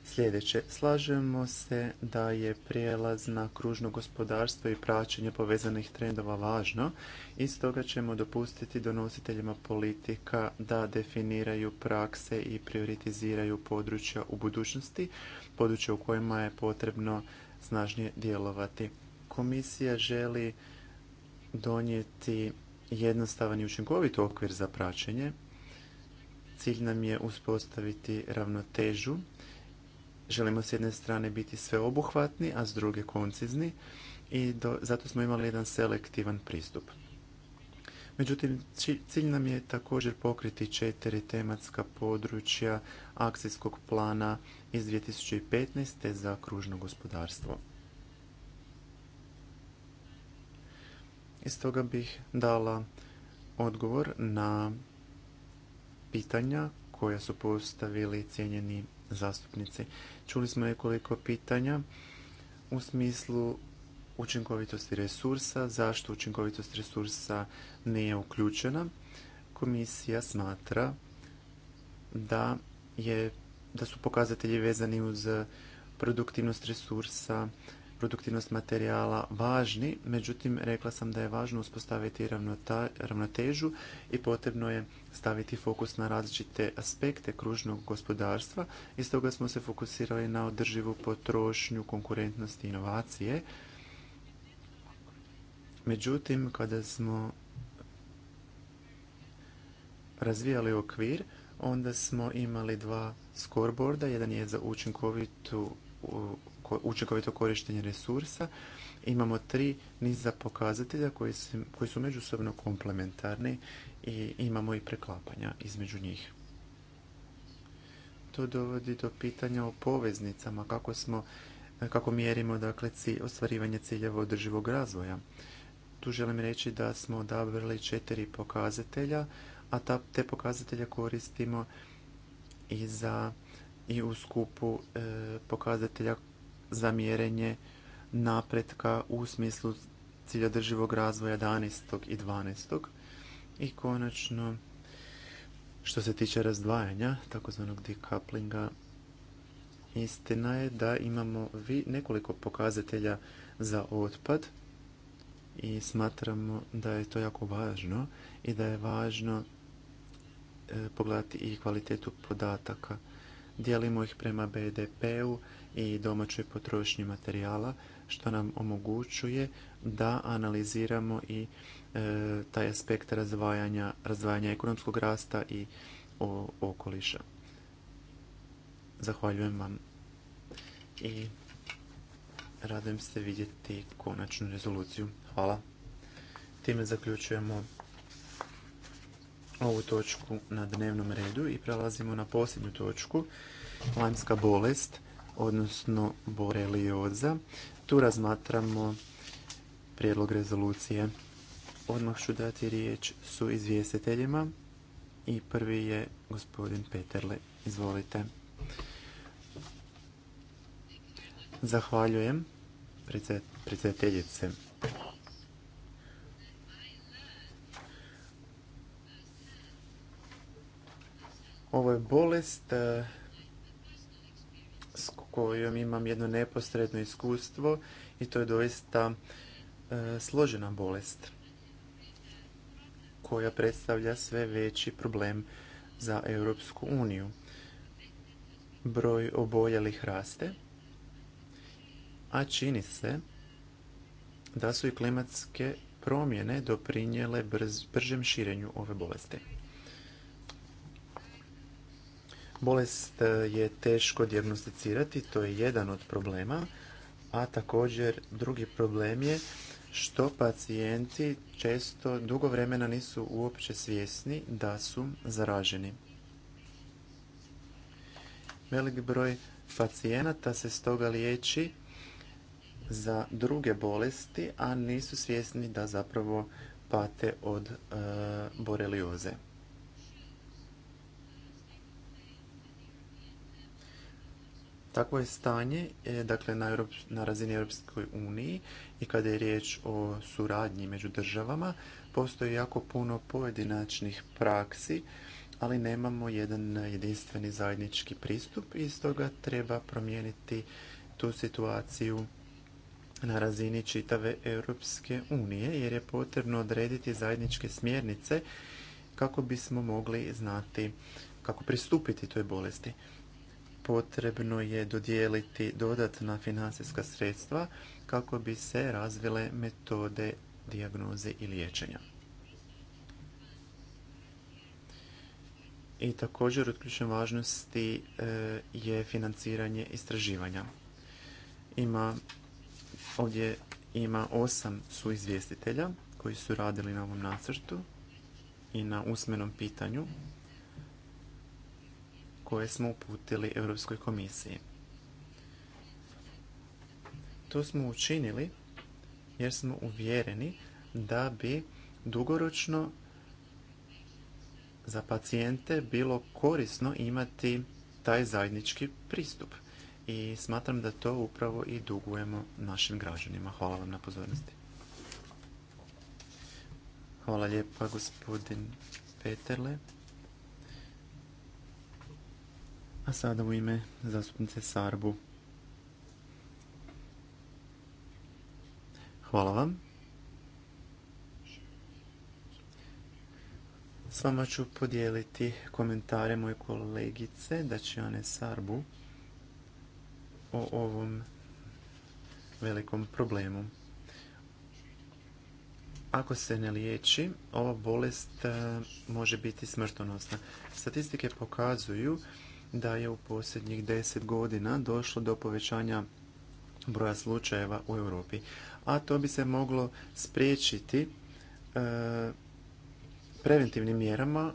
sljedeće. Slažemo se da je prijelaz na kružno gospodarstvo i praćenje povezanih trendova važno i stoga ćemo dopustiti donositeljima politika da definiraju prakse i prioritiziraju područja u budućnosti, područja u kojima je potrebno snažnije djelovati. Komisija želi donijeti jednostavan i učinkovit okvir za praćenje. Cilj nam je uspostaviti ravnotežu Želimo s jedne strane biti sveobuhvatni, a s druge koncizni i zato smo imali jedan selektivan pristup. Međutim, cilj nam je također pokriti četiri tematska područja akcijskog plana iz 2015. za kružno gospodarstvo. Iz toga bih dala odgovor na pitanja koja su postavili cijenjeni zastupnici. Čuli smo nekoliko pitanja u smislu učinkovitosti resursa, zašto učinkovitost resursa nije uključena. Komisija smatra da, je, da su pokazatelji vezani uz produktivnost resursa, produktivnost materijala važni, međutim rekla sam da je važno uspostaviti ravnotežu i potrebno je staviti fokus na različite aspekte kružnog gospodarstva i stoga smo se fokusirali na održivu potrošnju, konkurentnost i inovacije. Međutim, kada smo razvijali okvir, onda smo imali dva scoreboarda, jedan je za učinkovitu učinkovito korištenje resursa. Imamo tri niza pokazatelja koji su, koji su međusobno komplementarni i imamo i preklapanja između njih. To dovodi do pitanja o poveznicama, kako, smo, kako mjerimo dakle, cilj, ostvarivanje ciljeva održivog razvoja. Tu želim reći da smo odabrali četiri pokazatelja, a ta, te pokazatelje koristimo i za i u skupu e, pokazatelja za mjerenje napretka u smislu cilja razvoja 11. i 12. I konačno, što se tiče razdvajanja, takozvanog decouplinga, istina je da imamo nekoliko pokazatelja za otpad i smatramo da je to jako važno i da je važno e, pogledati i kvalitetu podataka. Dijelimo ih prema BDP-u i domaćoj potrošnji materijala što nam omogućuje da analiziramo i e, taj aspekt razvajanja razvajanja ekonomskog rasta i okoliša. Zahvaljujem vam i radujem se vidjeti konačnu rezoluciju. Hvala. Time zaključujemo ovu točku na dnevnom redu i prelazimo na posljednju točku, lanska bolest odnosno borelioza. Tu razmatramo prijedlog rezolucije. Odmah ću dati riječ su izvjestiteljima i prvi je gospodin Peterle. Izvolite. Zahvaljujem predsjedateljice. Ovo je bolest eh, kojom imam jedno neposredno iskustvo i to je doista e, složena bolest koja predstavlja sve veći problem za Europsku uniju. Broj oboljelih raste, a čini se da su i klimatske promjene doprinijele bržem širenju ove bolesti. Bolest e, je teško dijagnosticirati, to je jedan od problema, a također drugi problem je što pacijenti često dugo vremena nisu uopće svjesni da su zaraženi. Velik broj pacijenata se stoga liječi za druge bolesti, a nisu svjesni da zapravo pate od e, borelioze. Takvo je stanje e, dakle, na, na razini Europskoj uniji i kada je riječ o suradnji među državama, postoji jako puno pojedinačnih praksi, ali nemamo jedan jedinstveni zajednički pristup i stoga treba promijeniti tu situaciju na razini čitave Europske unije jer je potrebno odrediti zajedničke smjernice kako bismo mogli znati kako pristupiti toj bolesti potrebno je dodijeliti dodatna financijska sredstva kako bi se razvile metode dijagnoze i liječenja. I također od ključne važnosti e, je financiranje istraživanja. Ima, ovdje ima osam suizvjestitelja koji su radili na ovom nacrtu i na usmenom pitanju koje smo uputili Europskoj komisiji. To smo učinili jer smo uvjereni da bi dugoročno za pacijente bilo korisno imati taj zajednički pristup. I smatram da to upravo i dugujemo našim građanima. Hvala vam na pozornosti. Hvala lijepa gospodin Peterle. A sada u ime zastupnice Sarbu. Hvala vam. S vama ću podijeliti komentare moje kolegice da će one Sarbu o ovom velikom problemu. Ako se ne liječi, ova bolest e, može biti smrtonosna. Statistike pokazuju da je u posljednjih deset godina došlo do povećanja broja slučajeva u Europi. A to bi se moglo spriječiti e, preventivnim mjerama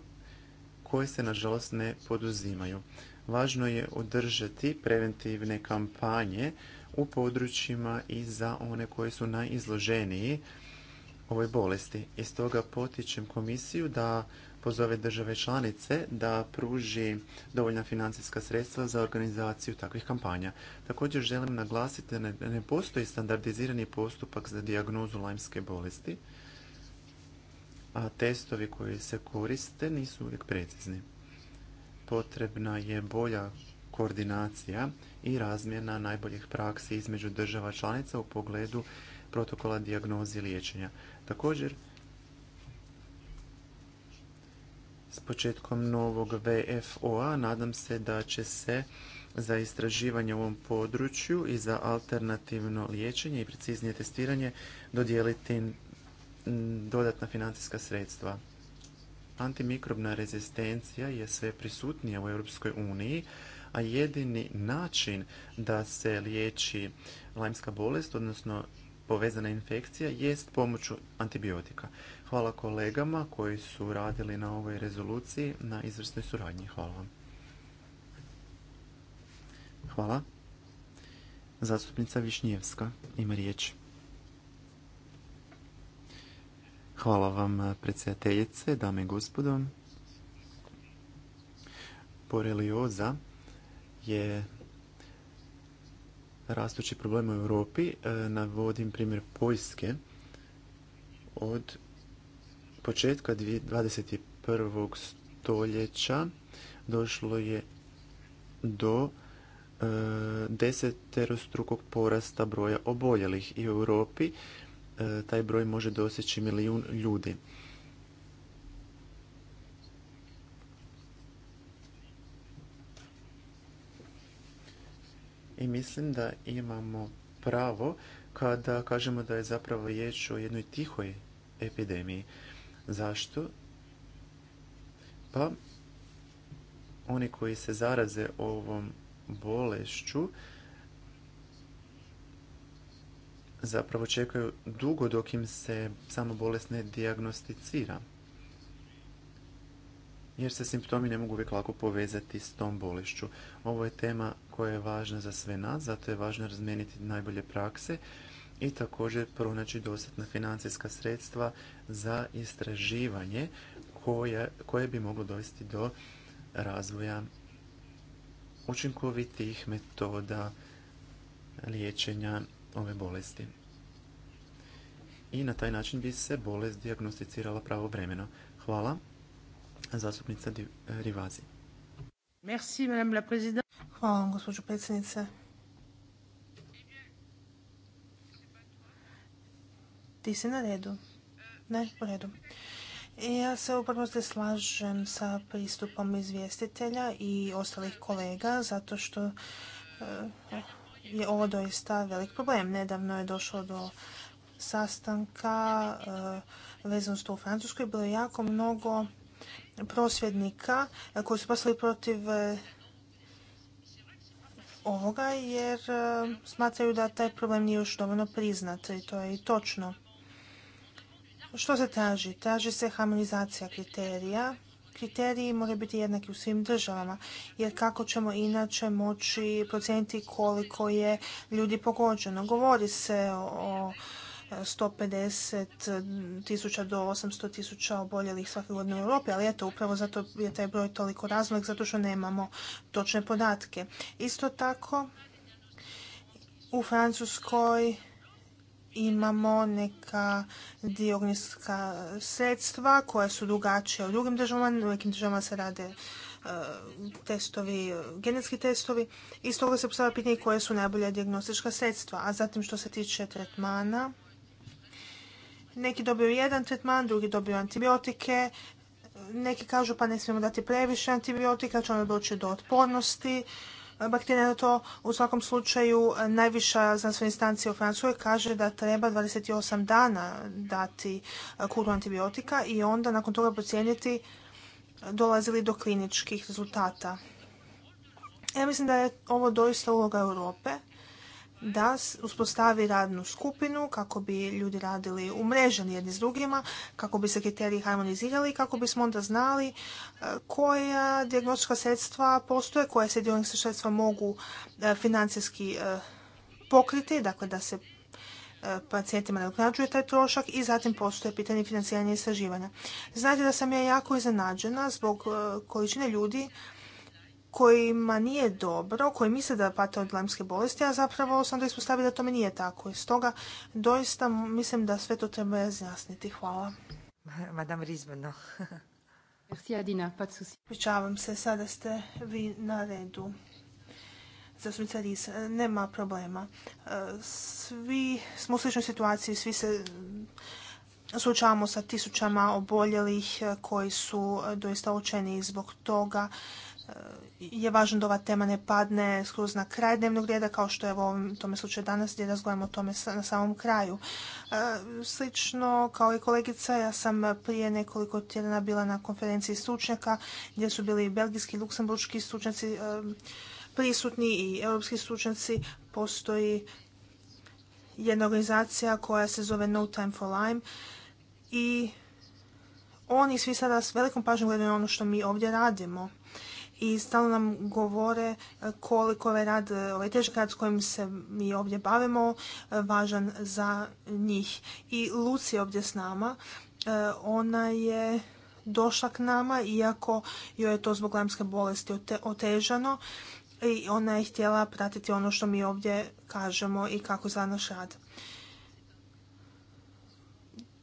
koje se nažalost ne poduzimaju. Važno je održati preventivne kampanje u područjima i za one koji su najizloženiji ovoj bolesti. I stoga potičem komisiju da pozove države članice da pruži dovoljna financijska sredstva za organizaciju takvih kampanja. Također želim naglasiti da ne postoji standardizirani postupak za dijagnozu lajmske bolesti, a testovi koji se koriste nisu uvijek precizni. Potrebna je bolja koordinacija i razmjena najboljih praksi između država članica u pogledu protokola diagnozi liječenja. Također, s početkom novog VFOA Nadam se da će se za istraživanje u ovom području i za alternativno liječenje i preciznije testiranje dodijeliti dodatna financijska sredstva. Antimikrobna rezistencija je sve prisutnija u EU, a jedini način da se liječi lajmska bolest, odnosno povezana infekcija jest pomoću antibiotika. Hvala kolegama koji su radili na ovoj rezoluciji na izvrsnoj suradnji. Hvala vam. Hvala. Zastupnica Višnjevska ima riječ. Hvala vam predsjedateljice, dame i gospodo. Porelioza je rastući problem u Europi. E, navodim primjer Poljske. Od početka 21. stoljeća došlo je do e, deseterostrukog porasta broja oboljelih i u Europi e, taj broj može doseći milijun ljudi. i mislim da imamo pravo kada kažemo da je zapravo riječ o jednoj tihoj epidemiji. Zašto? Pa oni koji se zaraze ovom bolešću zapravo čekaju dugo dok im se samo bolest ne dijagnosticira jer se simptomi ne mogu uvijek lako povezati s tom bolešću. Ovo je tema koja je važna za sve nas, zato je važno razmijeniti najbolje prakse i također pronaći dostatna financijska sredstva za istraživanje koje, bi moglo dovesti do razvoja učinkovitih metoda liječenja ove bolesti. I na taj način bi se bolest dijagnosticirala pravovremeno. Hvala. Zastupnica Rivazi. Merci, madame la Hvala vam, gospođo predsjednice. Ti si na redu. Ne, u redu. Ja se upravo se slažem sa pristupom izvjestitelja i ostalih kolega zato što e, je ovo doista velik problem. Nedavno je došlo do sastanka e, vezano u Francuskoj. Bilo je jako mnogo prosvjednika eh, koji su poslali protiv eh, ovoga jer eh, smatraju da taj problem nije još dovoljno priznat i to je i točno. Što se traži? Traži se harmonizacija kriterija. Kriteriji moraju biti jednaki u svim državama, jer kako ćemo inače moći procijeniti koliko je ljudi pogođeno. Govori se o 150 tisuća do 800 tisuća oboljelih svake godine u Europi, ali eto, upravo zato je taj broj toliko razlog zato što nemamo točne podatke. Isto tako, u Francuskoj imamo neka diognijska sredstva koja su drugačija u drugim državama, u nekim državama se rade e, testovi, genetski testovi. Iz toga se postavlja pitanje koje su najbolja dijagnostička sredstva. A zatim što se tiče tretmana, neki dobiju jedan tretman, drugi dobiju antibiotike, neki kažu pa ne smijemo dati previše antibiotika, će onda doći do otpornosti bakterija na to. U svakom slučaju najviša znanstvena instancija u Francuskoj kaže da treba 28 dana dati e, kuru antibiotika i onda nakon toga procijeniti e, dolazili do kliničkih rezultata. Ja mislim da je ovo doista uloga Europe da uspostavi radnu skupinu kako bi ljudi radili umreženi jedni s drugima, kako bi se kriteriji harmonizirali i kako bismo onda znali e, koja dijagnostička sredstva postoje, koja se dijagnostička sredstva mogu e, financijski e, pokriti, dakle da se pacijentima nadoknađuje taj trošak i zatim postoje pitanje financiranja i istraživanja. Znate da sam ja jako iznenađena zbog količine ljudi kojima nije dobro, koji misle da pate od glamske bolesti, a zapravo sam da ispostavi da tome nije tako. I stoga doista mislim da sve to treba razjasniti. Hvala. Madame Rizmano. Pričavam se, sada ste vi na redu. Zastupnica Ris, nema problema. Svi smo u sličnoj situaciji, svi se suočavamo sa tisućama oboljelih koji su doista očeni zbog toga je važno da ova tema ne padne skroz na kraj dnevnog reda, kao što je u ovom tome slučaju danas gdje razgovaramo o tome na samom kraju. E, slično kao i kolegica, ja sam prije nekoliko tjedana bila na konferenciji stručnjaka gdje su bili belgijski i luksemburški stručnjaci e, prisutni i europski stručnjaci. Postoji jedna organizacija koja se zove No Time for Lime i oni svi sada s velikom pažnjom gledaju ono što mi ovdje radimo i stalno nam govore e, koliko je rad, e, ovaj težak rad s kojim se mi ovdje bavimo, e, važan za njih. I Luci je ovdje s nama. Ona je došla k nama, iako joj je to zbog lamske bolesti otežano i ona je htjela pratiti ono što mi ovdje kažemo i kako za naš rad.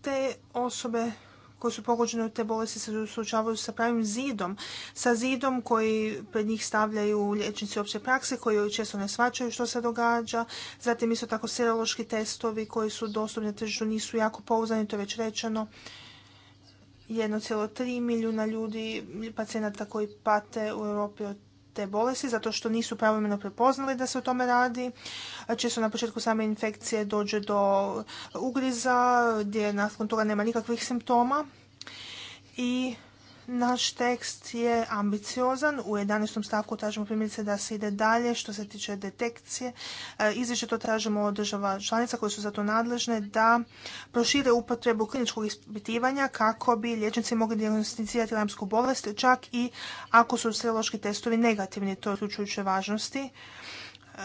Te osobe koji su pogođeni od te bolesti se suočavaju sa pravim zidom, sa zidom koji pred njih stavljaju liječnici opće prakse koji često ne svačaju što se događa, zatim isto tako serološki testovi koji su dostupni na tržištu nisu jako pouzani. to je već rečeno. 1,3 milijuna ljudi, pacijenata koji pate u Europi od te bolesti zato što nisu pravilno prepoznali da se o tome radi. Često na početku same infekcije dođe do ugriza gdje nakon toga nema nikakvih simptoma i naš tekst je ambiciozan. U 11. stavku tražimo primjerice da se ide dalje što se tiče detekcije. E, izvješće to tražimo od država članica koje su za to nadležne da prošire upotrebu kliničkog ispitivanja kako bi liječnici mogli dijagnosticirati lamsku bolest čak i ako su serološki testovi negativni, to je uključujuće važnosti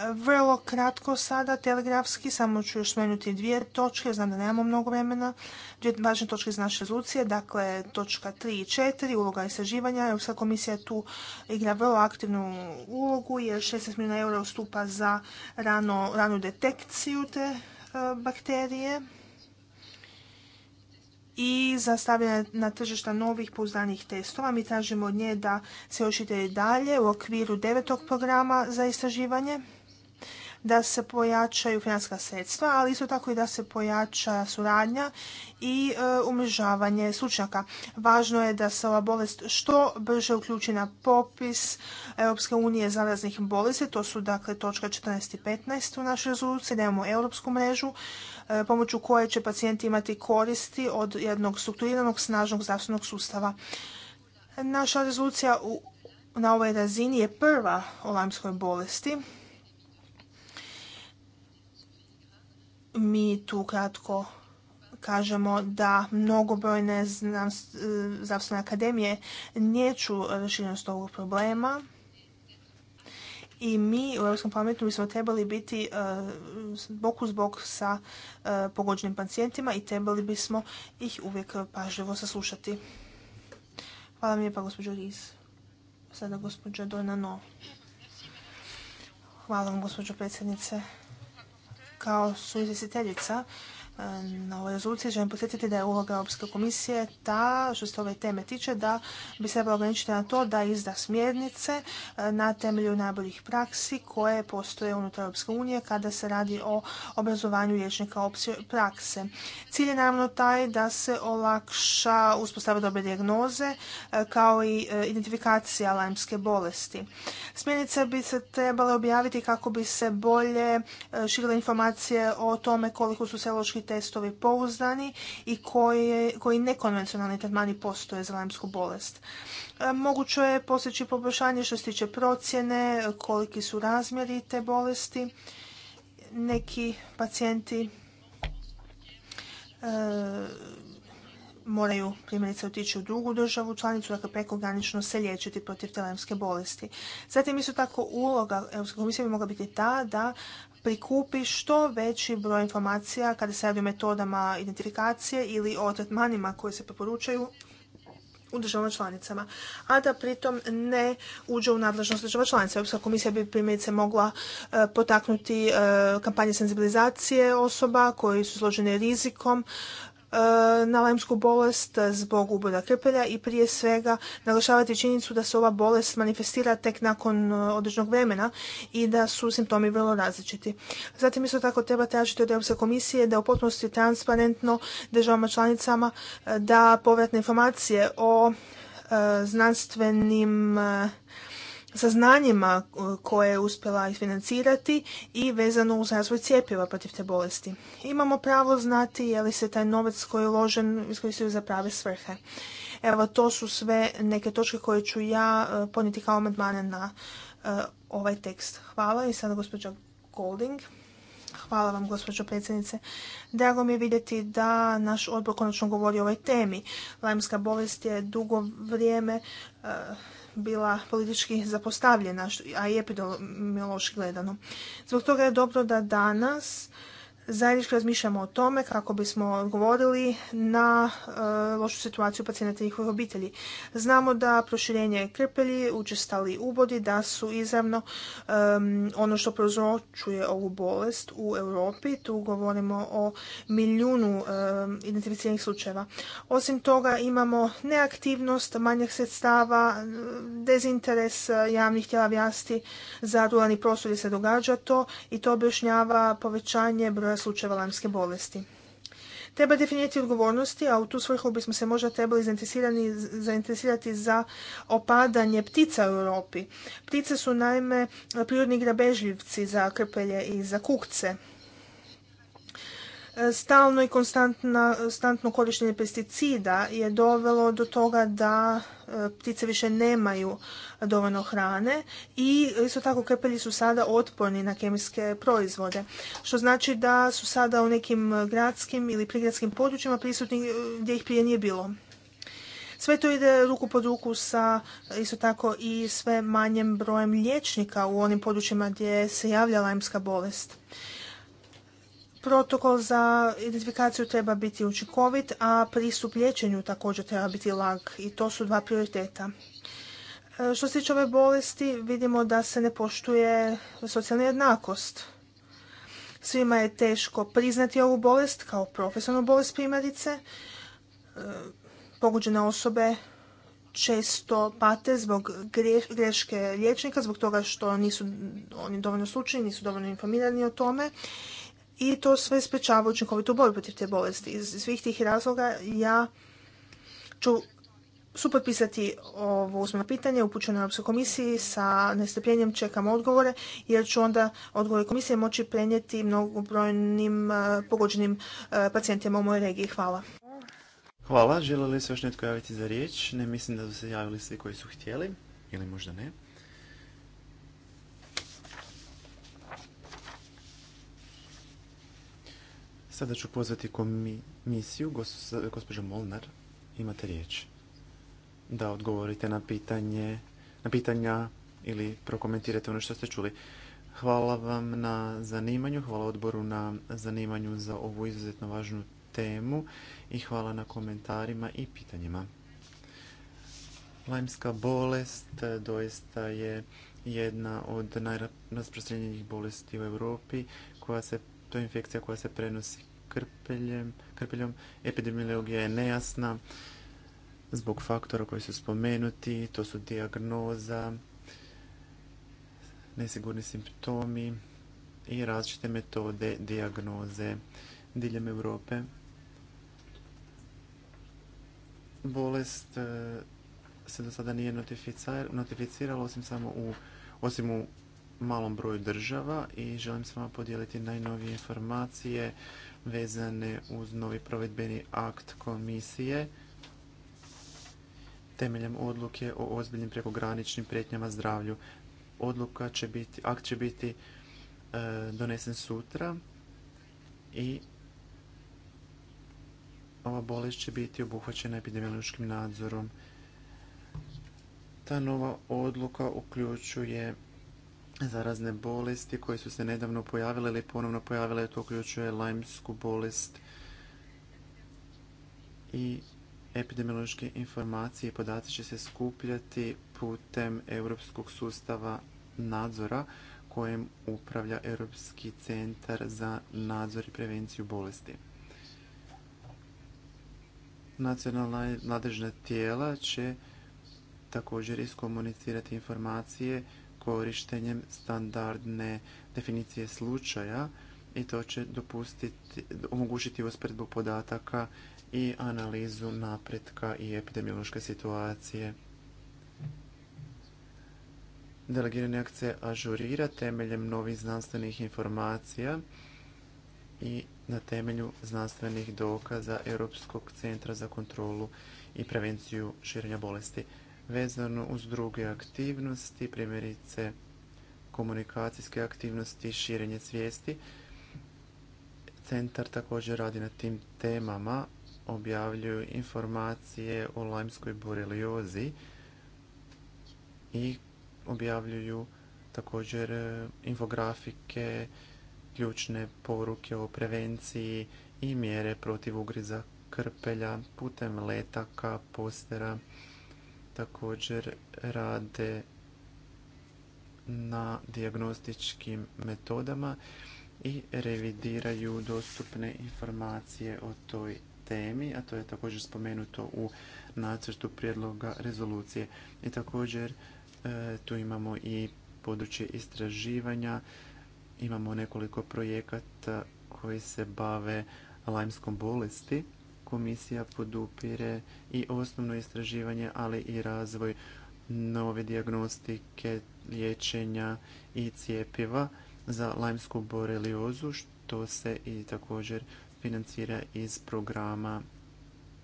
vrlo kratko sada, telegrafski, samo ću još smenuti dvije točke, znam da nemamo mnogo vremena, dvije važne točke iz naše rezolucije, dakle točka 3 i 4, uloga istraživanja, Europska komisija tu igra vrlo aktivnu ulogu jer 16 milijuna eura ustupa za ranu detekciju te e, bakterije i za stavljanje na tržišta novih pouzdanih testova. Mi tražimo od nje da se još i dalje u okviru devetog programa za istraživanje da se pojačaju financijska sredstva, ali isto tako i da se pojača suradnja i e, umrežavanje slučnjaka. Važno je da se ova bolest što brže uključi na popis Europske unije zaraznih bolesti. To su dakle točka 14 i 15 u našoj rezoluciji. Da imamo europsku mrežu e, pomoću koje će pacijenti imati koristi od jednog strukturiranog snažnog zdravstvenog sustava. Naša rezolucija na ovoj razini je prva o lajmskoj bolesti mi tu kratko kažemo da mnogobrojne e, zdravstvene akademije neću raširenost ovog problema i mi u Europskom parlamentu bismo trebali biti e, bok uz bok sa e, pogođenim pacijentima i trebali bismo ih uvijek pažljivo saslušati. Hvala vam lijepa, gospođo Riz. Sada gospođa No. Hvala vam, gospođo predsjednice kao suizvjestiteljica na ovoj rezoluciji. Želim podsjetiti da je uloga Europske komisije ta, što se ove teme tiče, da bi se trebalo ograničiti na to da izda smjernice e, na temelju najboljih praksi koje postoje unutar Europske unije kada se radi o obrazovanju liječnika opcije prakse. Cilj je naravno taj da se olakša uspostava dobre dijagnoze e, kao i e, identifikacija lajmske bolesti. Smjernice bi se trebale objaviti kako bi se bolje širile informacije o tome koliko su seološki testovi pouzdani i koji, nekonvencionalni tretmani postoje za lemsku bolest. E, moguće je postići poboljšanje što se tiče procjene, koliki su razmjeri te bolesti. Neki pacijenti e, moraju primjerice otići u drugu državu članicu, dakle prekogranično se liječiti protiv telemske bolesti. Zatim isto tako uloga Europske komisije bi mogla biti ta da prikupi što veći broj informacija kada se radi o metodama identifikacije ili o tretmanima koje se preporučaju u državama članicama, a da pritom ne uđe u nadležnost država članica. Europska komisija bi primjerice mogla e, potaknuti e, kampanje senzibilizacije osoba koji su složene rizikom E, na lemsku bolest zbog uboda krpelja i prije svega naglašavati činjenicu da se ova bolest manifestira tek nakon e, određenog vremena i da su simptomi vrlo različiti. Zatim isto tako treba tražiti od Europske komisije da u potpunosti transparentno državama članicama e, da povratne informacije o znanstvenim saznanjima e, koje je uspjela financirati i vezano uz razvoj cijepiva protiv te bolesti. Imamo pravo znati je li se taj novac koji je uložen iskoristio za prave svrhe. Evo, to su sve neke točke koje ću ja e, ponijeti kao amandmane na e, ovaj tekst. Hvala i sada gospođa Golding. Hvala vam, gospođo predsjednice. Drago mi je vidjeti da naš odbor konačno govori o ovoj temi. Lajmska bolest je dugo vrijeme bila politički zapostavljena, a i epidemiološki gledano. Zbog toga je dobro da danas zajednički razmišljamo o tome kako bismo odgovorili na eh, lošu situaciju pacijenata i njihovih obitelji. Znamo da proširenje krpelji, učestali ubodi, da su izravno eh, ono što prouzročuje ovu bolest u Europi. Tu govorimo o milijunu eh, identificiranih slučajeva. Osim toga imamo neaktivnost manjih sredstava, dezinteres javnih tijela vjasti za ruralni prostor gdje se događa to i to objašnjava povećanje broja slučajeva lamske bolesti. Treba definirati odgovornosti, a u tu svrhu bismo se možda trebali zainteresirati za opadanje ptica u Europi. Ptice su naime prirodni grabežljivci za krpelje i za kukce. Stalno i konstantno korištenje pesticida je dovelo do toga da e, ptice više nemaju dovoljno hrane i isto tako krpelji su sada otporni na kemijske proizvode. Što znači da su sada u nekim gradskim ili prigradskim područjima prisutni e, gdje ih prije nije bilo. Sve to ide ruku pod ruku sa e, isto tako i sve manjem brojem liječnika u onim područjima gdje se javlja lajmska bolest. Protokol za identifikaciju treba biti učinkovit, a pristup liječenju također treba biti lag i to su dva prioriteta. E, što se tiče ove bolesti, vidimo da se ne poštuje socijalna jednakost. Svima je teško priznati ovu bolest kao profesionalnu bolest primarice. E, pogođene osobe često pate zbog greške liječnika, zbog toga što nisu oni dovoljno slučajni, nisu dovoljno informirani o tome i to sve sprečava učinkovitu borbu protiv te bolesti. Iz svih tih razloga ja ću supotpisati ovo uzmano pitanje upućeno Europskoj komisiji sa nestrpljenjem čekam odgovore jer ću onda odgovore komisije moći prenijeti mnogobrojnim e, pogođenim e, pacijentima u mojoj regiji. Hvala. Hvala. Žele li se još netko javiti za riječ? Ne mislim da su se javili svi koji su htjeli ili možda ne. Sada ću pozvati komisiju, gospođo Molnar, imate riječ. Da odgovorite na pitanje, na pitanja ili prokomentirate ono što ste čuli. Hvala vam na zanimanju, hvala odboru na zanimanju za ovu izuzetno važnu temu i hvala na komentarima i pitanjima. Lajmska bolest doista je jedna od najrasprostranjenijih bolesti u Europi koja se to je infekcija koja se prenosi krpeljem, krpeljom. Epidemiologija je nejasna zbog faktora koji su spomenuti, to su dijagnoza, nesigurni simptomi i različite metode dijagnoze diljem Europe. Bolest e, se do sada nije notificirala osim samo u osim u malom broju država i želim s vama podijeliti najnovije informacije vezane uz novi provedbeni akt komisije temeljem odluke o ozbiljnim prekograničnim prijetnjama zdravlju. Odluka će biti, akt će biti e, donesen sutra i ova bolest će biti obuhvaćena epidemiološkim nadzorom. Ta nova odluka uključuje zarazne bolesti koje su se nedavno pojavile ili ponovno pojavile, to uključuje lajmsku bolest i epidemiološke informacije i podaci će se skupljati putem europskog sustava nadzora kojem upravlja Europski centar za nadzor i prevenciju bolesti. Nacionalna nadležna tijela će također iskomunicirati informacije korištenjem standardne definicije slučaja i to će dopustiti, omogućiti usporedbu podataka i analizu napretka i epidemiološke situacije. Delegirane akcije ažurira temeljem novih znanstvenih informacija i na temelju znanstvenih dokaza Europskog centra za kontrolu i prevenciju širenja bolesti vezano uz druge aktivnosti, primjerice komunikacijske aktivnosti, širenje svijesti. Centar također radi na tim temama, objavljuju informacije o lajmskoj boreliozi i objavljuju također e, infografike, ključne poruke o prevenciji i mjere protiv ugriza krpelja putem letaka, postera također rade na dijagnostičkim metodama i revidiraju dostupne informacije o toj temi, a to je također spomenuto u nacrtu prijedloga rezolucije. I također e, tu imamo i područje istraživanja, imamo nekoliko projekata koji se bave lajmskom bolesti komisija podupire i osnovno istraživanje, ali i razvoj nove dijagnostike, liječenja i cijepiva za lajmsku boreliozu, što se i također financira iz programa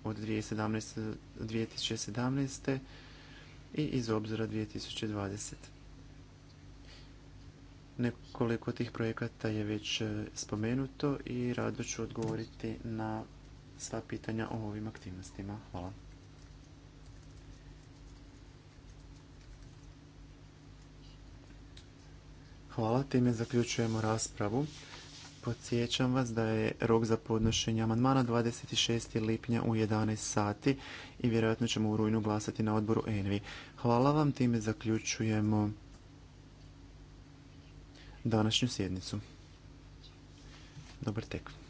od 2017. 2017 i iz obzora 2020. Nekoliko tih projekata je već e, spomenuto i rado ću odgovoriti na sva pitanja o ovim aktivnostima. Hvala. Hvala, time zaključujemo raspravu. Podsjećam vas da je rok za podnošenje amandmana 26. lipnja u 11 sati i vjerojatno ćemo u rujnu glasati na odboru ENVI. Hvala vam, time zaključujemo današnju sjednicu. Dobar tek.